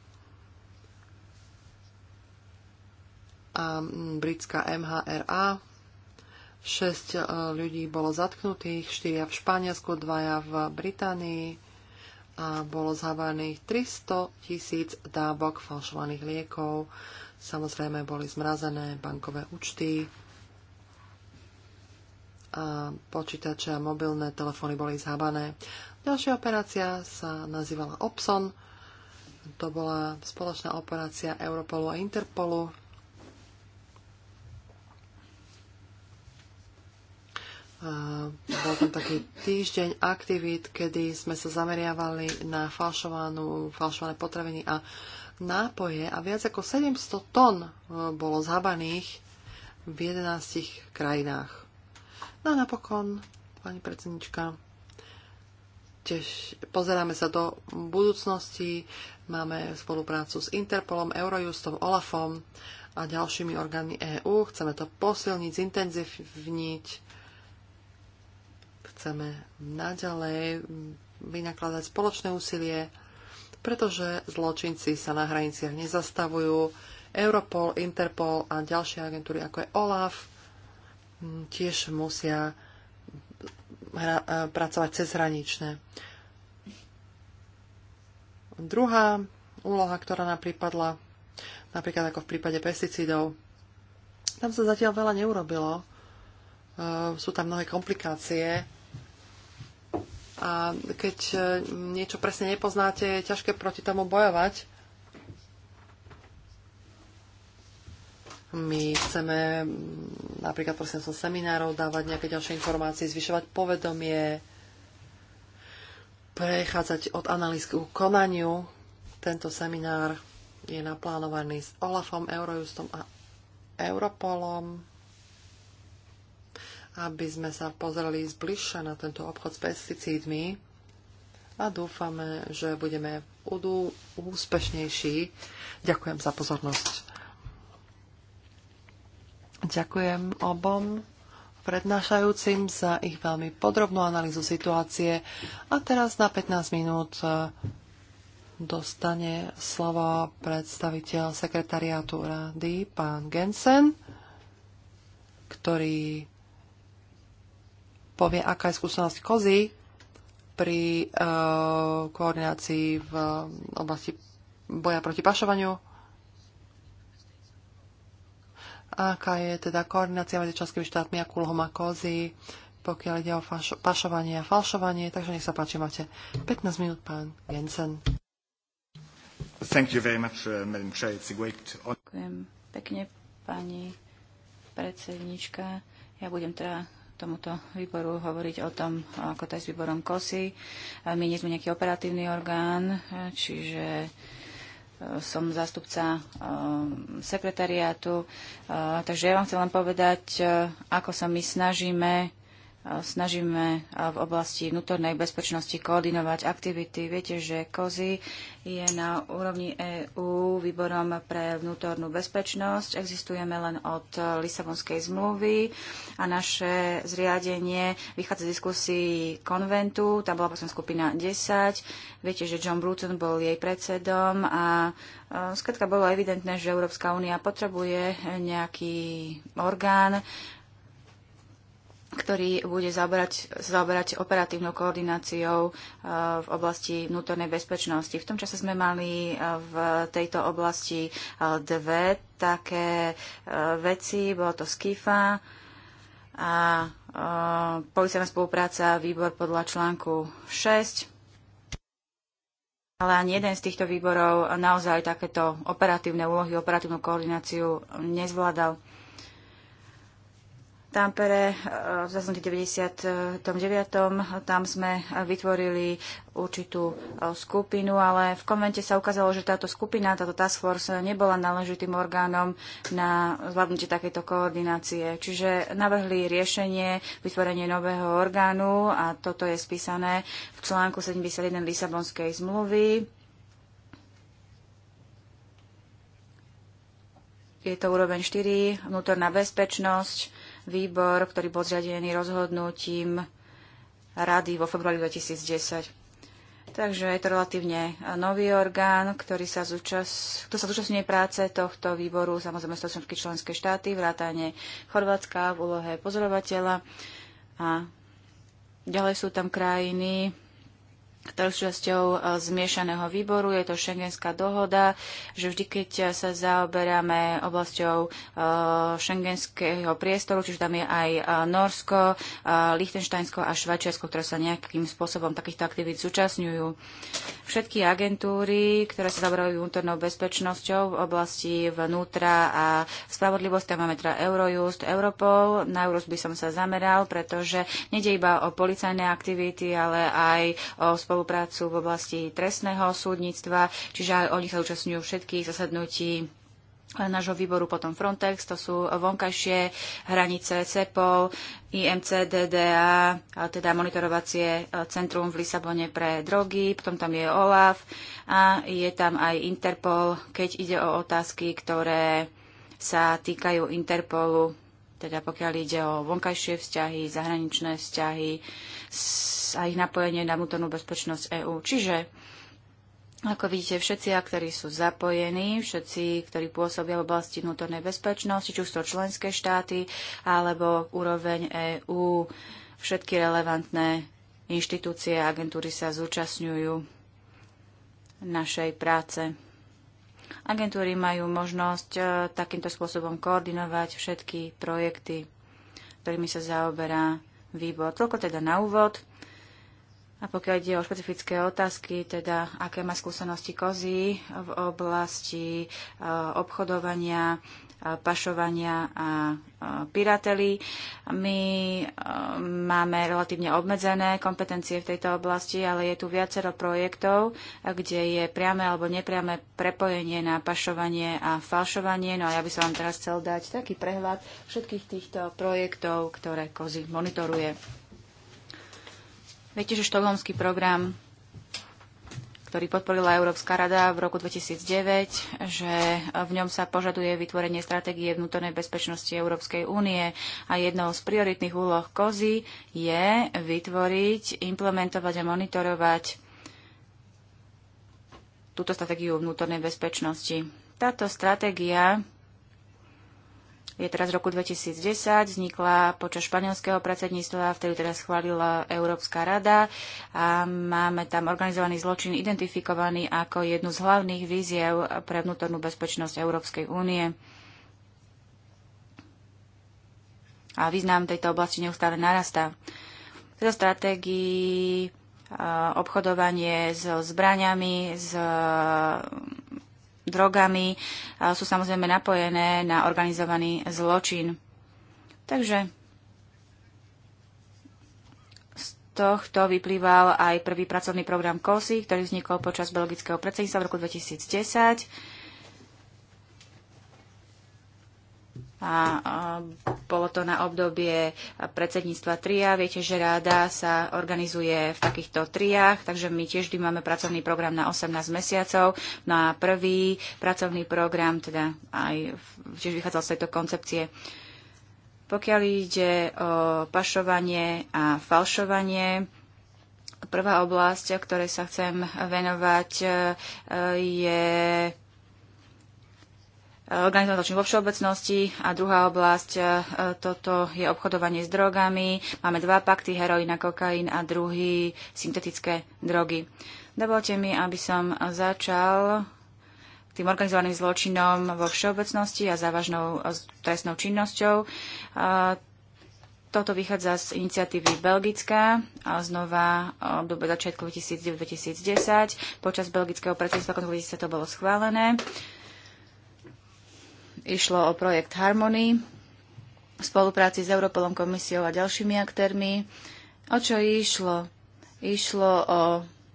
a britská MHRA. 6 e, ľudí bolo zatknutých, 4 v Španielsku, 2 v Británii a bolo zhávaných 300 tisíc dávok falšovaných liekov. Samozrejme boli zmrazené bankové účty, a počítače a mobilné telefóny boli zhabané. Ďalšia operácia sa nazývala Opson. To bola spoločná operácia Europolu a Interpolu Bol tam taký týždeň aktivít, kedy sme sa zameriavali na falšovanú, falšované potraviny a nápoje a viac ako 700 tón e, bolo zhabaných v 11 krajinách. No a napokon, pani predsednička, tiež pozeráme sa do budúcnosti, máme spoluprácu s Interpolom, Eurojustom, Olafom a ďalšími orgánmi EÚ. Chceme to posilniť, zintenzívniť chceme naďalej vynakladať spoločné úsilie, pretože zločinci sa na hraniciach nezastavujú. Europol, Interpol a ďalšie agentúry ako je OLAF tiež musia e, pracovať hraničné. Druhá úloha, ktorá nám pripadla, napríklad ako v prípade pesticídov, tam sa zatiaľ veľa neurobilo. E, sú tam mnohé komplikácie, a keď e, niečo presne nepoznáte, je ťažké proti tomu bojovať. My chceme mm, napríklad som seminárov dávať nejaké ďalšie informácie, zvyšovať povedomie, prechádzať od analýz k konaniu. Tento seminár je naplánovaný s OLAFom, Eurojustom a Europolom aby sme sa pozreli zbližšie na tento obchod s pesticídmi a dúfame, že budeme budú úspešnejší. Ďakujem za pozornosť. Ďakujem obom prednášajúcim za ich veľmi podrobnú analýzu situácie. A teraz na 15 minút e, dostane slovo predstaviteľ sekretariátu rady, pán Gensen, ktorý povie, aká je skúsenosť kozy pri uh, koordinácii v uh, oblasti boja proti pašovaniu. Aká je teda koordinácia medzi členskými štátmi a kulhom a kozy, pokiaľ ide o pašovanie a falšovanie. Takže nech sa páči, máte 15 minút, pán Jensen. Thank you very much, uh, Madam Chair. It's great... Ďakujem pekne, pani predsednička. Ja budem teda tomuto výboru hovoriť o tom, ako to je s výborom KOSY. My nie sme nejaký operatívny orgán, e, čiže e, som zástupca e, sekretariátu. Takže ja vám chcem len povedať, ako sa my snažíme snažíme v oblasti vnútornej bezpečnosti koordinovať aktivity. Viete, že COZY je na úrovni EÚ výborom pre vnútornú bezpečnosť. Existujeme len od Lisabonskej zmluvy a naše zriadenie vychádza z diskusí konventu. tá bola potom skupina 10. Viete, že John Bruton bol jej predsedom a skratka bolo evidentné, že Európska únia potrebuje nejaký orgán, ktorý bude zaoberať, zaoberať operatívnou koordináciou eh, v oblasti vnútornej bezpečnosti. V tom čase sme mali eh, v tejto oblasti eh, dve také veci. Bolo to SKIFA a policajná spolupráca, výbor podľa článku 6. Ale ani jeden z týchto výborov naozaj takéto operatívne úlohy, operatívnu koordináciu nezvládal. Tampere eh, v zasnutí 99. Tam sme vytvorili určitú eh, skupinu, ale v konvente sa ukázalo, že táto skupina, táto task force nebola náležitým orgánom na zvládnutie takéto koordinácie. Čiže navrhli riešenie, vytvorenie nového orgánu a toto je spísané v článku 71 Lisabonskej zmluvy. Je to úroveň 4, vnútorná bezpečnosť, výbor, ktorý bol zriadený rozhodnutím rady vo februári 2010. Takže je to relatívne nový orgán, ktorý sa, zúčast, sa zúčastňuje práce tohto výboru, samozrejme stočnosti členské štáty, vrátane Chorvátska v úlohe pozorovateľa. A ďalej sú tam krajiny, súčasťou e, zmiešaného výboru. Je to šengenská dohoda, že vždy, keď sa zaoberáme oblasťou e, šengenského priestoru, čiže tam je aj e, Norsko, Liechtensteinsko a Švajčiarsko, ktoré sa nejakým spôsobom takýchto aktivít zúčastňujú. Všetky agentúry, ktoré sa zaoberajú vnútornou bezpečnosťou v oblasti vnútra a spravodlivosti, tam máme teda Eurojust, Europol. Na Eurojust by som sa zameral, pretože nejde iba o policajné aktivity, ale aj o spoluprácu v oblasti trestného súdnictva, čiže aj oni sa účastňujú všetkých zasadnutí nášho výboru, potom Frontex, to sú vonkajšie hranice CEPOL, IMCDDA, teda monitorovacie e, centrum v Lisabone pre drogy, potom tam je OLAF a je tam aj Interpol, keď ide o otázky, ktoré sa týkajú Interpolu, teda pokiaľ ide o vonkajšie vzťahy, zahraničné vzťahy, a ich napojenie na vnútornú bezpečnosť EÚ. Čiže ako vidíte, všetci aktéri sú zapojení, všetci, ktorí pôsobia v oblasti vnútornej bezpečnosti, či už to členské štáty alebo úroveň EÚ, všetky relevantné inštitúcie a agentúry sa zúčastňujú našej práce. Agentúry majú možnosť e, takýmto spôsobom koordinovať všetky projekty, ktorými sa zaoberá výbor. Toľko teda na úvod. A pokiaľ ide o špecifické otázky, teda aké má skúsenosti kozy v oblasti e, obchodovania, e, pašovania a e, pirateli. My máme relatívne obmedzené kompetencie v tejto oblasti, ale je tu viacero projektov, kde je priame alebo nepriame prepojenie na pašovanie a falšovanie. No a ja by som vám teraz chcel dať taký prehľad všetkých týchto projektov, ktoré kozy monitoruje. Viete, že štokholmský program, ktorý podporila Európska rada v roku 2009, že v ňom sa požaduje vytvorenie stratégie vnútornej bezpečnosti Európskej únie a jednou z prioritných úloh COZY je vytvoriť, implementovať a monitorovať túto stratégiu vnútornej bezpečnosti. Táto stratégia je teraz v roku 2010, vznikla počas španielského predsedníctva, vtedy teraz schválila Európska rada a máme tam organizovaný zločin identifikovaný ako jednu z hlavných víziev pre vnútornú bezpečnosť Európskej únie. A význam tejto oblasti neustále narastá. Zo tejto stratégii e, obchodovanie so zbraniami, s drogami sú samozrejme napojené na organizovaný zločin. Takže z tohto vyplýval aj prvý pracovný program COSI, ktorý vznikol počas belgického predsedníctva v roku 2010 a bolo to na obdobie predsedníctva tria. Viete, že ráda sa organizuje v takýchto triách, takže my tiež vždy máme pracovný program na 18 mesiacov. No a prvý pracovný program, teda aj tiež vychádzal z tejto koncepcie, pokiaľ ide o pašovanie a falšovanie, prvá oblasť, ktorej sa chcem venovať, e, je organizovaný zločin vo všeobecnosti a druhá oblasť, e, toto je obchodovanie s drogami. Máme dva pakty, heroína, kokain a druhý syntetické drogy. Dovolte mi, aby som začal tým organizovaným zločinom vo všeobecnosti a závažnou trestnou činnosťou. E, toto vychádza z iniciatívy Belgická, znova v dobe začiatku 2009-2010. Počas belgického predsedstva 2010 to bolo schválené. Išlo o projekt Harmony v spolupráci s Europolom, komisiou a ďalšími aktérmi. O čo išlo? Išlo o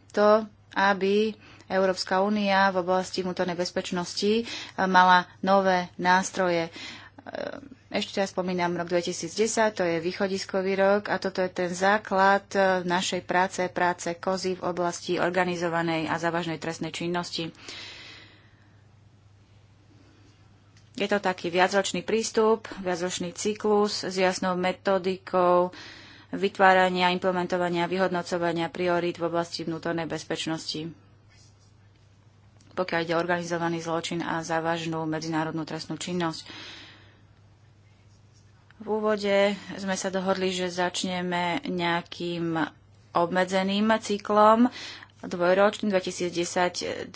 to, aby Európska únia v oblasti vnútornej bezpečnosti eh, mala nové nástroje. Eh, ešte raz spomínam rok 2010, to je východiskový rok a toto je ten základ eh, našej práce, práce kozy v oblasti organizovanej a závažnej trestnej činnosti. Je to taký viacročný prístup, viacročný cyklus s jasnou metodikou vytvárania, implementovania, vyhodnocovania priorít v oblasti vnútornej bezpečnosti pokiaľ ide organizovaný zločin a závažnú medzinárodnú trestnú činnosť. V úvode sme sa dohodli, že začneme nejakým obmedzeným cyklom dvojročným 2010-2013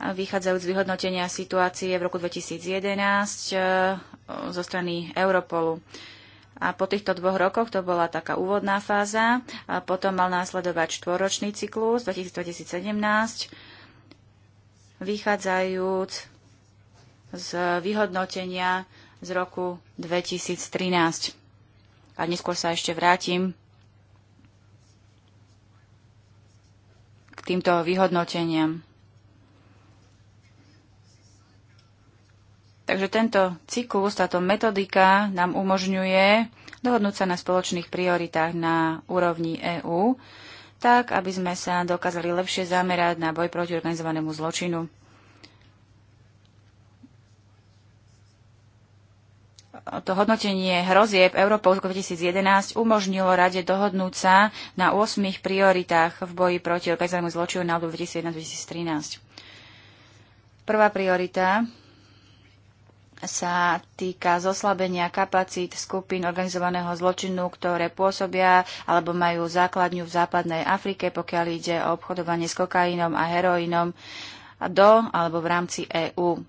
vychádzajúc z vyhodnotenia situácie v roku 2011 e, zo strany Europolu. A po týchto dvoch rokoch to bola taká úvodná fáza. A potom mal následovať štvoročný cyklus 2017, vychádzajúc z vyhodnotenia z roku 2013. A neskôr sa ešte vrátim k týmto vyhodnoteniam. Takže tento cyklus, táto metodika nám umožňuje dohodnúť sa na spoločných prioritách na úrovni EÚ, tak aby sme sa dokázali lepšie zamerať na boj proti organizovanému zločinu. to hodnotenie hrozieb Európou 2011 umožnilo rade dohodnúť sa na 8 prioritách v boji proti organizovanému zločinu na obdobie 2011-2013. Prvá priorita sa týka zoslabenia kapacít skupín organizovaného zločinu, ktoré pôsobia alebo majú základňu v západnej Afrike, pokiaľ ide o obchodovanie s kokainom a heroínom do alebo v rámci EÚ.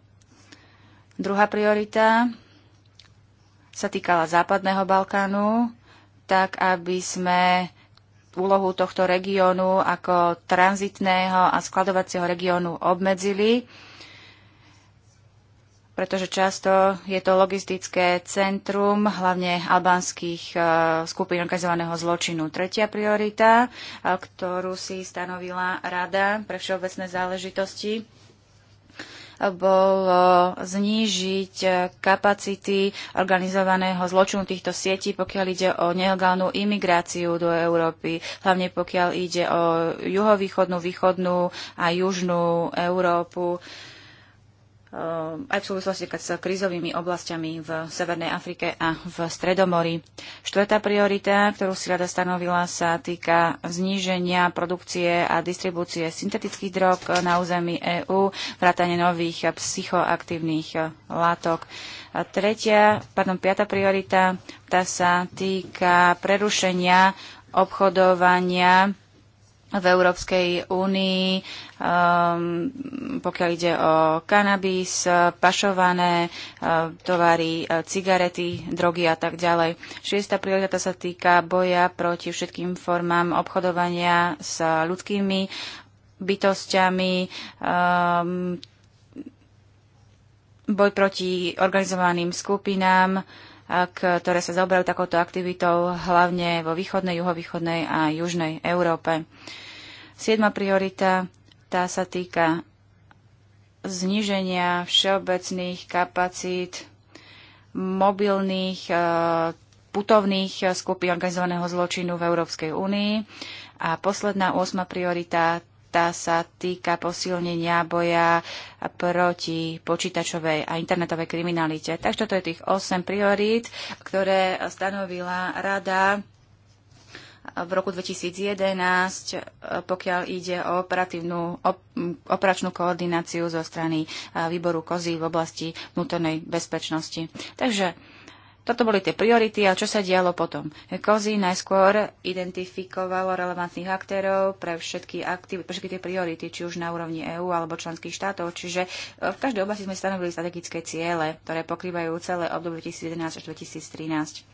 Druhá priorita sa týkala západného Balkánu, tak aby sme úlohu tohto regiónu ako tranzitného a skladovacieho regiónu obmedzili pretože často je to logistické centrum hlavne albánskych e, skupín organizovaného zločinu. Tretia priorita, e, ktorú si stanovila Rada pre všeobecné záležitosti, e, bolo znížiť kapacity organizovaného zločinu týchto sietí, pokiaľ ide o nelegálnu imigráciu do Európy, hlavne pokiaľ ide o juhovýchodnú, východnú a južnú Európu. Uh, Ehm, aj v súvislosti s krízovými oblastiami v Severnej Afrike a v Stredomori. Štvrtá priorita, ktorú si rada stanovila, sa týka zníženia produkcie a distribúcie syntetických drog na území EÚ, vrátane nových psychoaktívnych eh, látok. A tretia, pardon, piata priorita, tá sa týka prerušenia obchodovania v Európskej únii Um, pokiaľ ide o kanabis, pašované uh, tovary, uh, cigarety, drogy a tak ďalej. Šiesta priorita sa týka boja proti všetkým formám obchodovania s ľudskými bytostiami, um, boj proti organizovaným skupinám, uh, ktoré sa zaoberajú takouto aktivitou, hlavne vo východnej, juhovýchodnej a južnej Európe. Siedma priorita tá sa týka zniženia všeobecných kapacít mobilných e, putovných skupín organizovaného zločinu v Európskej únii. A posledná osma priorita tá sa týka posilnenia boja proti počítačovej a internetovej kriminalite. Takže toto je tých 8 priorít, ktoré stanovila Rada v roku 2011, pokiaľ ide o operatívnu, op, operačnú koordináciu zo strany výboru kozy v oblasti vnútornej bezpečnosti. Takže toto boli tie priority a čo sa dialo potom? Kozy najskôr identifikovalo relevantných aktérov pre všetky, aktiv- pre všetky tie priority, či už na úrovni EÚ alebo členských štátov, čiže e, v každej oblasti sme stanovili strategické ciele, ktoré pokrývajú celé obdobie 2011 až 2013.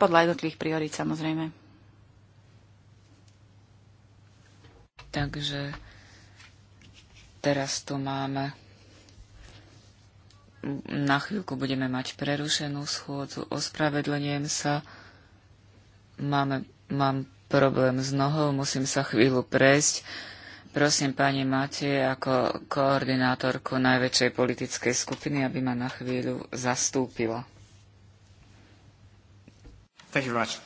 Podľa jednotlivých priorít samozrejme. Takže teraz tu máme na chvíľku budeme mať prerušenú schôdzu. Ospravedlňujem sa. Máme, mám problém s nohou, musím sa chvíľu prejsť. Prosím pani mate ako koordinátorku najväčšej politickej skupiny, aby ma na chvíľu zastúpila. Thank you very much.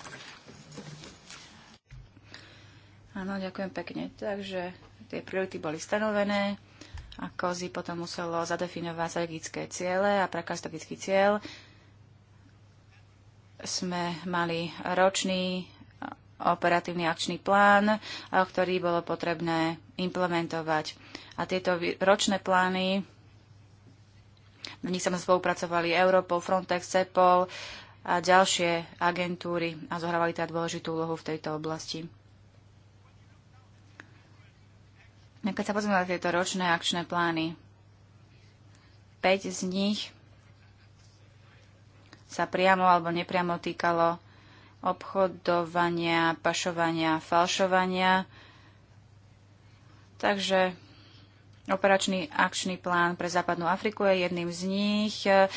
Áno, ďakujem pekne. Takže tie priority boli stanovené a COSI potom muselo zadefinovať strategické ciele a pre strategický cieľ sme mali ročný operatívny akčný plán, ktorý bolo potrebné implementovať. A tieto ročné plány, na nich sme spolupracovali Europol, Frontex, CEPOL, a ďalšie agentúry a zohrávali teda dôležitú úlohu v tejto oblasti. No, keď sa pozrieme na tieto ročné akčné plány, 5 z nich sa priamo alebo nepriamo týkalo obchodovania, pašovania, falšovania. Takže Operačný akčný plán pre Západnú Afriku je jedným z nich e,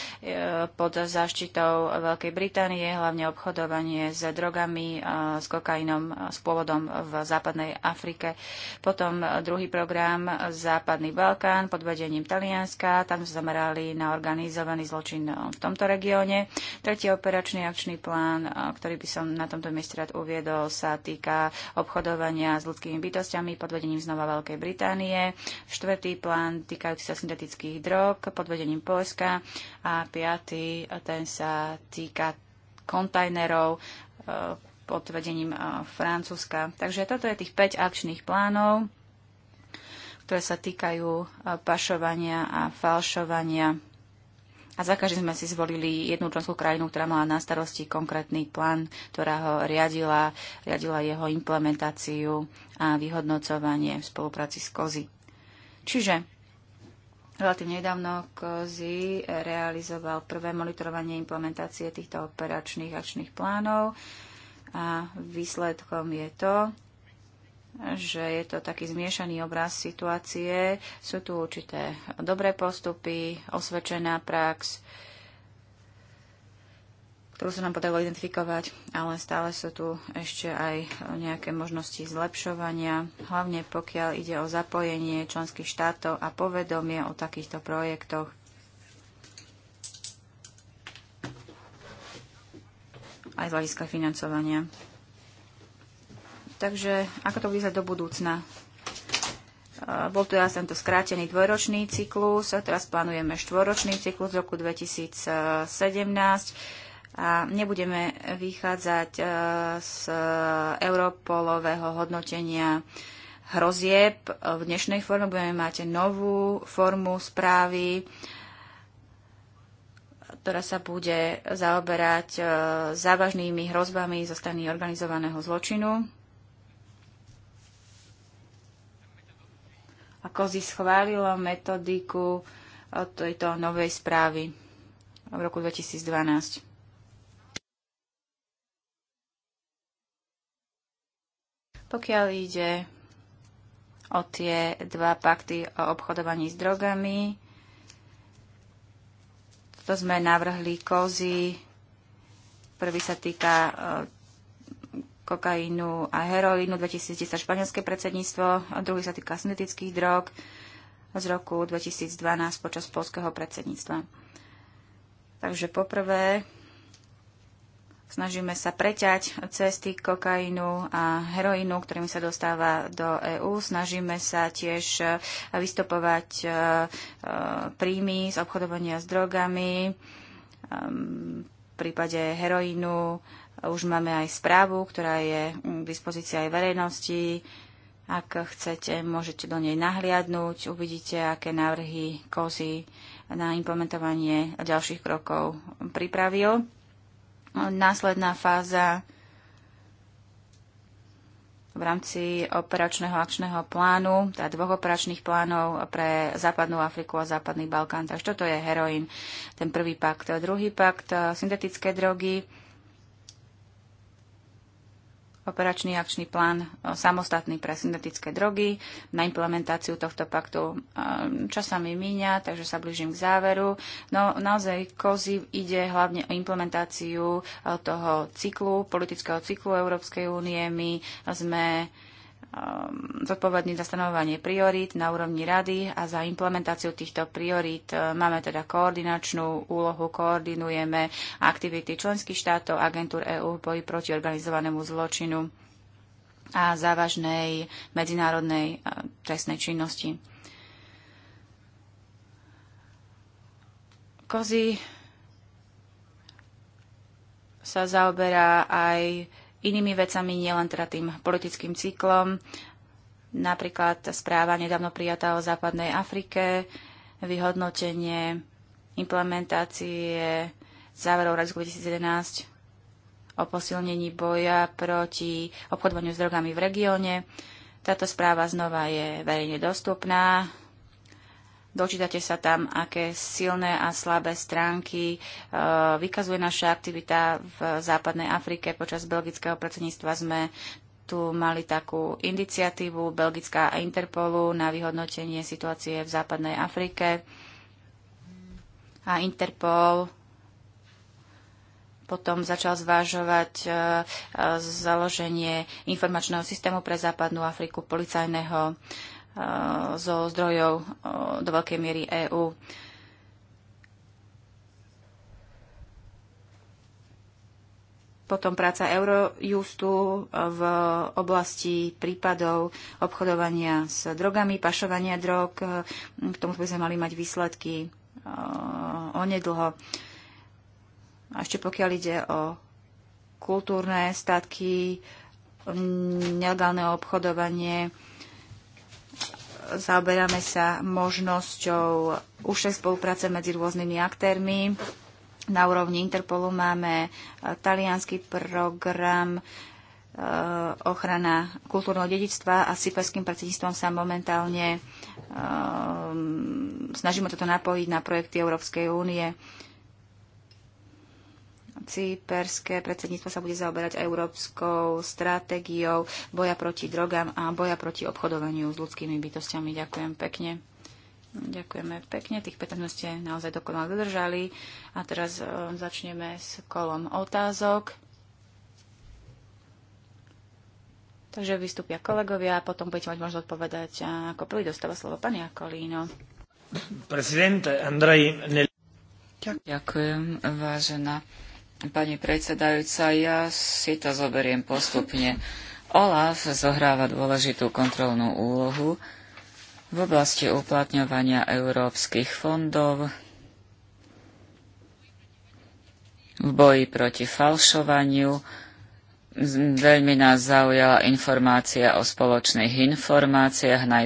pod záštitou Veľkej Británie, hlavne obchodovanie s drogami, s kokainom, s pôvodom v Západnej Afrike. Potom e, druhý program Západný Balkán pod vedením Talianska, tam sa zamerali na organizovaný zločin e, v tomto regióne. Tretí operačný akčný plán, ktorý by som na tomto mieste rád uviedol, sa týka obchodovania s ľudskými bytostiami pod vedením znova Veľkej Británie. Štvrt štvrtý plán týkajúci sa syntetických drog pod vedením Polska a piatý, ten sa týka kontajnerov e, pod vedením e, Francúzska. Takže toto je tých 5 akčných plánov, ktoré sa týkajú e, pašovania a falšovania. A za každým sme si zvolili jednu členskú krajinu, ktorá mala na starosti konkrétny plán, ktorá ho riadila, riadila jeho implementáciu a vyhodnocovanie v spolupráci s COZI. Čiže relatívne nedávno KOZI realizoval prvé monitorovanie implementácie týchto operačných akčných plánov a výsledkom je to, že je to taký zmiešaný obraz situácie. Sú tu určité dobré postupy, osvedčená prax, ktorú sa nám podarilo identifikovať, ale stále sú tu ešte aj nejaké možnosti zlepšovania, hlavne pokiaľ ide o zapojenie členských štátov a povedomie o takýchto projektoch. aj z hľadiska financovania. Takže ako to vyzerá do budúcna? Eh, bol tu ja tento skrátený dvojročný cyklus, teraz plánujeme štvoročný cyklus z roku 2017 a nebudeme vychádzať e, z Europolového hodnotenia hrozieb. V dnešnej forme budeme mať novú formu správy, ktorá sa bude zaoberať e, závažnými hrozbami zo strany organizovaného zločinu. Ako si schválilo metodiku e, tejto novej správy v roku 2012. Pokiaľ ide o tie dva pakty o obchodovaní s drogami, to sme navrhli kozy. Prvý sa týka e, kokainu a heroínu 2010 španielské predsedníctvo, a druhý sa týka syntetických drog z roku 2012 počas polského predsedníctva. Takže poprvé Snažíme sa preťať cesty kokainu a heroínu, ktorými sa dostáva do EÚ. Snažíme sa tiež e, vystopovať e, e, príjmy z obchodovania s drogami. V prípade heroínu už máme aj správu, ktorá je k mm, dispozícii aj verejnosti. Ak chcete, môžete do nej nahliadnúť, uvidíte, aké návrhy kozy na implementovanie ďalších krokov pripravil následná fáza v rámci operačného akčného plánu, teda dvoch operačných plánov pre Západnú Afriku a Západný Balkán. Takže toto je heroín, ten prvý pakt. Druhý pakt, syntetické drogy operačný akčný plán e, samostatný pre syntetické drogy na implementáciu tohto paktu. E, čas sa mi míňa, takže sa blížim k záveru. No naozaj COZIV ide hlavne o implementáciu e, toho cyklu, politického cyklu Európskej únie. My sme Um, zodpovedný za stanovanie priorít na úrovni rady a za implementáciu týchto priorít uh, máme teda koordinačnú úlohu, koordinujeme aktivity členských štátov, agentúr EÚ v boji proti organizovanému zločinu a závažnej medzinárodnej uh, trestnej činnosti. Kozy sa zaoberá aj inými vecami, nielen teda tým politickým cyklom. Napríklad správa nedávno prijatá o západnej Afrike, vyhodnotenie implementácie záverov Rady 2011 o posilnení boja proti obchodovaniu s drogami v regióne. Táto správa znova je verejne dostupná, Dočítate sa tam, aké silné a slabé stránky e, vykazuje naša aktivita v západnej Afrike. Počas belgického predsedníctva sme tu mali takú iniciatívu Belgická a Interpolu na vyhodnotenie situácie v západnej Afrike. A Interpol potom začal zvážovať e, e, založenie informačného systému pre západnú Afriku policajného Eh, zo zdrojov eh, do veľkej miery EÚ. Potom práca Eurojustu eh, v oblasti prípadov obchodovania s drogami, pašovania drog. K tomu by sme mali mať výsledky onedlho. A ešte pokiaľ ide o kultúrne statky, mm, nelegálne obchodovanie, zaoberáme sa možnosťou užšej spolupráce medzi rôznymi aktérmi. Na úrovni Interpolu máme e, talianský program e, ochrana kultúrneho dedičstva a s cyperským predsedníctvom sa momentálne um, snažíme toto napojiť na projekty Európskej únie perské predsedníctvo sa bude zaoberať európskou stratégiou boja proti drogám a boja proti obchodovaniu s ľudskými bytostiami. Ďakujem pekne. Ďakujeme pekne. Tých 15 ste naozaj dokonale dodržali. A teraz e, začneme s kolom otázok. Takže vystúpia kolegovia a potom budete mať možnosť odpovedať, ako prvý dostáva slovo pani Akolíno. Prezident Andrej Nel... Ďakujem, vážená Pani predsedajúca, ja si to zoberiem postupne. OLAF zohráva dôležitú kontrolnú úlohu v oblasti uplatňovania európskych fondov, v boji proti falšovaniu, Veľmi nás zaujala informácia o spoločných informáciách, naj,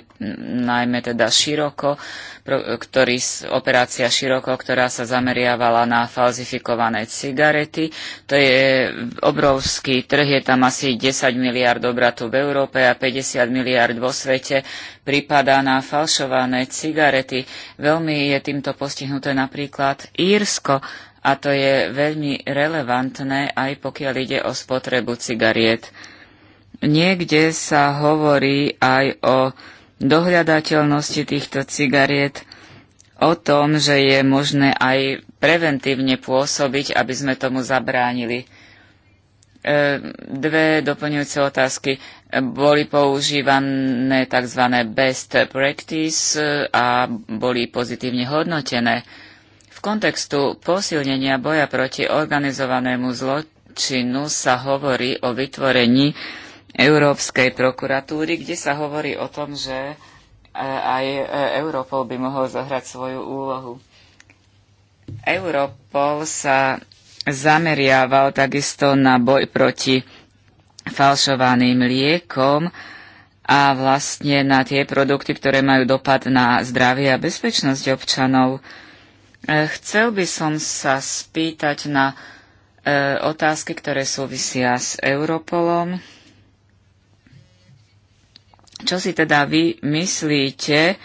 najmä teda široko, pro, ktorý, operácia široko, ktorá sa zameriavala na falzifikované cigarety. To je obrovský trh, je tam asi 10 miliard obratu v Európe a 50 miliard vo svete pripadá na falšované cigarety. Veľmi je týmto postihnuté napríklad Írsko a to je veľmi relevantné aj pokiaľ ide o spotrebu cigariet. Niekde sa hovorí aj o dohľadateľnosti týchto cigariet, o tom, že je možné aj preventívne pôsobiť, aby sme tomu zabránili. E, dve doplňujúce otázky. Boli používané tzv. best practice e, a boli pozitívne hodnotené kontextu posilnenia boja proti organizovanému zločinu sa hovorí o vytvorení Európskej prokuratúry, kde sa hovorí o tom, že e, aj e, Europol by mohol zohrať svoju úlohu. Europol sa zameriaval takisto na boj proti falšovaným liekom a vlastne na tie produkty, ktoré majú dopad na zdravie a bezpečnosť občanov. E, chcel by som sa spýtať na e, otázky, ktoré súvisia s Europolom. Čo si teda vy myslíte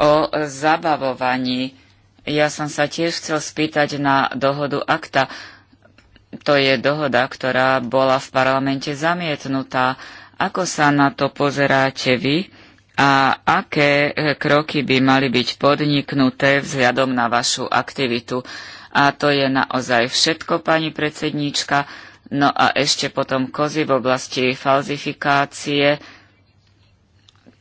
o zabavovaní? Ja som sa tiež chcel spýtať na dohodu akta. To je dohoda, ktorá bola v parlamente zamietnutá. Ako sa na to pozeráte vy? a aké e, kroky by mali byť podniknuté vzhľadom na vašu aktivitu. A to je naozaj všetko, pani predsedníčka. No a ešte potom kozy v oblasti falzifikácie.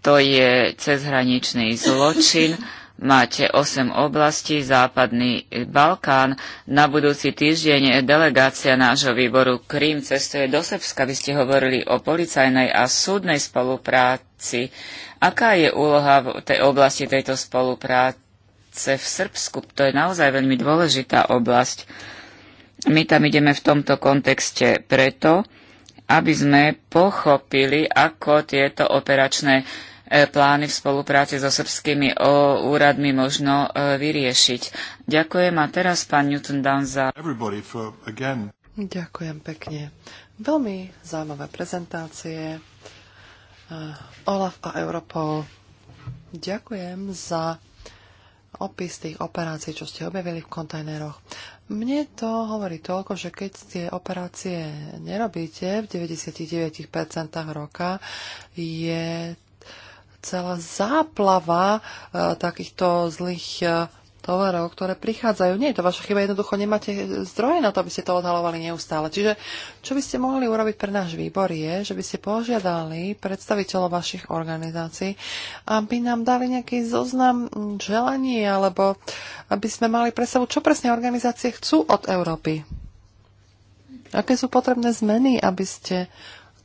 To je cezhraničný zločin. Máte 8 oblastí, Západný Balkán. Na budúci týždeň delegácia nášho výboru Krím cestuje do Srbska. Vy ste hovorili o policajnej a súdnej spolupráci. Aká je úloha v tej oblasti tejto spolupráce v Srbsku? To je naozaj veľmi dôležitá oblasť. My tam ideme v tomto kontexte preto, aby sme pochopili, ako tieto operačné e, plány v spolupráci so srbskými e, úradmi možno e, vyriešiť. Ďakujem a teraz pán Newton Dan za... Ďakujem pekne. Veľmi zaujímavé prezentácie. Olaf a Europol. Ďakujem za opis tých operácií, čo ste objavili v kontajneroch. Mne to hovorí toľko, že keď tie operácie nerobíte v 99% roka, je celá záplava eh, takýchto zlých e, tovarov, ktoré prichádzajú. Nie je to vaša chyba, jednoducho nemáte zdroje na to, aby ste to odhalovali neustále. Čiže čo by ste mohli urobiť pre náš výbor je, že by ste požiadali predstaviteľov vašich organizácií, aby nám dali nejaký zoznam želaní, alebo aby sme mali predstavu, čo presne organizácie chcú od Európy. Aké sú potrebné zmeny, aby ste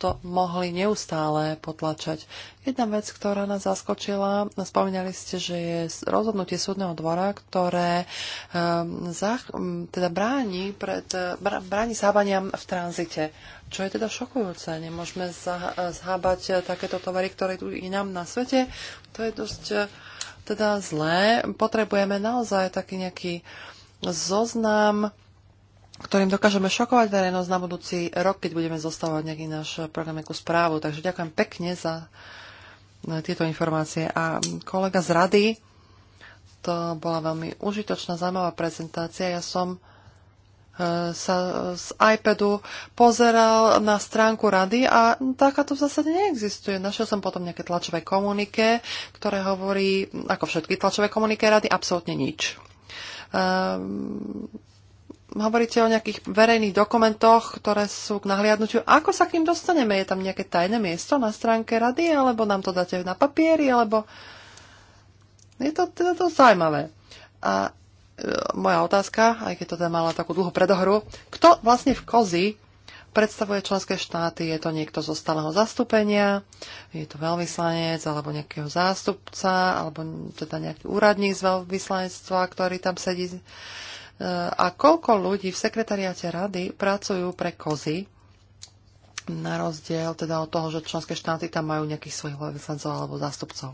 to mohli neustále potlačať. Jedna vec, ktorá nás zaskočila, spomínali ste, že je rozhodnutie súdneho dvora, ktoré um, zach, um, teda bráni, pred, bráni zhábaniam v tranzite, čo je teda šokujúce. Nemôžeme zhábať takéto tovary, ktoré tu nám na svete. To je dosť teda zlé. Potrebujeme naozaj taký nejaký zoznam ktorým dokážeme šokovať verejnosť na budúci rok, keď budeme zostávať nejaký náš program, nejakú správu. Takže ďakujem pekne za eh, tieto informácie. A kolega z rady, to bola veľmi užitočná, zaujímavá prezentácia. Ja som eh, sa z iPadu pozeral na stránku rady a takáto v zásade neexistuje. Našiel som potom nejaké tlačové komunike, ktoré hovorí, ako všetky tlačové komunike rady, absolútne nič. Um, hovoríte o nejakých verejných dokumentoch, ktoré sú k nahliadnutiu. Ako sa k ním dostaneme? Je tam nejaké tajné miesto na stránke rady, alebo nám to dáte na papieri, alebo... Je to to, to zaujímavé. A e, moja otázka, aj keď to teda mala takú dlhú predohru, kto vlastne v kozi predstavuje členské štáty? Je to niekto zo stáleho zastúpenia? Je to veľvyslanec alebo nejakého zástupca? Alebo teda nejaký úradník z veľvyslanectva, ktorý tam sedí? Eh, a koľko ľudí v sekretariáte rady pracujú pre kozy, na rozdiel teda od toho, že členské štáty tam majú nejakých svojich vyslancov alebo zástupcov.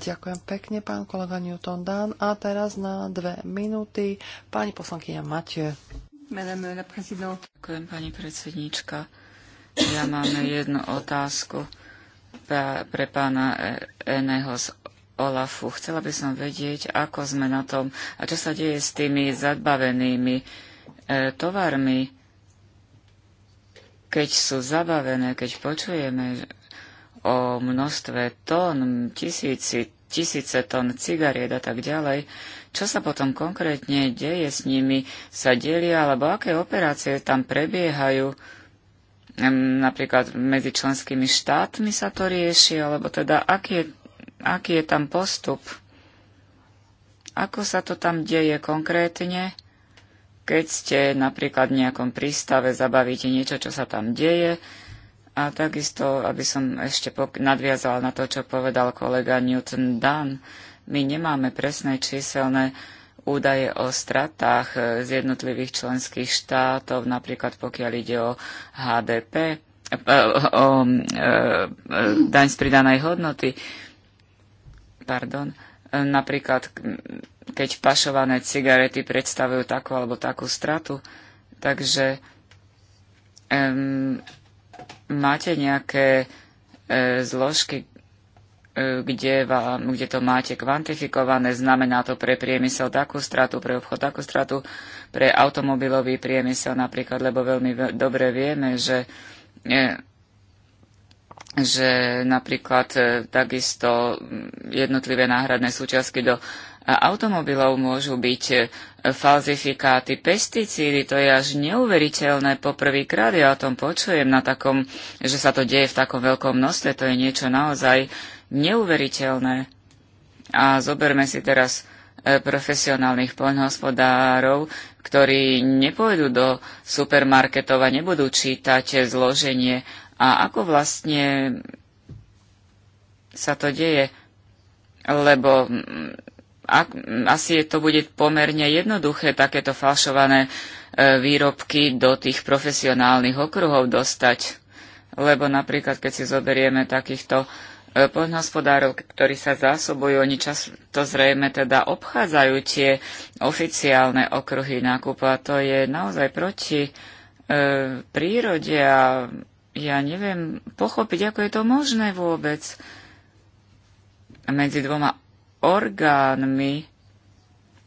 Ďakujem pekne, pán kolega Newton Dan. A teraz na dve minúty pani poslankyňa Matie. Ďakujem, pani predsednička. Ja mám jednu otázku pre pána e- Eneho z OLAFu. Chcela by som vedieť, ako sme na tom a čo sa deje s tými zadbavenými e, tovarmi, keď sú zabavené, keď počujeme o množstve tón, tisíci, tisíce tón cigariet a tak ďalej, čo sa potom konkrétne deje s nimi, sa delia, alebo aké operácie tam prebiehajú, napríklad medzi členskými štátmi sa to rieši, alebo teda aký je aký je tam postup, ako sa to tam deje konkrétne, keď ste napríklad v nejakom prístave, zabavíte niečo, čo sa tam deje. A takisto, aby som ešte nadviazala na to, čo povedal kolega Newton Dunn, my nemáme presné číselné údaje o stratách e, z jednotlivých členských štátov, napríklad pokiaľ ide o HDP, e, o, o, o e, daň z pridanej hodnoty pardon, e, napríklad keď pašované cigarety predstavujú takú alebo takú stratu. Takže um, máte nejaké uh, zložky, uh, kde, vám, kde to máte kvantifikované, znamená to pre priemysel takú stratu, pre obchod takú stratu, pre automobilový priemysel napríklad, lebo veľmi ve- dobre vieme, že uh, že napríklad e, takisto mm, jednotlivé náhradné súčiastky do e, automobilov môžu byť e, falzifikáty, pesticídy, to je až neuveriteľné. Poprvýkrát ja o tom počujem na takom, že sa to deje v takom veľkom množstve, to je niečo naozaj neuveriteľné. A zoberme si teraz profesionálnych poľnohospodárov, ktorí nepôjdu do supermarketov a nebudú čítať zloženie a ako vlastne sa to deje? Lebo mm, ak, asi to bude pomerne jednoduché takéto falšované e, výrobky do tých profesionálnych okruhov dostať. Lebo napríklad, keď si zoberieme takýchto e, poľnohospodárov, ktorí sa zásobujú, oni často zrejme teda obchádzajú tie oficiálne okruhy nákupu a to je naozaj proti e, prírode a ja neviem pochopiť, ako je to možné vôbec medzi dvoma orgánmi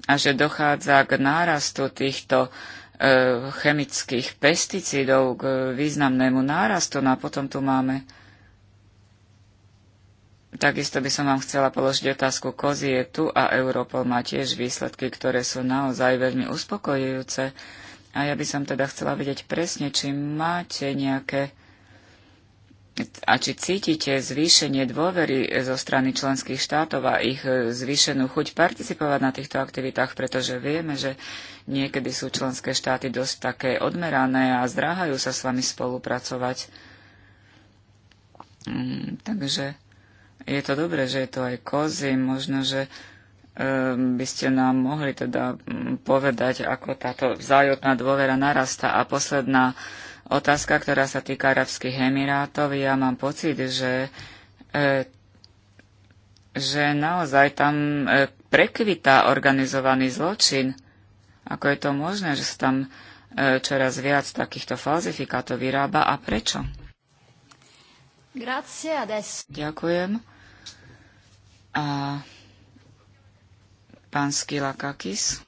a že dochádza k nárastu týchto e, chemických pesticídov, k významnému nárastu. No a potom tu máme. Takisto by som vám chcela položiť otázku. Kozi je tu a Europol má tiež výsledky, ktoré sú naozaj veľmi uspokojujúce. A ja by som teda chcela vedieť presne, či máte nejaké a či cítite zvýšenie dôvery zo strany členských štátov a ich e, zvýšenú chuť participovať na týchto aktivitách, pretože vieme, že niekedy sú členské štáty dosť také odmerané a zdráhajú sa s vami spolupracovať. Mm, takže je to dobré, že je to aj kozy. Možno, že e, by ste nám mohli teda mm, povedať, ako táto vzájomná dôvera narasta. A posledná otázka, ktorá sa týka Arabských Emirátov. Ja mám pocit, že, e, že naozaj tam e, prekvitá organizovaný zločin. Ako je to možné, že sa tam e, čoraz viac takýchto falzifikátov vyrába a prečo? Ďakujem. A pán Skilakakis.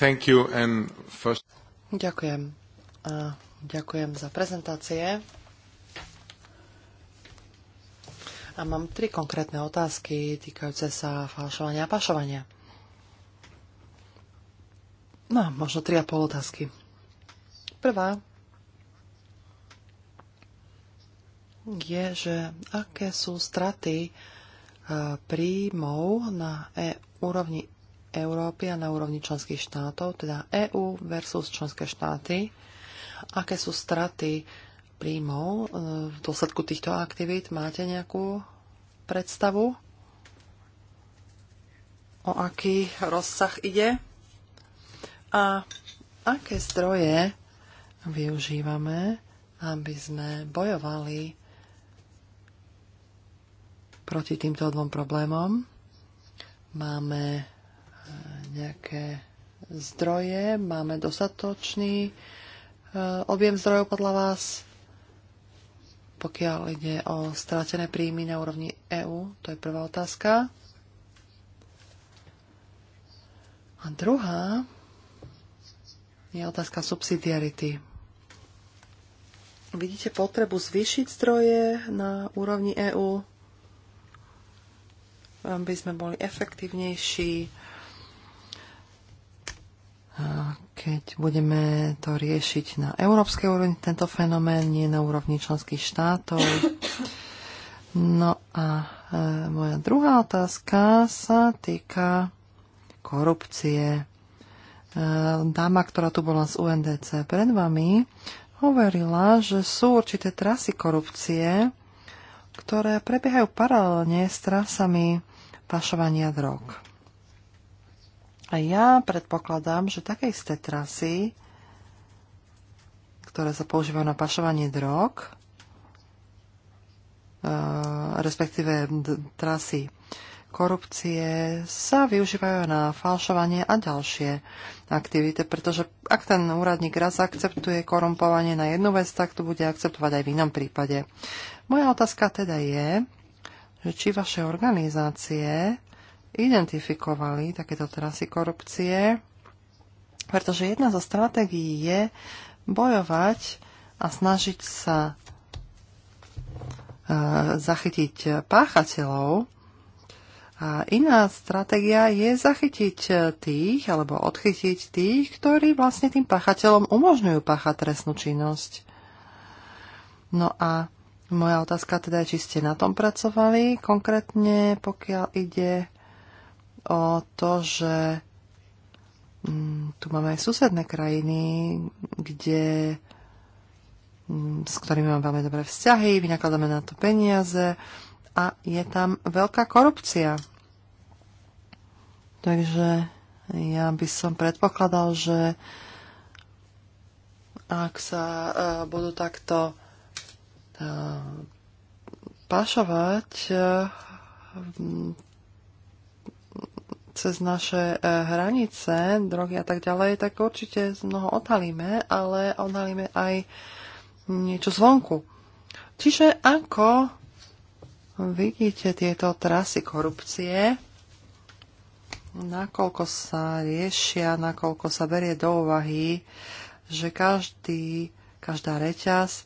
Thank you and first... Ďakujem. A Ďakujem za prezentácie. A mám tri konkrétne otázky týkajúce sa falšovania a pašovania. No, možno tri a pol otázky. Prvá je, že aké sú straty e, príjmov na e- úrovni Európy a na úrovni členských štátov, teda EÚ versus členské štáty aké sú straty príjmov e, v dôsledku týchto aktivít? Máte nejakú predstavu? O aký rozsah ide? A aké zdroje využívame, aby sme bojovali proti týmto dvom problémom? Máme e, nejaké zdroje, máme dostatočný Eh, objem zdrojov podľa vás, pokiaľ ide o stratené príjmy na úrovni EÚ? To je prvá otázka. A druhá je otázka subsidiarity. Vidíte potrebu zvýšiť zdroje na úrovni EÚ, aby sme boli efektívnejší, keď budeme to riešiť na európskej úrovni, tento fenomén, nie na úrovni členských štátov. No a e, moja druhá otázka sa týka korupcie. E, dáma, ktorá tu bola z UNDC pred vami, hovorila, že sú určité trasy korupcie, ktoré prebiehajú paralelne s trasami pašovania drog. A ja predpokladám, že také isté trasy, ktoré sa používajú na pašovanie drog, e, respektíve trasy korupcie sa využívajú na falšovanie a ďalšie aktivity, pretože ak ten úradník raz akceptuje korumpovanie na jednu vec, tak to bude akceptovať aj v inom prípade. Moja otázka teda je, že či vaše organizácie identifikovali takéto trasy korupcie, pretože jedna zo stratégií je bojovať a snažiť sa e, zachytiť páchateľov. A iná stratégia je zachytiť tých, alebo odchytiť tých, ktorí vlastne tým páchateľom umožňujú páchať trestnú činnosť. No a moja otázka teda je, či ste na tom pracovali, konkrétne pokiaľ ide o to, že mm, tu máme aj susedné krajiny, kde, mm, s ktorými máme veľmi dobré vzťahy, vynakladáme na to peniaze a je tam veľká korupcia. Takže ja by som predpokladal, že ak sa uh, budú takto uh, pašovať uh, cez naše e, hranice, drogy a tak ďalej, tak určite mnoho odhalíme, ale odhalíme aj niečo zvonku. Čiže ako vidíte tieto trasy korupcie, nakoľko sa riešia, nakoľko sa berie do úvahy, že každý, každá reťaz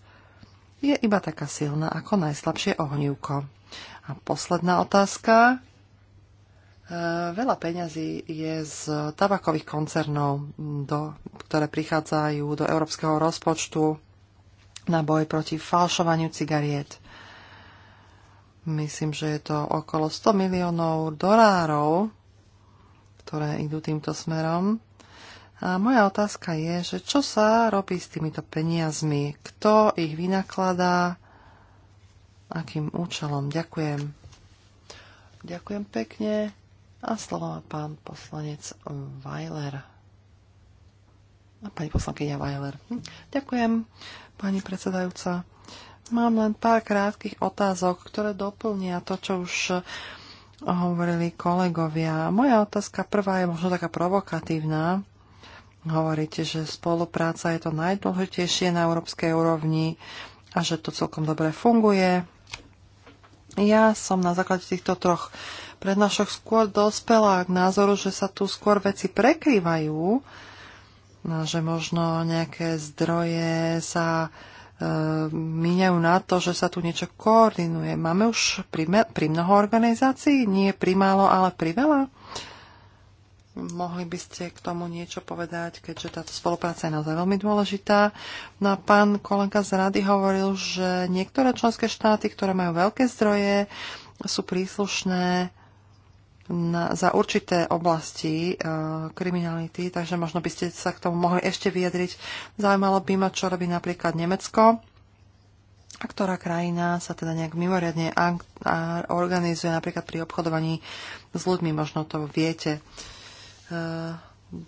je iba taká silná ako najslabšie ohnívko. A posledná otázka, Eh, veľa peňazí je z tabakových koncernov, mm, do, ktoré prichádzajú do európskeho rozpočtu na boj proti falšovaniu cigariét. Myslím, že je to okolo 100 miliónov dolárov, ktoré idú týmto smerom. A moja otázka je, že čo sa robí s týmito peniazmi? Kto ich vynakladá? Akým účelom? Ďakujem. Ďakujem pekne. A slovo má pán poslanec Weiler. A pani poslankyňa Weiler. Hm. Ďakujem, pani predsedajúca. Mám len pár krátkých otázok, ktoré doplnia to, čo už eh, hovorili kolegovia. Moja otázka prvá je možno taká provokatívna. Hovoríte, že spolupráca je to najdôležitejšie na európskej úrovni a že to celkom dobre funguje. Ja som na základe týchto troch uh, prednášok skôr dospela k názoru, že sa tu skôr veci prekrývajú, že možno nejaké zdroje sa e, míňajú na to, že sa tu niečo koordinuje. Máme už pri, pri mnoho organizácií? Nie pri málo, ale pri veľa? Mohli by ste k tomu niečo povedať, keďže táto spolupráca je naozaj veľmi dôležitá. No a pán kolega z rady hovoril, že niektoré členské štáty, ktoré majú veľké zdroje, sú príslušné na, za určité oblasti e, kriminality, takže možno by ste sa k tomu mohli ešte vyjadriť. Zaujímalo by ma, čo robí napríklad Nemecko, a ktorá krajina sa teda nejak mimoriadne organizuje napríklad pri obchodovaní s ľuďmi, možno to viete. E,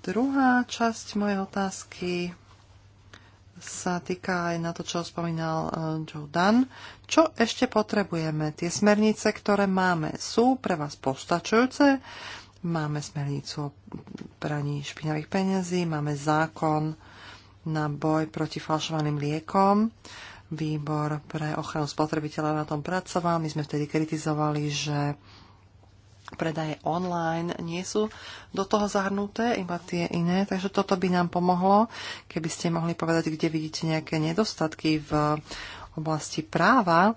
druhá časť mojej otázky sa týka aj na to, čo spomínal eh, Joe Dan. Čo ešte potrebujeme? Tie smernice, ktoré máme, sú pre vás postačujúce? Máme smernicu o praní špinavých peniazí, máme zákon na boj proti falšovaným liekom, výbor pre ochranu spotrebiteľa na tom pracoval. My sme vtedy kritizovali, že predaje online nie sú do toho zahrnuté, iba tie iné, takže toto by nám pomohlo, keby ste mohli povedať, kde vidíte nejaké nedostatky v oblasti práva,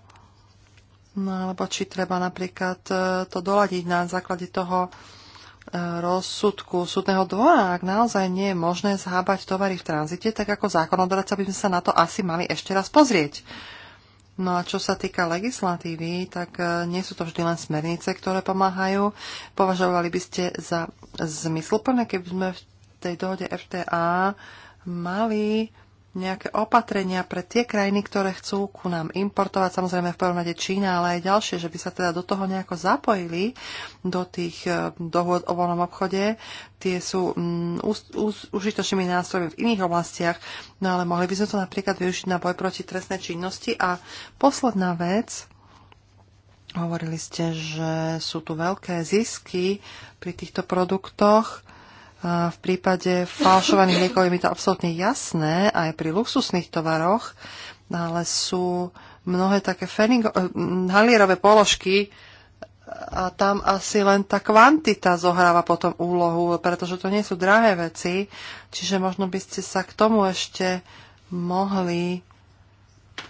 no alebo či treba napríklad e, to doladiť na základe toho, e, rozsudku súdneho dvora, ak naozaj nie je možné zhábať tovary v tranzite, tak ako zákonodarca by sme sa na to asi mali ešte raz pozrieť. No a čo sa týka legislatívy, tak e, nie sú to vždy len smernice, ktoré pomáhajú. Považovali by ste za zmysluplné, keby sme v tej dohode FTA mali nejaké opatrenia pre tie krajiny, ktoré chcú ku nám importovať, samozrejme v prvom rade Čína, ale aj ďalšie, že by sa teda do toho nejako zapojili, do tých e, dohôd o voľnom obchode. Tie sú mm, užitočnými nástrojmi v iných oblastiach, no ale mohli by sme to napríklad využiť na boj proti trestnej činnosti. A posledná vec, hovorili ste, že sú tu veľké zisky pri týchto produktoch v prípade falšovaných liekov je mi to absolútne jasné, aj pri luxusných tovaroch, ale sú mnohé také feringo, eh, halierové položky a tam asi len tá kvantita zohráva potom úlohu, pretože to nie sú drahé veci, čiže možno by ste sa k tomu ešte mohli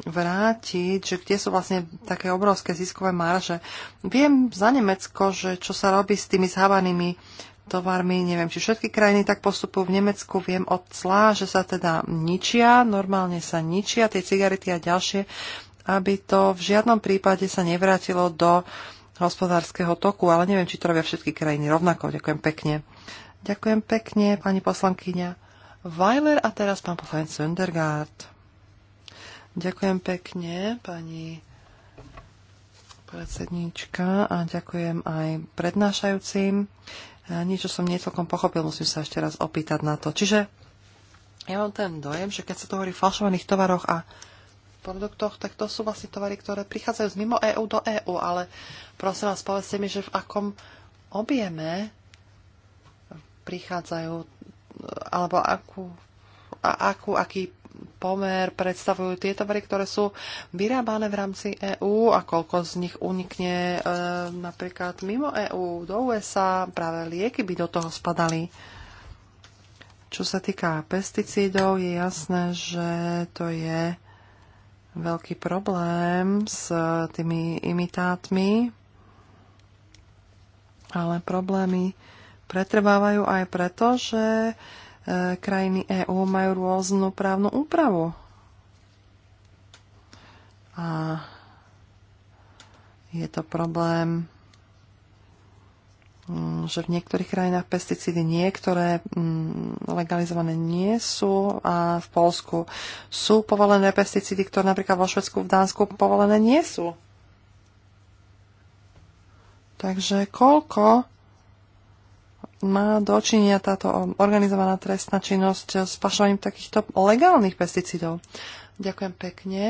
vrátiť, že kde sú vlastne také obrovské ziskové marže. Viem za Nemecko, že čo sa robí s tými zhávanými tovarmi. Neviem, či všetky krajiny tak postupujú. V Nemecku viem od clá, že sa teda ničia, normálne sa ničia tie cigarety a ďalšie, aby to v žiadnom prípade sa nevrátilo do hospodárskeho toku, ale neviem, či to robia všetky krajiny rovnako. Ďakujem pekne. Ďakujem pekne, pani poslankyňa Weiler a teraz pán poslanec Sundergaard. Ďakujem pekne, pani predsedníčka a ďakujem aj prednášajúcim niečo som niecelkom pochopil, musím sa ešte raz opýtať na to. Čiže ja mám ten dojem, že keď sa to hovorí o falšovaných tovaroch a produktoch, tak to sú vlastne tovary, ktoré prichádzajú z mimo EÚ do EÚ, ale prosím vás, povedzte mi, že v akom objeme prichádzajú, alebo akú, a akú, aký pomer predstavujú tie tovary, ktoré sú vyrábané v rámci EÚ a koľko z nich unikne e, napríklad mimo EÚ do USA, práve lieky by do toho spadali. Čo sa týka pesticídov, je jasné, že to je veľký problém s tými imitátmi, ale problémy pretrvávajú aj preto, že E, krajiny EÚ majú rôznu právnu úpravu. A je to problém, mm, že v niektorých krajinách pesticídy niektoré mm, legalizované nie sú a v Polsku sú povolené pesticídy, ktoré napríklad vo Švedsku, v Dánsku povolené nie sú. Takže koľko má dočinia táto organizovaná trestná činnosť s pašovaním takýchto legálnych pesticídov. Ďakujem pekne,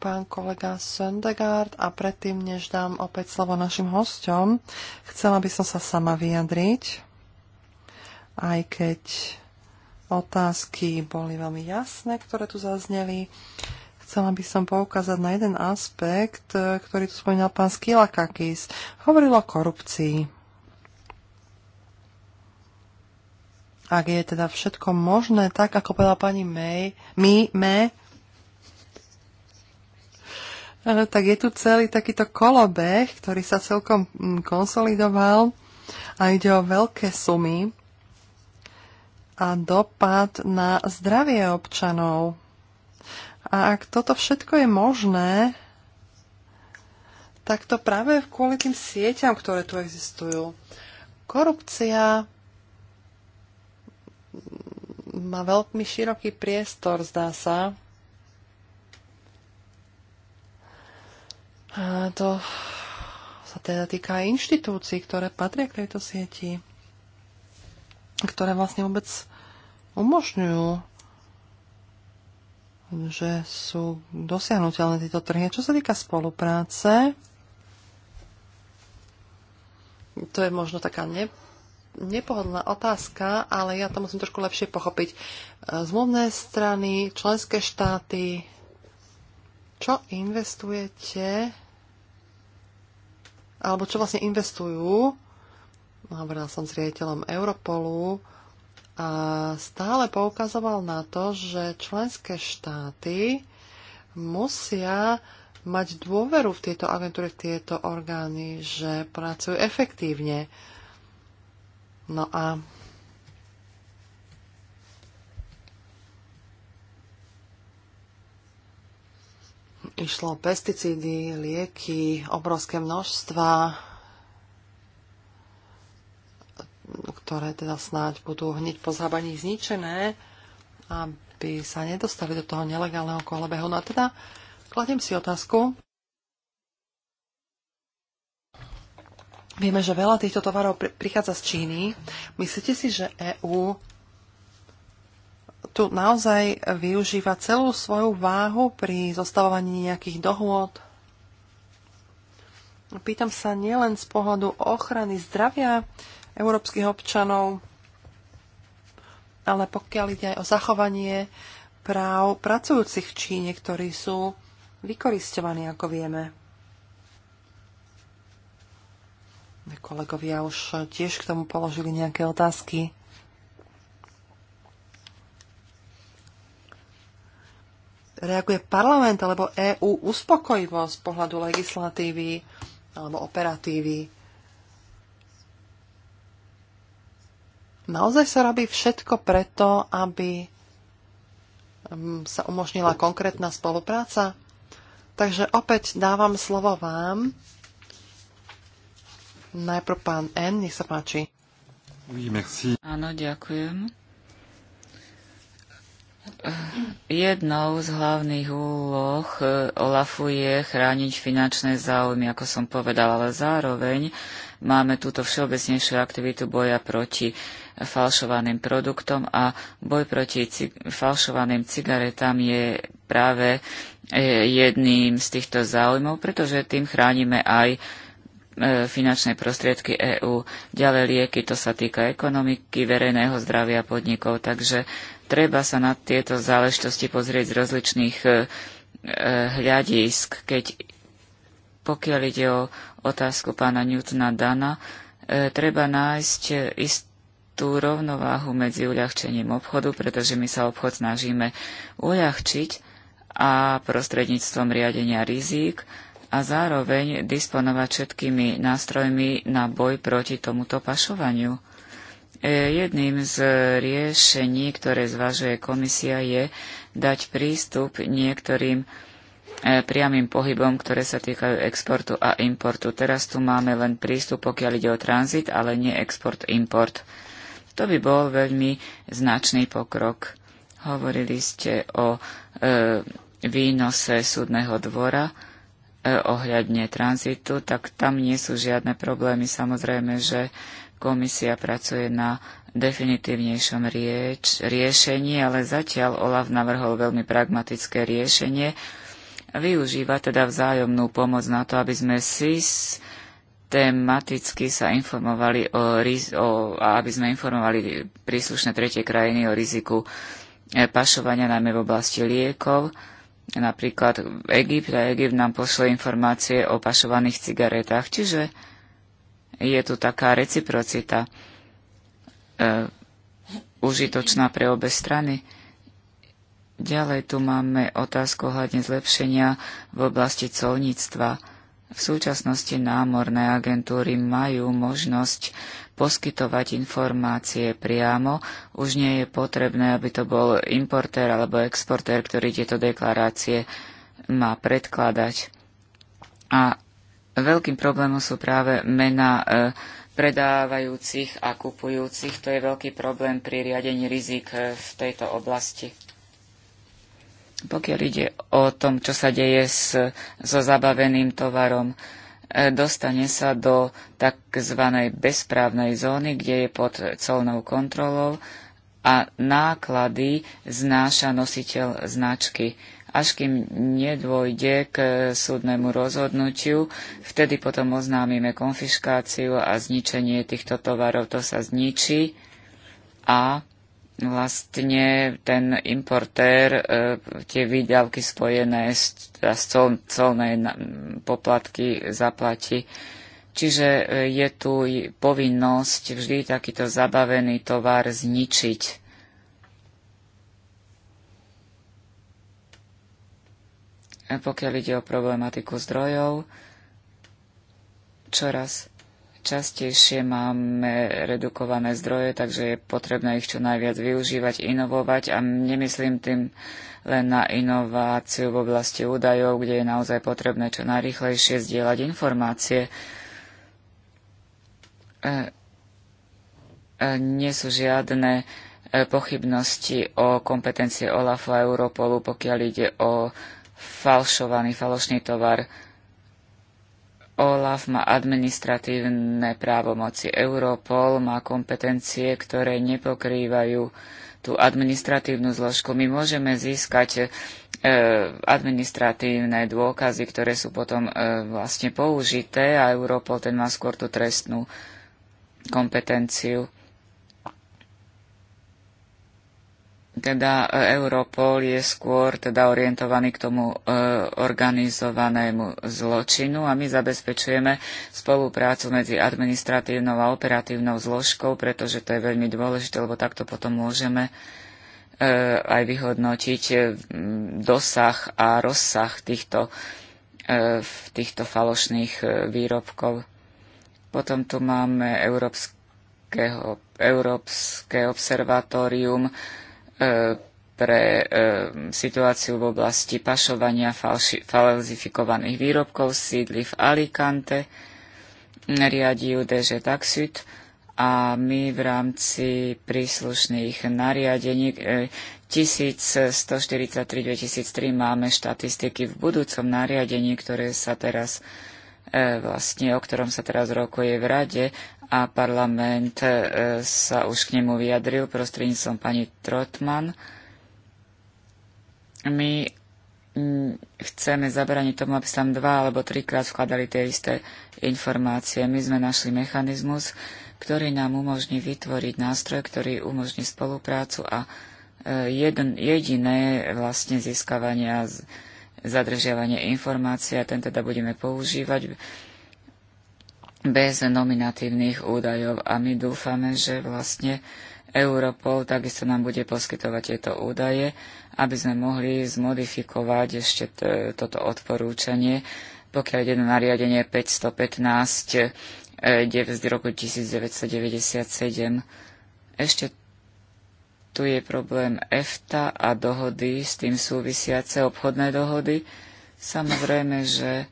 pán kolega Söndegard. A predtým, než dám opäť slovo našim hosťom, chcela by som sa sama vyjadriť, aj keď otázky boli veľmi jasné, ktoré tu zazneli. Chcela by som poukázať na jeden aspekt, ktorý tu spomínal pán Skilakakis. Hovoril o korupcii ak je teda všetko možné, tak ako povedala pani May, my, me, eh, tak je tu celý takýto kolobeh, ktorý sa celkom mm, konsolidoval a ide o veľké sumy a dopad na zdravie občanov. A ak toto všetko je možné, tak to práve kvôli tým sieťam, ktoré tu existujú. Korupcia má veľmi široký priestor, zdá sa. A to sa teda týka aj inštitúcií, ktoré patria k tejto sieti, ktoré vlastne vôbec umožňujú, že sú dosiahnutelné tieto trhy. čo sa týka spolupráce, to je možno taká ne, nepohodlná otázka, ale ja to musím trošku lepšie pochopiť. E, zmluvné strany, členské štáty, čo investujete, alebo čo vlastne investujú, hovorila som s riaditeľom Europolu a stále poukazoval na to, že členské štáty musia mať dôveru v tieto agentúry, v tieto orgány, že pracujú efektívne. No a išlo o pesticídy, lieky, obrovské množstva, ktoré teda snáď budú hneď po zhábaní zničené, aby sa nedostali do toho nelegálneho kolebehu. No a teda kladiem si otázku, Vieme, že veľa týchto tovarov prichádza z Číny. Myslíte si, že EÚ tu naozaj využíva celú svoju váhu pri zostavovaní nejakých dohôd? Pýtam sa nielen z pohľadu ochrany zdravia európskych občanov, ale pokiaľ ide aj o zachovanie práv pracujúcich v Číne, ktorí sú vykoristovaní, ako vieme. Kolegovia už tiež k tomu položili nejaké otázky. Reaguje parlament alebo EÚ uspokojivo z pohľadu legislatívy alebo operatívy? naozaj sa robí všetko preto, aby mm, sa umožnila konkrétna spolupráca? Takže opäť dávam slovo vám, Najprv pán N, nech sa páči. Oui, merci. Áno, ďakujem. Jednou z hlavných úloh e, OLAFu je chrániť finančné záujmy, ako som povedala, ale zároveň máme túto všeobecnejšiu aktivitu boja proti falšovaným produktom a boj proti cig- falšovaným cigaretám je práve e, jedným z týchto záujmov, pretože tým chránime aj E, finančné prostriedky EÚ. Ďalej lieky, to sa týka ekonomiky, verejného zdravia podnikov, takže treba sa na tieto záležitosti pozrieť z rozličných e, e, hľadisk. Keď, pokiaľ ide o otázku pána Newtona Dana, treba nájsť istú rovnováhu medzi uľahčením obchodu, pretože my sa obchod snažíme uľahčiť a prostredníctvom riadenia rizík, a zároveň disponovať všetkými nástrojmi na boj proti tomuto pašovaniu. E, jedným z riešení, ktoré zvažuje komisia, je dať prístup niektorým e, priamým pohybom, ktoré sa týkajú exportu a importu. Teraz tu máme len prístup, pokiaľ ide o tranzit, ale nie export-import. To by bol veľmi značný pokrok. Hovorili ste o e, výnose súdneho dvora E, ohľadne tranzitu, tak tam nie sú žiadne problémy. Samozrejme, že komisia pracuje na definitívnejšom rieč, riešení, ale zatiaľ OLAF navrhol veľmi pragmatické riešenie. Využíva teda vzájomnú pomoc na to, aby sme tematicky sa informovali o, o aby sme informovali príslušné tretie krajiny o riziku e, pašovania najmä v oblasti liekov napríklad Egypt a Egypt nám pošle informácie o pašovaných cigaretách, čiže je tu taká reciprocita e, užitočná pre obe strany. Ďalej tu máme otázku hľadne zlepšenia v oblasti colníctva. V súčasnosti námorné agentúry majú možnosť poskytovať informácie priamo. Už nie je potrebné, aby to bol importér alebo exportér, ktorý tieto deklarácie má predkladať. A veľkým problémom sú práve mená e, predávajúcich a kupujúcich. To je veľký problém pri riadení rizik e, v tejto oblasti. Pokiaľ ide o tom, čo sa deje s, so zabaveným tovarom, E, dostane sa do tzv. bezprávnej zóny, kde je pod colnou kontrolou a náklady znáša nositeľ značky. Až kým nedôjde k súdnemu rozhodnutiu, vtedy potom oznámime konfiškáciu a zničenie týchto tovarov. To sa zničí a vlastne ten importér e, tie výdavky spojené s, s colnej poplatky zaplatí. Čiže e, je tu povinnosť vždy takýto zabavený tovar zničiť. A pokiaľ ide o problematiku zdrojov, čoraz Častejšie máme redukované zdroje, takže je potrebné ich čo najviac využívať, inovovať a nemyslím tým len na inováciu v oblasti údajov, kde je naozaj potrebné čo najrychlejšie zdieľať informácie. E, e, nie sú žiadne e, pochybnosti o kompetencie OLAFu a Europolu, pokiaľ ide o falšovaný, falošný tovar. OLAF má administratívne právomoci, Europol má kompetencie, ktoré nepokrývajú tú administratívnu zložku. My môžeme získať e, administratívne dôkazy, ktoré sú potom e, vlastne použité a Europol ten má skôr tú trestnú kompetenciu. teda e, Europol je skôr teda orientovaný k tomu e, organizovanému zločinu a my zabezpečujeme spoluprácu medzi administratívnou a operatívnou zložkou, pretože to je veľmi dôležité, lebo takto potom môžeme e, aj vyhodnotiť e, dosah a rozsah týchto, e, týchto falošných e, výrobkov. Potom tu máme Európskeho, Európske observatórium, E, pre e, situáciu v oblasti pašovania falzifikovaných výrobkov sídli v Alicante, riadi ju DG Taxit a my v rámci príslušných nariadení 1143-2003 e, máme štatistiky v budúcom nariadení, ktoré sa teraz vlastne, o ktorom sa teraz rokuje v rade a parlament e, sa už k nemu vyjadril prostredníctvom pani Trotman. My chceme zabraniť tomu, aby sa tam dva alebo trikrát vkladali tie isté informácie. My sme našli mechanizmus, ktorý nám umožní vytvoriť nástroj, ktorý umožní spoluprácu a e, jedn, jediné vlastne získavanie a zadržiavanie informácií a ten teda budeme používať bez nominatívnych údajov a my dúfame, že vlastne Europol takisto nám bude poskytovať tieto údaje, aby sme mohli zmodifikovať ešte toto odporúčanie, pokiaľ ide na nariadenie 515 9 e, z roku 1997. Ešte tu je problém EFTA a dohody s tým súvisiace obchodné dohody. Samozrejme, že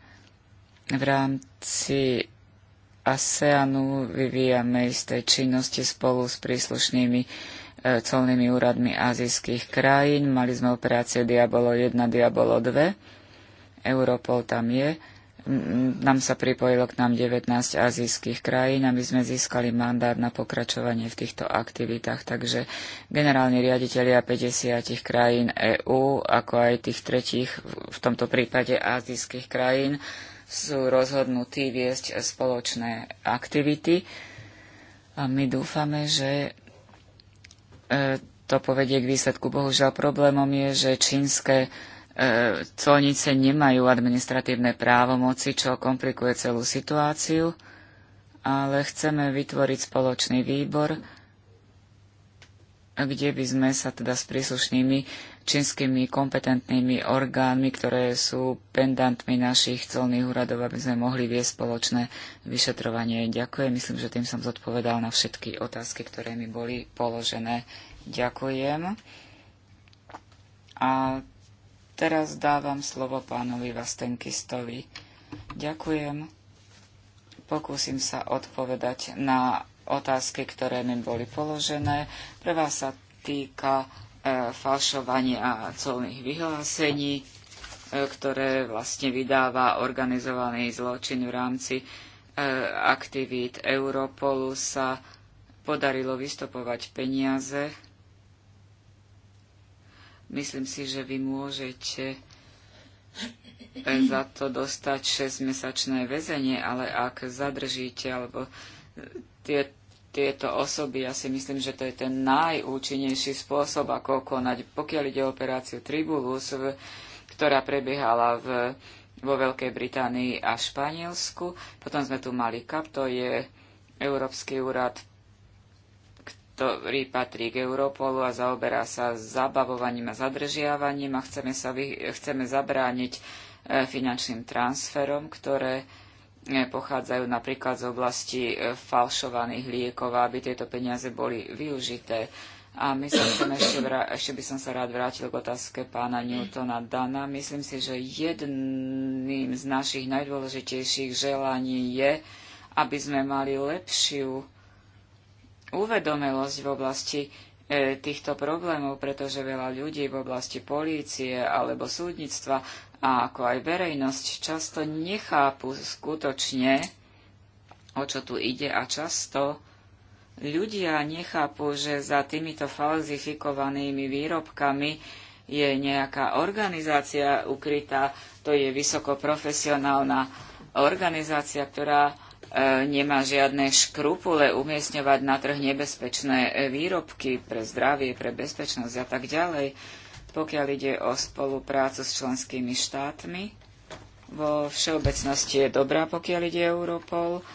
v rámci ASEANu vyvíjame isté činnosti spolu s príslušnými e, colnými úradmi azijských krajín. Mali sme operácie Diabolo 1, Diabolo 2. Europol tam je. Nám sa pripojilo k nám 19 azijských krajín aby sme získali mandát na pokračovanie v týchto aktivitách. Takže generálni riaditeľia 50 krajín EÚ, ako aj tých tretích, v tomto prípade azijských krajín, sú rozhodnutí viesť spoločné aktivity a my dúfame, že e, to povedie k výsledku. Bohužiaľ problémom je, že čínske e, colnice nemajú administratívne právomoci, čo komplikuje celú situáciu, ale chceme vytvoriť spoločný výbor, kde by sme sa teda s príslušnými čínskymi kompetentnými orgánmi, ktoré sú pendantmi našich colných úradov, aby sme mohli viesť spoločné vyšetrovanie. Ďakujem, myslím, že tým som zodpovedal na všetky otázky, ktoré mi boli položené. Ďakujem. A teraz dávam slovo pánovi Vastenkistovi. Ďakujem. Pokúsim sa odpovedať na otázky, ktoré mi boli položené. Prvá sa týka E, falšovania colných vyhlásení, e, ktoré vlastne vydáva organizovaný zločin v rámci e, aktivít Europolu sa podarilo vystopovať peniaze. Myslím si, že vy môžete za to dostať 6-mesačné väzenie, ale ak zadržíte alebo tieto tieto osoby. Ja si myslím, že to je ten najúčinnejší spôsob, ako konať. Pokiaľ ide o operáciu Tribulus, v, ktorá prebiehala v, vo Veľkej Británii a Španielsku, potom sme tu mali CAP, to je Európsky úrad, ktorý patrí k Europolu a zaoberá sa zabavovaním a zadržiavaním a chceme, sa vy, chceme zabrániť e, finančným transferom, ktoré E, pochádzajú napríklad z oblasti e, falšovaných liekov, aby tieto peniaze boli využité. A myslím sa ešte, ešte by som sa rád vrátil k otázke pána Newtona Dana. Myslím si, že jedným z našich najdôležitejších želaní je, aby sme mali lepšiu uvedomelosť v oblasti E, týchto problémov, pretože veľa ľudí v oblasti polície alebo súdnictva a ako aj verejnosť často nechápu skutočne, o čo tu ide a často ľudia nechápu, že za týmito falzifikovanými výrobkami je nejaká organizácia ukrytá, to je vysokoprofesionálna organizácia, ktorá E, nemá žiadne škrupule umiestňovať na trh nebezpečné e, výrobky pre zdravie, pre bezpečnosť a tak ďalej, pokiaľ ide o spoluprácu s členskými štátmi. Vo všeobecnosti je dobrá, pokiaľ ide Europol.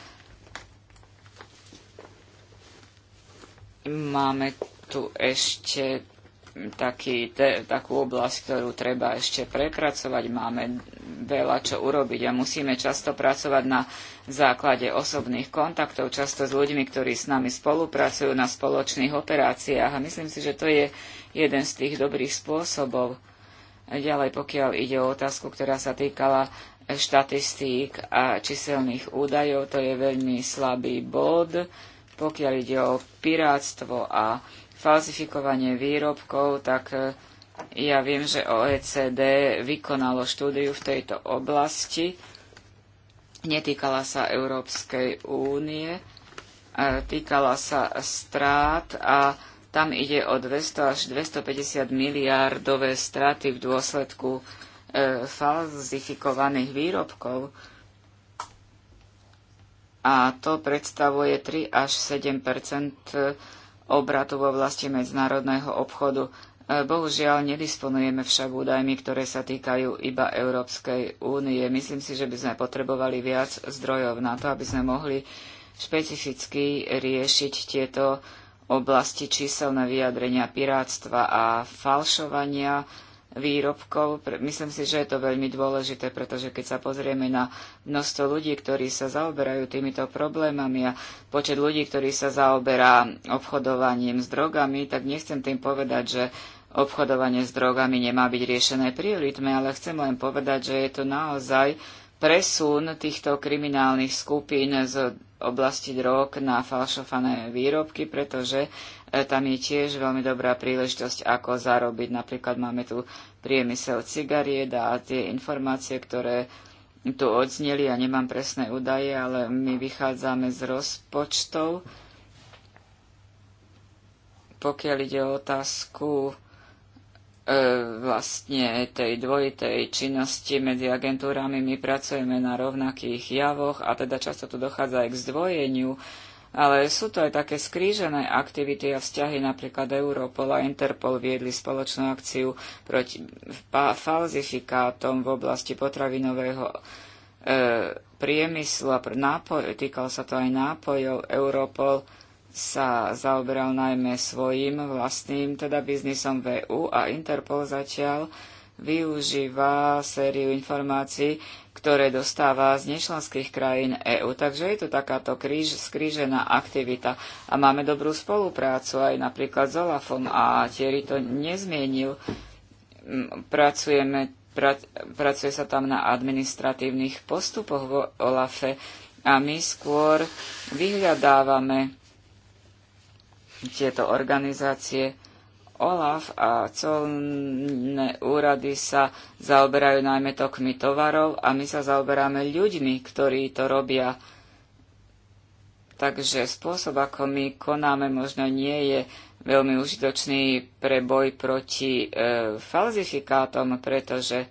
Máme tu ešte taký, te, takú oblasť, ktorú treba ešte prekracovať. Máme veľa čo urobiť a musíme často pracovať na základe osobných kontaktov, často s ľuďmi, ktorí s nami spolupracujú na spoločných operáciách. A myslím si, že to je jeden z tých dobrých spôsobov. Ďalej, pokiaľ ide o otázku, ktorá sa týkala štatistík a číselných údajov, to je veľmi slabý bod. Pokiaľ ide o pirátstvo a falzifikovanie výrobkov, tak e, ja viem, že OECD vykonalo štúdiu v tejto oblasti. Netýkala sa Európskej únie, e, týkala sa strát a tam ide o 200 až 250 miliardové straty v dôsledku e, falzifikovaných výrobkov. A to predstavuje 3 až 7 obratu v oblasti medzinárodného obchodu. E, bohužiaľ, nedisponujeme však údajmi, ktoré sa týkajú iba Európskej únie. Myslím si, že by sme potrebovali viac zdrojov na to, aby sme mohli špecificky riešiť tieto oblasti číselné vyjadrenia pirátstva a falšovania, výrobkov. Myslím si, že je to veľmi dôležité, pretože keď sa pozrieme na množstvo ľudí, ktorí sa zaoberajú týmito problémami a počet ľudí, ktorí sa zaoberá obchodovaním s drogami, tak nechcem tým povedať, že obchodovanie s drogami nemá byť riešené prioritme, ale chcem len povedať, že je to naozaj presun týchto kriminálnych skupín z oblasti drog na falšované výrobky, pretože e, tam je tiež veľmi dobrá príležitosť, ako zarobiť. Napríklad máme tu priemysel cigariet a tie informácie, ktoré tu odzneli, ja nemám presné údaje, ale my vychádzame z rozpočtov. Pokiaľ ide o otázku E, vlastne tej dvojitej činnosti medzi agentúrami. My pracujeme na rovnakých javoch a teda často tu dochádza aj k zdvojeniu, ale sú to aj také skrížené aktivity a vzťahy. Napríklad Europol a Interpol viedli spoločnú akciu proti falzifikátom v oblasti potravinového e, priemyslu a nápoj, týkal sa to aj nápojov. Europol sa zaoberal najmä svojim vlastným teda biznisom v EU a Interpol zatiaľ využíva sériu informácií, ktoré dostáva z nečlenských krajín EÚ. Takže je tu takáto kríž, skrížená aktivita. A máme dobrú spoluprácu aj napríklad s Olafom a Thierry to nezmienil. Mm, pracujeme, pra, pracuje sa tam na administratívnych postupoch v Olafe a my skôr vyhľadávame tieto organizácie. OLAF a colné úrady sa zaoberajú najmä tokmi tovarov a my sa zaoberáme ľuďmi, ktorí to robia. Takže spôsob, ako my konáme, možno nie je veľmi užitočný pre boj proti e, falzifikátom, pretože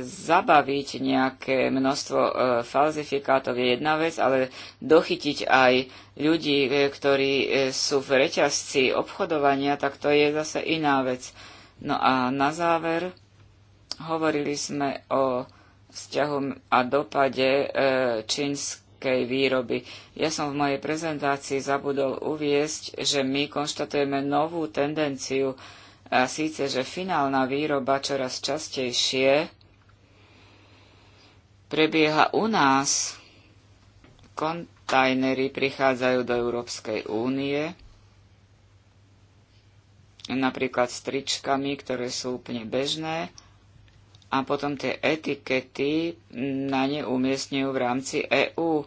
zabaviť nejaké množstvo e, falzifikátov je jedna vec, ale dochytiť aj ľudí, e, ktorí e, sú v reťazci obchodovania, tak to je zase iná vec. No a na záver hovorili sme o vzťahu a dopade čínskej výroby. Ja som v mojej prezentácii zabudol uviesť, že my konštatujeme novú tendenciu a síce, že finálna výroba čoraz častejšie prebieha u nás. Kontajnery prichádzajú do Európskej únie, napríklad s tričkami, ktoré sú úplne bežné, a potom tie etikety na ne umiestňujú v rámci EÚ. E,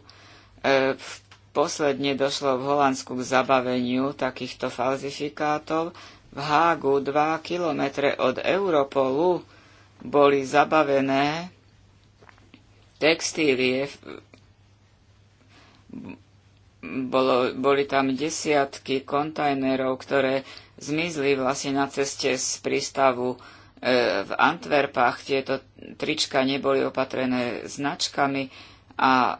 e posledne došlo v Holandsku k zabaveniu takýchto falzifikátov. V Hágu 2 kilometre od Europolu boli zabavené textílie. Bolo, boli tam desiatky kontajnerov, ktoré zmizli vlastne na ceste z prístavu e, v Antwerpách. Tieto trička neboli opatrené značkami a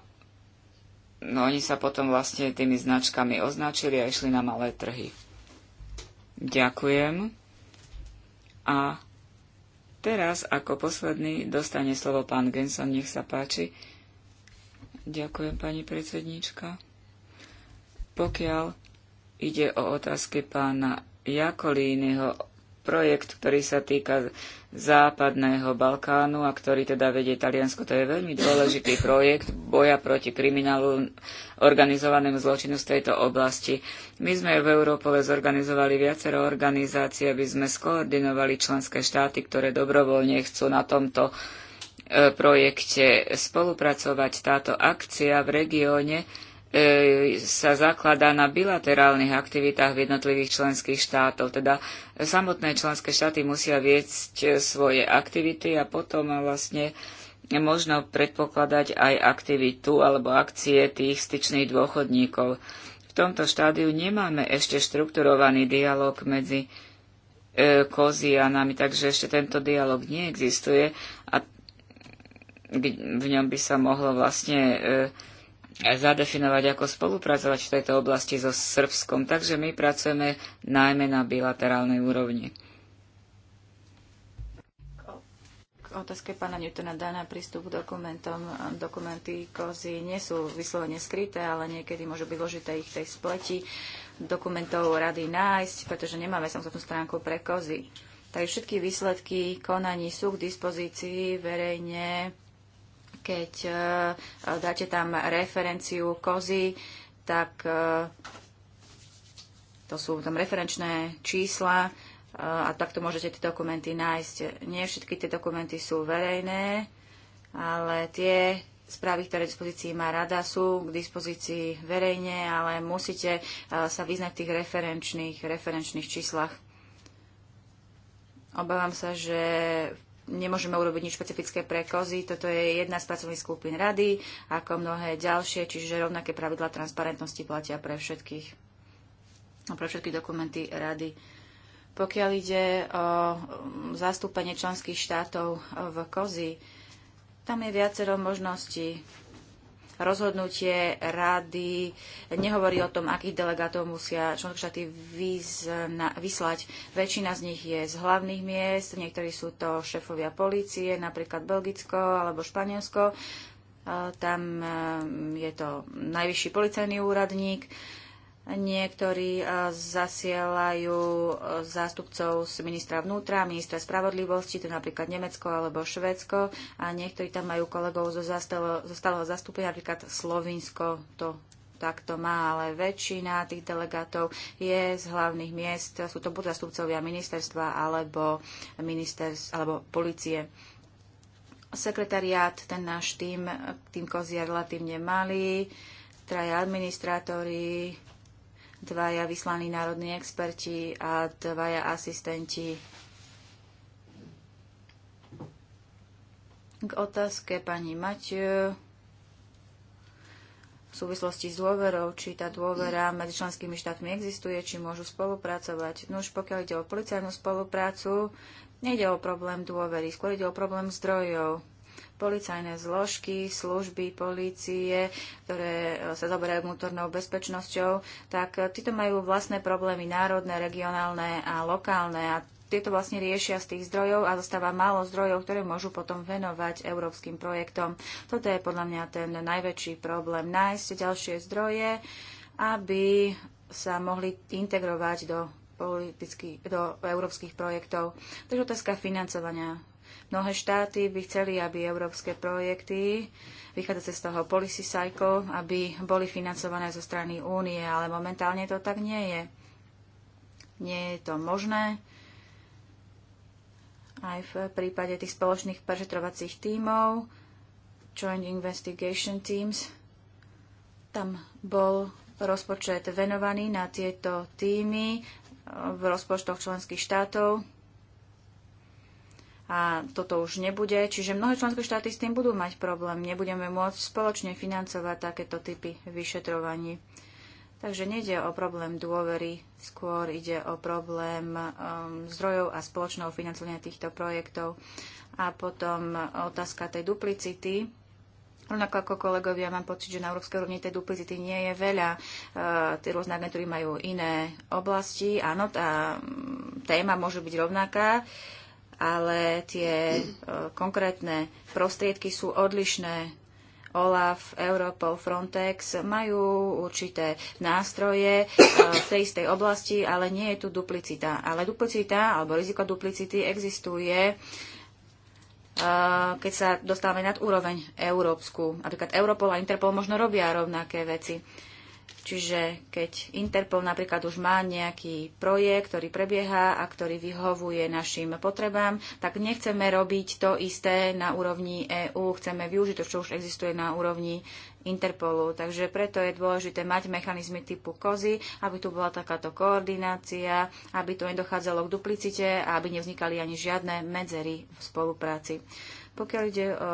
no, oni sa potom vlastne tými značkami označili a išli na malé trhy. Ďakujem. A Teraz ako posledný dostane slovo pán Genson, nech sa páči. Ďakujem, pani predsednička. Pokiaľ ide o otázky pána Jakolínyho projekt, ktorý sa týka západného Balkánu a ktorý teda vedie Taliansko. To je veľmi dôležitý projekt boja proti kriminálu, organizovanému zločinu z tejto oblasti. My sme v Európole zorganizovali viacero organizácií, aby sme skoordinovali členské štáty, ktoré dobrovoľne chcú na tomto e, projekte spolupracovať. Táto akcia v regióne E, sa zakladá na bilaterálnych aktivitách v jednotlivých členských štátov. Teda samotné členské štáty musia viesť svoje aktivity a potom vlastne možno predpokladať aj aktivitu alebo akcie tých styčných dôchodníkov. V tomto štádiu nemáme ešte štrukturovaný dialog medzi e, kozianami, takže ešte tento dialog neexistuje a v ňom by sa mohlo vlastne e, zadefinovať, ako spolupracovať v tejto oblasti so Srbskom, takže my pracujeme najmä na bilaterálnej úrovni. K otázke pána Newtona Dana prístup k dokumentom. Dokumenty kozy nie sú vyslovene skryté, ale niekedy môže byť zložité ich tej spleti dokumentov rady nájsť, pretože nemáme samostatnú stránku pre kozy. Takže všetky výsledky konaní sú k dispozícii verejne keď e, dáte tam referenciu kozy, tak e, to sú tam referenčné čísla e, a takto môžete tie dokumenty nájsť. Nie všetky tie dokumenty sú verejné, ale tie správy, ktoré v dispozícii má rada, sú k dispozícii verejne, ale musíte sa vyznať v tých referenčných, referenčných číslach. Obávam sa, že v nemôžeme urobiť nič špecifické pre kozy. Toto je jedna z pracovných skupín rady, ako mnohé ďalšie, čiže rovnaké pravidla transparentnosti platia pre všetkých, pre všetky dokumenty rady. Pokiaľ ide o um, zastúpenie členských štátov v kozi, tam je viacero možností rozhodnutie rady nehovorí o tom, akých delegátov musia členské štáty vyslať. Väčšina z nich je z hlavných miest, niektorí sú to šéfovia polície, napríklad Belgicko alebo Španielsko. E, tam e, je to najvyšší policajný úradník Niektorí e, zasielajú e, zástupcov z ministra vnútra, ministra spravodlivosti, to napríklad Nemecko alebo Švédsko, a niektorí tam majú kolegov zo, zastalo, zo stáleho zastupenia, napríklad Slovinsko to takto má, ale väčšina tých delegátov je z hlavných miest, sú to buď zastupcovia ministerstva alebo, ministerstv, alebo policie sekretariát, ten náš tým, tým kozy je relatívne malý, traja administrátori, dvaja vyslaní národní experti a dvaja asistenti. K otázke pani Matiu v súvislosti s dôverou, či tá dôvera medzi členskými štátmi existuje, či môžu spolupracovať. No už pokiaľ ide o policajnú spoluprácu, nejde o problém dôvery, skôr ide o problém zdrojov policajné zložky, služby, polície, ktoré e, sa zaberajú vnútornou bezpečnosťou, tak e, títo majú vlastné problémy národné, regionálne a lokálne a tieto vlastne riešia z tých zdrojov a zostáva málo zdrojov, ktoré môžu potom venovať európskym projektom. Toto je podľa mňa ten najväčší problém. Nájsť ďalšie zdroje, aby sa mohli integrovať do, politicky, do európskych projektov. Takže otázka financovania Mnohé štáty by chceli, aby európske projekty vychádzajúce z toho policy cycle, aby boli financované zo strany únie, ale momentálne to tak nie je. Nie je to možné. Aj v prípade tých spoločných prešetrovacích tímov, Joint Investigation Teams, tam bol rozpočet venovaný na tieto týmy v rozpočtoch členských štátov a toto už nebude, čiže mnohé členské štáty s tým budú mať problém. Nebudeme môcť spoločne financovať takéto typy vyšetrovaní. Takže nejde o problém dôvery, skôr ide o problém um, zdrojov a spoločného financovania týchto projektov. A potom otázka tej duplicity. Rovnako ako kolegovia, mám pocit, že na európskej úrovni tej duplicity nie je veľa. E, tie rôzne agentúry majú iné oblasti. Áno, tá um, téma môže byť rovnaká. E, ale tie e, konkrétne prostriedky sú odlišné. OLAF, Europol, Frontex majú určité nástroje e, v tej istej oblasti, ale nie je tu duplicita. Ale duplicita alebo riziko duplicity existuje e, keď sa dostávame nad úroveň európsku. Napríklad Europol a Interpol možno robia rovnaké veci. Čiže keď Interpol napríklad už má nejaký projekt, ktorý prebieha a ktorý vyhovuje našim potrebám, tak nechceme robiť to isté na úrovni EÚ, chceme využiť to, čo už existuje na úrovni Interpolu. Takže preto je dôležité mať mechanizmy typu kozy, aby tu bola takáto koordinácia, aby tu nedochádzalo k duplicite a aby nevznikali ani žiadne medzery v spolupráci. Pokiaľ ide o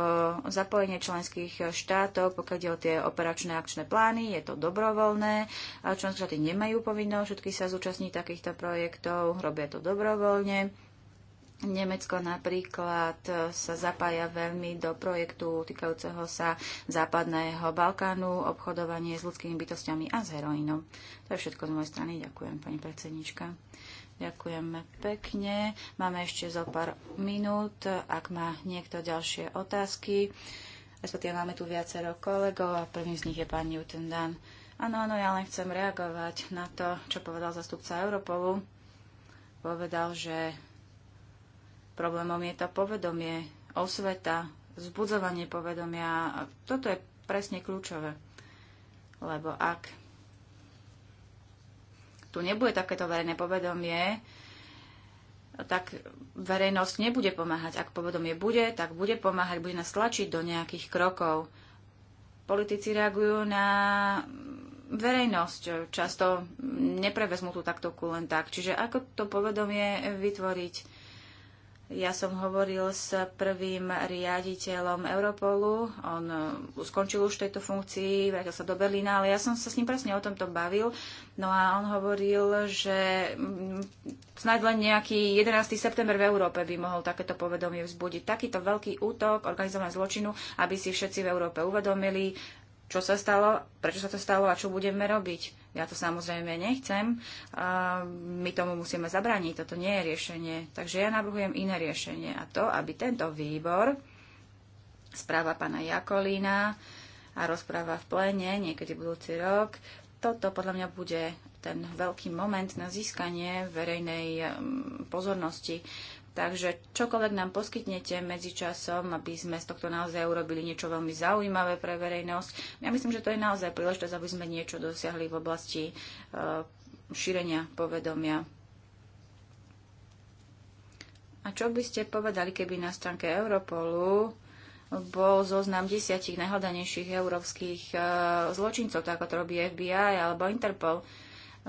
zapojenie členských štátov, pokiaľ ide o tie operačné akčné plány, je to dobrovoľné. Členské štáty nemajú povinnosť všetky sa zúčastniť takýchto projektov, robia to dobrovoľne. Nemecko napríklad sa zapája veľmi do projektu týkajúceho sa západného Balkánu, obchodovanie s ľudskými bytostiami a s heroínom. To je všetko z mojej strany. Ďakujem, pani predsednička. Ďakujeme pekne. Máme ešte zo pár minút, ak má niekto ďalšie otázky. Respektíve máme tu viacero kolegov a prvým z nich je pán Newton Dan. Áno, áno, ja len chcem reagovať na to, čo povedal zastupca Europolu. Povedal, že problémom je to povedomie, osveta, zbudzovanie povedomia. Toto je presne kľúčové. Lebo ak tu nebude takéto verejné povedomie, tak verejnosť nebude pomáhať. Ak povedomie bude, tak bude pomáhať, bude nás tlačiť do nejakých krokov. Politici reagujú na verejnosť, často neprevezmú tú takto len tak. Čiže ako to povedomie vytvoriť? Ja som hovoril s prvým riaditeľom Europolu, on eh, skončil už v tejto funkcii, vrátil sa do Berlína, ale ja som sa s ním presne o tomto bavil. No a on hovoril, že mm, snáď len nejaký 11. september v Európe by mohol takéto povedomie vzbudiť. Takýto veľký útok organizovaného zločinu, aby si všetci v Európe uvedomili, čo sa stalo, prečo sa to stalo a čo budeme robiť. Ja to samozrejme nechcem. My tomu musíme zabrániť. Toto nie je riešenie. Takže ja navrhujem iné riešenie. A to, aby tento výbor, správa pána Jakolína a rozpráva v plene niekedy budúci rok, toto podľa mňa bude ten veľký moment na získanie verejnej mm, pozornosti Takže čokoľvek nám poskytnete medzi časom, aby sme z tohto naozaj urobili niečo veľmi zaujímavé pre verejnosť. Ja myslím, že to je naozaj príležitosť, aby sme niečo dosiahli v oblasti uh, šírenia povedomia. A čo by ste povedali, keby na stránke Europolu bol zoznam desiatich najhľadanejších európskych uh, zločincov, tak ako to robí FBI alebo Interpol. Uh,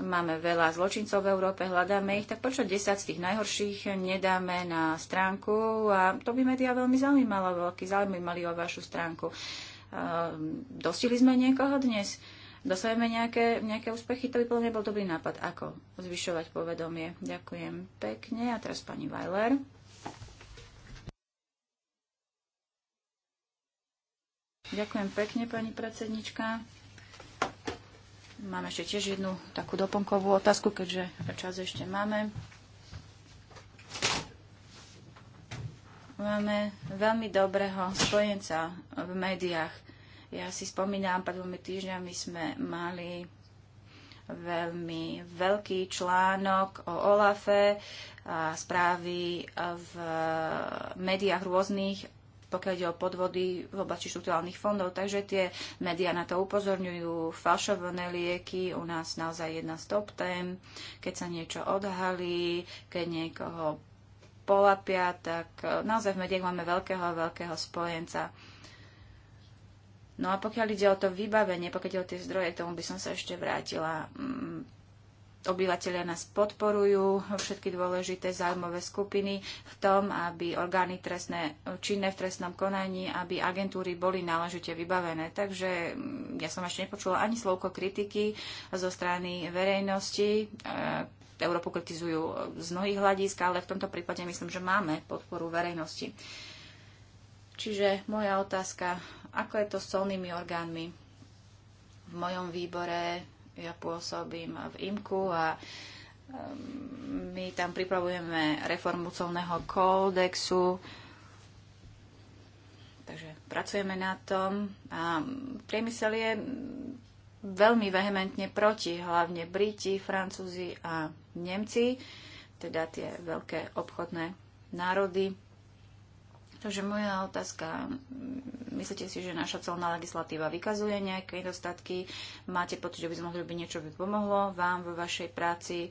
máme veľa zločincov v Európe, hľadáme ich, tak prečo 10 z tých najhorších nedáme na stránku? A to by médiá veľmi zaujímalo, veľký záujem mali o vašu stránku. Ehm, dostihli sme niekoho dnes? Dosajeme nejaké, nejaké úspechy? To by bol nebol bol dobrý nápad. Ako zvyšovať povedomie? Ďakujem pekne. A teraz pani Weiler. Ďakujem pekne, pani predsednička. Mám ešte tiež jednu takú doplnkovú otázku, keďže čas ešte máme. Máme veľmi dobrého spojenca v médiách. Ja si spomínam, pred dvomi týždňami sme mali veľmi veľký článok o Olafe a správy v médiách rôznych pokiaľ ide o podvody v oblasti štruktúrálnych fondov. Takže tie médiá na to upozorňujú, falšované lieky, u nás naozaj jedna z top tém, keď sa niečo odhalí, keď niekoho polapia, tak e, naozaj v médiách máme veľkého, veľkého spojenca. No a pokiaľ ide o to vybavenie, pokiaľ ide o tie zdroje, tomu by som sa ešte vrátila mm, obyvateľia nás podporujú, všetky dôležité zájmové skupiny v tom, aby orgány trestné, činné v trestnom konaní, aby agentúry boli náležite vybavené. Takže mm, ja som ešte nepočula ani slovko kritiky zo strany verejnosti. E, Európu kritizujú z mnohých hľadisk, ale v tomto prípade myslím, že máme podporu verejnosti. Čiže moja otázka, ako je to s colnými orgánmi? V mojom výbore ja pôsobím v IMKU a ehm, my tam pripravujeme reformu colného kódexu, takže pracujeme na tom a priemysel je veľmi vehementne proti, hlavne Briti, Francúzi a Nemci, teda tie veľké obchodné národy Takže moja otázka, myslíte si, že naša celná legislatíva vykazuje nejaké nedostatky? Máte pocit, že by sme mohli robiť niečo, by pomohlo vám vo vašej práci?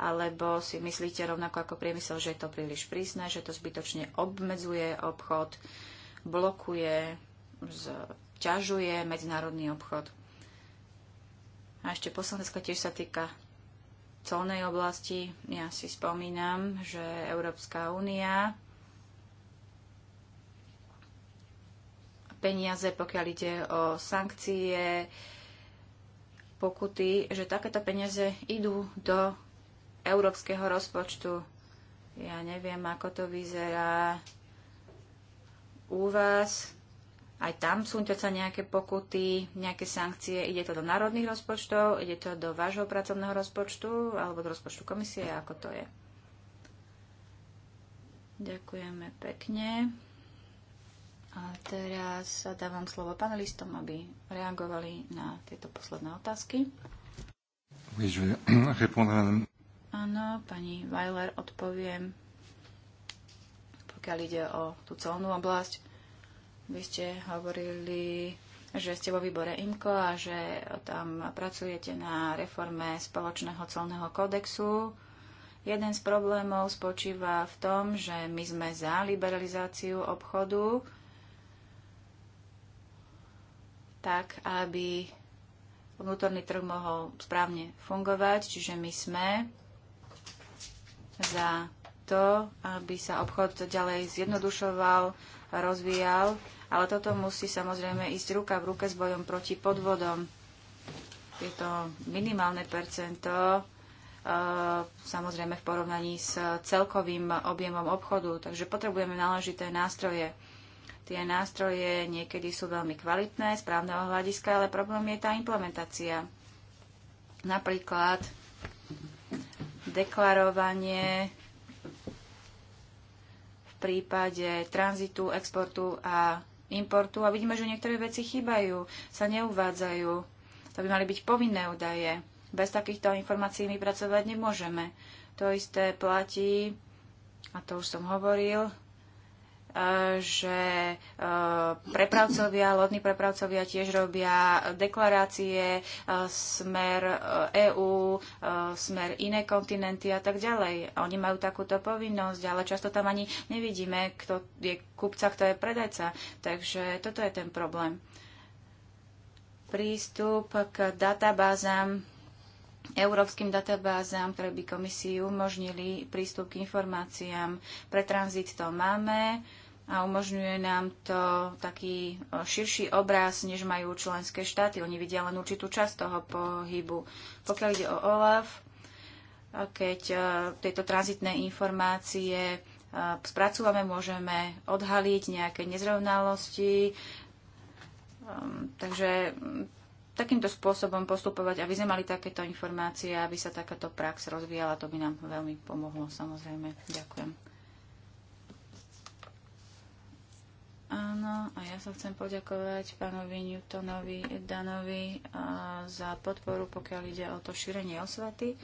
Alebo si myslíte rovnako ako priemysel, že je to príliš prísne, že to zbytočne obmedzuje obchod, blokuje, ťažuje medzinárodný obchod? A ešte posledná tiež sa týka colnej oblasti. Ja si spomínam, že Európska únia peniaze, pokiaľ ide o sankcie, pokuty, že takéto peniaze idú do európskeho rozpočtu. Ja neviem, ako to vyzerá u vás. Aj tam sú sa nejaké pokuty, nejaké sankcie. Ide to do národných rozpočtov, ide to do vášho pracovného rozpočtu alebo do rozpočtu komisie, ako to je. Ďakujeme pekne. A teraz dávam slovo panelistom, aby reagovali na tieto posledné otázky. Áno, pani Weiler, odpoviem, pokiaľ ide o tú celnú oblasť. Vy ste hovorili, že ste vo výbore IMCO a že tam pracujete na reforme spoločného colného kódexu. Jeden z problémov spočíva v tom, že my sme za liberalizáciu obchodu, tak, aby vnútorný trh mohol správne fungovať. Čiže my sme za to, aby sa obchod ďalej zjednodušoval, rozvíjal, ale toto musí samozrejme ísť ruka v ruke s bojom proti podvodom. Je to minimálne percento, e, samozrejme v porovnaní s celkovým objemom obchodu. Takže potrebujeme náležité nástroje. Tie nástroje niekedy sú veľmi kvalitné správneho hľadiska, ale problém je tá implementácia. Napríklad deklarovanie v prípade tranzitu, exportu a importu a vidíme, že niektoré veci chýbajú, sa neuvádzajú. To by mali byť povinné údaje. Bez takýchto informácií my pracovať nemôžeme. To isté platí, a to už som hovoril, že eh, prepravcovia, lodní prepravcovia tiež robia deklarácie eh, smer EÚ, eh, e smer iné kontinenty a tak ďalej. Oni majú takúto povinnosť, ale často tam ani nevidíme, kto je kupca, kto je predajca. Takže toto je ten problém. Prístup k databázam európskym databázám, ktoré by komisii umožnili prístup k informáciám. Pre tranzit to máme, a umožňuje nám to taký e, širší obraz, než majú členské štáty. Oni vidia len určitú časť toho pohybu. Pokiaľ ide o OLAF, keď e, tieto tranzitné informácie e, spracúvame, môžeme odhaliť nejaké nezrovnalosti. Ehm, takže takýmto spôsobom postupovať, aby sme mali takéto informácie, aby sa takáto prax rozvíjala, to by nám veľmi pomohlo, samozrejme. Ďakujem. Áno, a ja sa chcem poďakovať pánovi Newtonovi Danovi za podporu, pokiaľ ide o to šírenie osvety.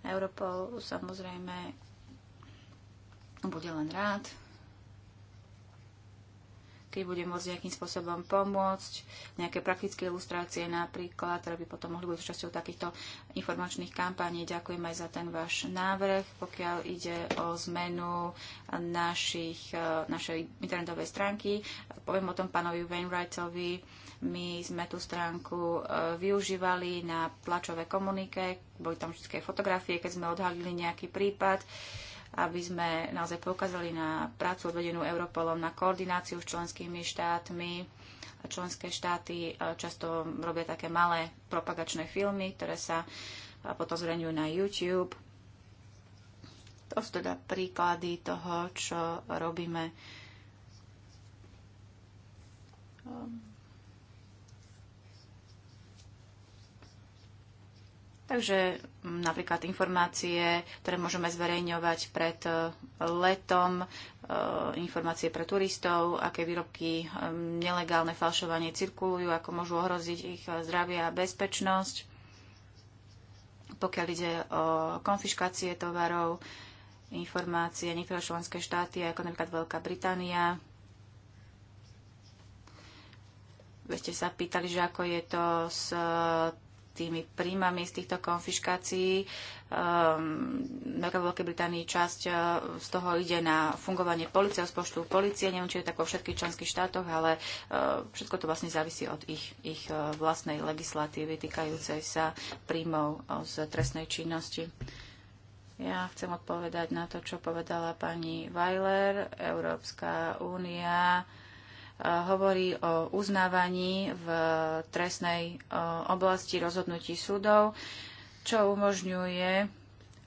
Europol samozrejme bude len rád, tí bude môcť nejakým spôsobom pomôcť, nejaké praktické ilustrácie napríklad, ktoré by potom mohli byť súčasťou takýchto informačných kampaní. Ďakujem aj za ten váš návrh, pokiaľ ide o zmenu našich, e, našej internetovej stránky. Poviem o tom pánovi Wainwrightovi. My sme tú stránku e, využívali na tlačové komunike, boli tam všetké fotografie, keď sme odhalili nejaký prípad. Uh, aby sme naozaj poukázali na prácu odvedenú Europolom, na koordináciu s členskými štátmi. Členské štáty e, často robia také malé propagačné filmy, ktoré sa e, potom zreňujú na YouTube. To sú teda príklady toho, čo robíme ehm, Takže napríklad informácie, ktoré môžeme zverejňovať pred e, letom, e, informácie pre turistov, aké výrobky e, nelegálne falšovanie cirkulujú, ako môžu ohroziť ich zdravie a bezpečnosť, pokiaľ ide o konfiškácie tovarov, informácie niektoré členské štáty, ako napríklad Veľká Británia. Veď ste sa pýtali, že ako je to s tými príjmami z týchto konfiškácií. Um, Veľkej Británii časť uh, z toho ide na fungovanie policie, spoštu policie, neviem, či je tak vo všetkých členských štátoch, ale uh, všetko to vlastne závisí od ich, ich uh, vlastnej legislatívy týkajúcej sa príjmov z trestnej činnosti. Ja chcem odpovedať na to, čo povedala pani Weiler. Európska únia hovorí o uznávaní v trestnej oblasti rozhodnutí súdov, čo umožňuje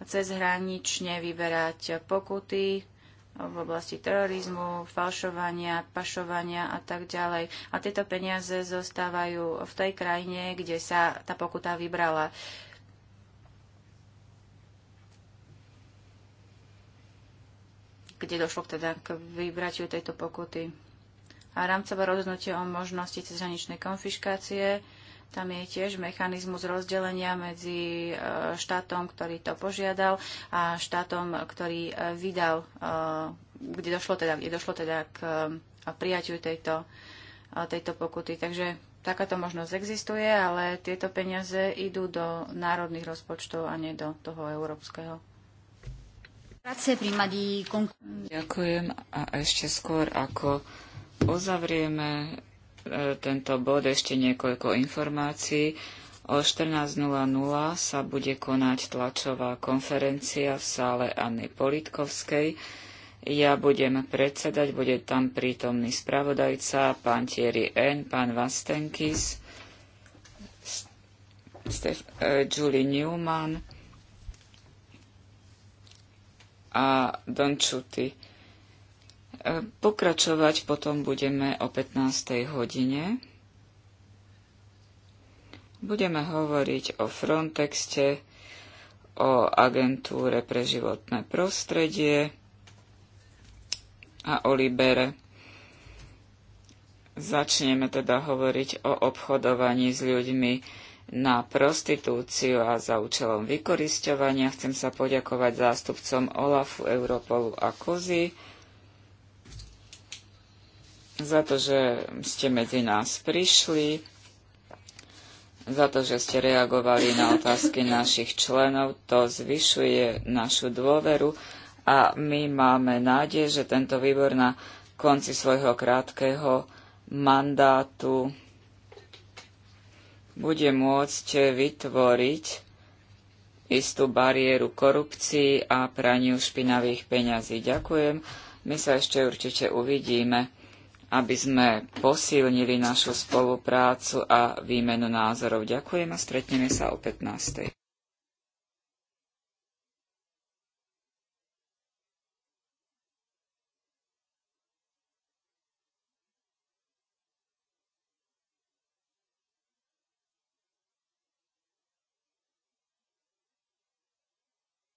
cezhranične vyberať pokuty v oblasti terorizmu, falšovania, pašovania a tak ďalej. A tieto peniaze zostávajú v tej krajine, kde sa tá pokuta vybrala. Kde došlo teda k vybratiu tejto pokuty. A rámcové rozhodnutie o možnosti cezhraničnej konfiškácie, tam je tiež mechanizmus rozdelenia medzi e, štátom, ktorý to požiadal a štátom, ktorý e, vydal, e, kde došlo teda, kde došlo teda k prijaťu tejto, tejto pokuty. Takže takáto možnosť existuje, ale tieto peniaze idú do národných rozpočtov a nie do toho európskeho. Ďakujem a ešte skôr ako uzavrieme e, tento bod ešte niekoľko informácií. O 14.00 sa bude konať tlačová konferencia v sále Anny Politkovskej. Ja budem predsedať, bude tam prítomný spravodajca, pán Thierry N., pán Vastenkis, Stef- e, Julie Newman a Don Chuty. Pokračovať potom budeme o 15. hodine. Budeme hovoriť o Frontexte, o agentúre pre životné prostredie a o Libere. Začneme teda hovoriť o obchodovaní s ľuďmi na prostitúciu a za účelom vykorisťovania. Chcem sa poďakovať zástupcom OLAFu, Europolu a Kozy za to, že ste medzi nás prišli, za to, že ste reagovali na otázky našich členov. To zvyšuje našu dôveru a my máme nádej, že tento výbor na konci svojho krátkeho mandátu bude môcť vytvoriť istú bariéru korupcii a praniu špinavých peňazí. Ďakujem. My sa ešte určite uvidíme aby sme posilnili našu spoluprácu a výmenu názorov. Ďakujem a stretneme sa o 15.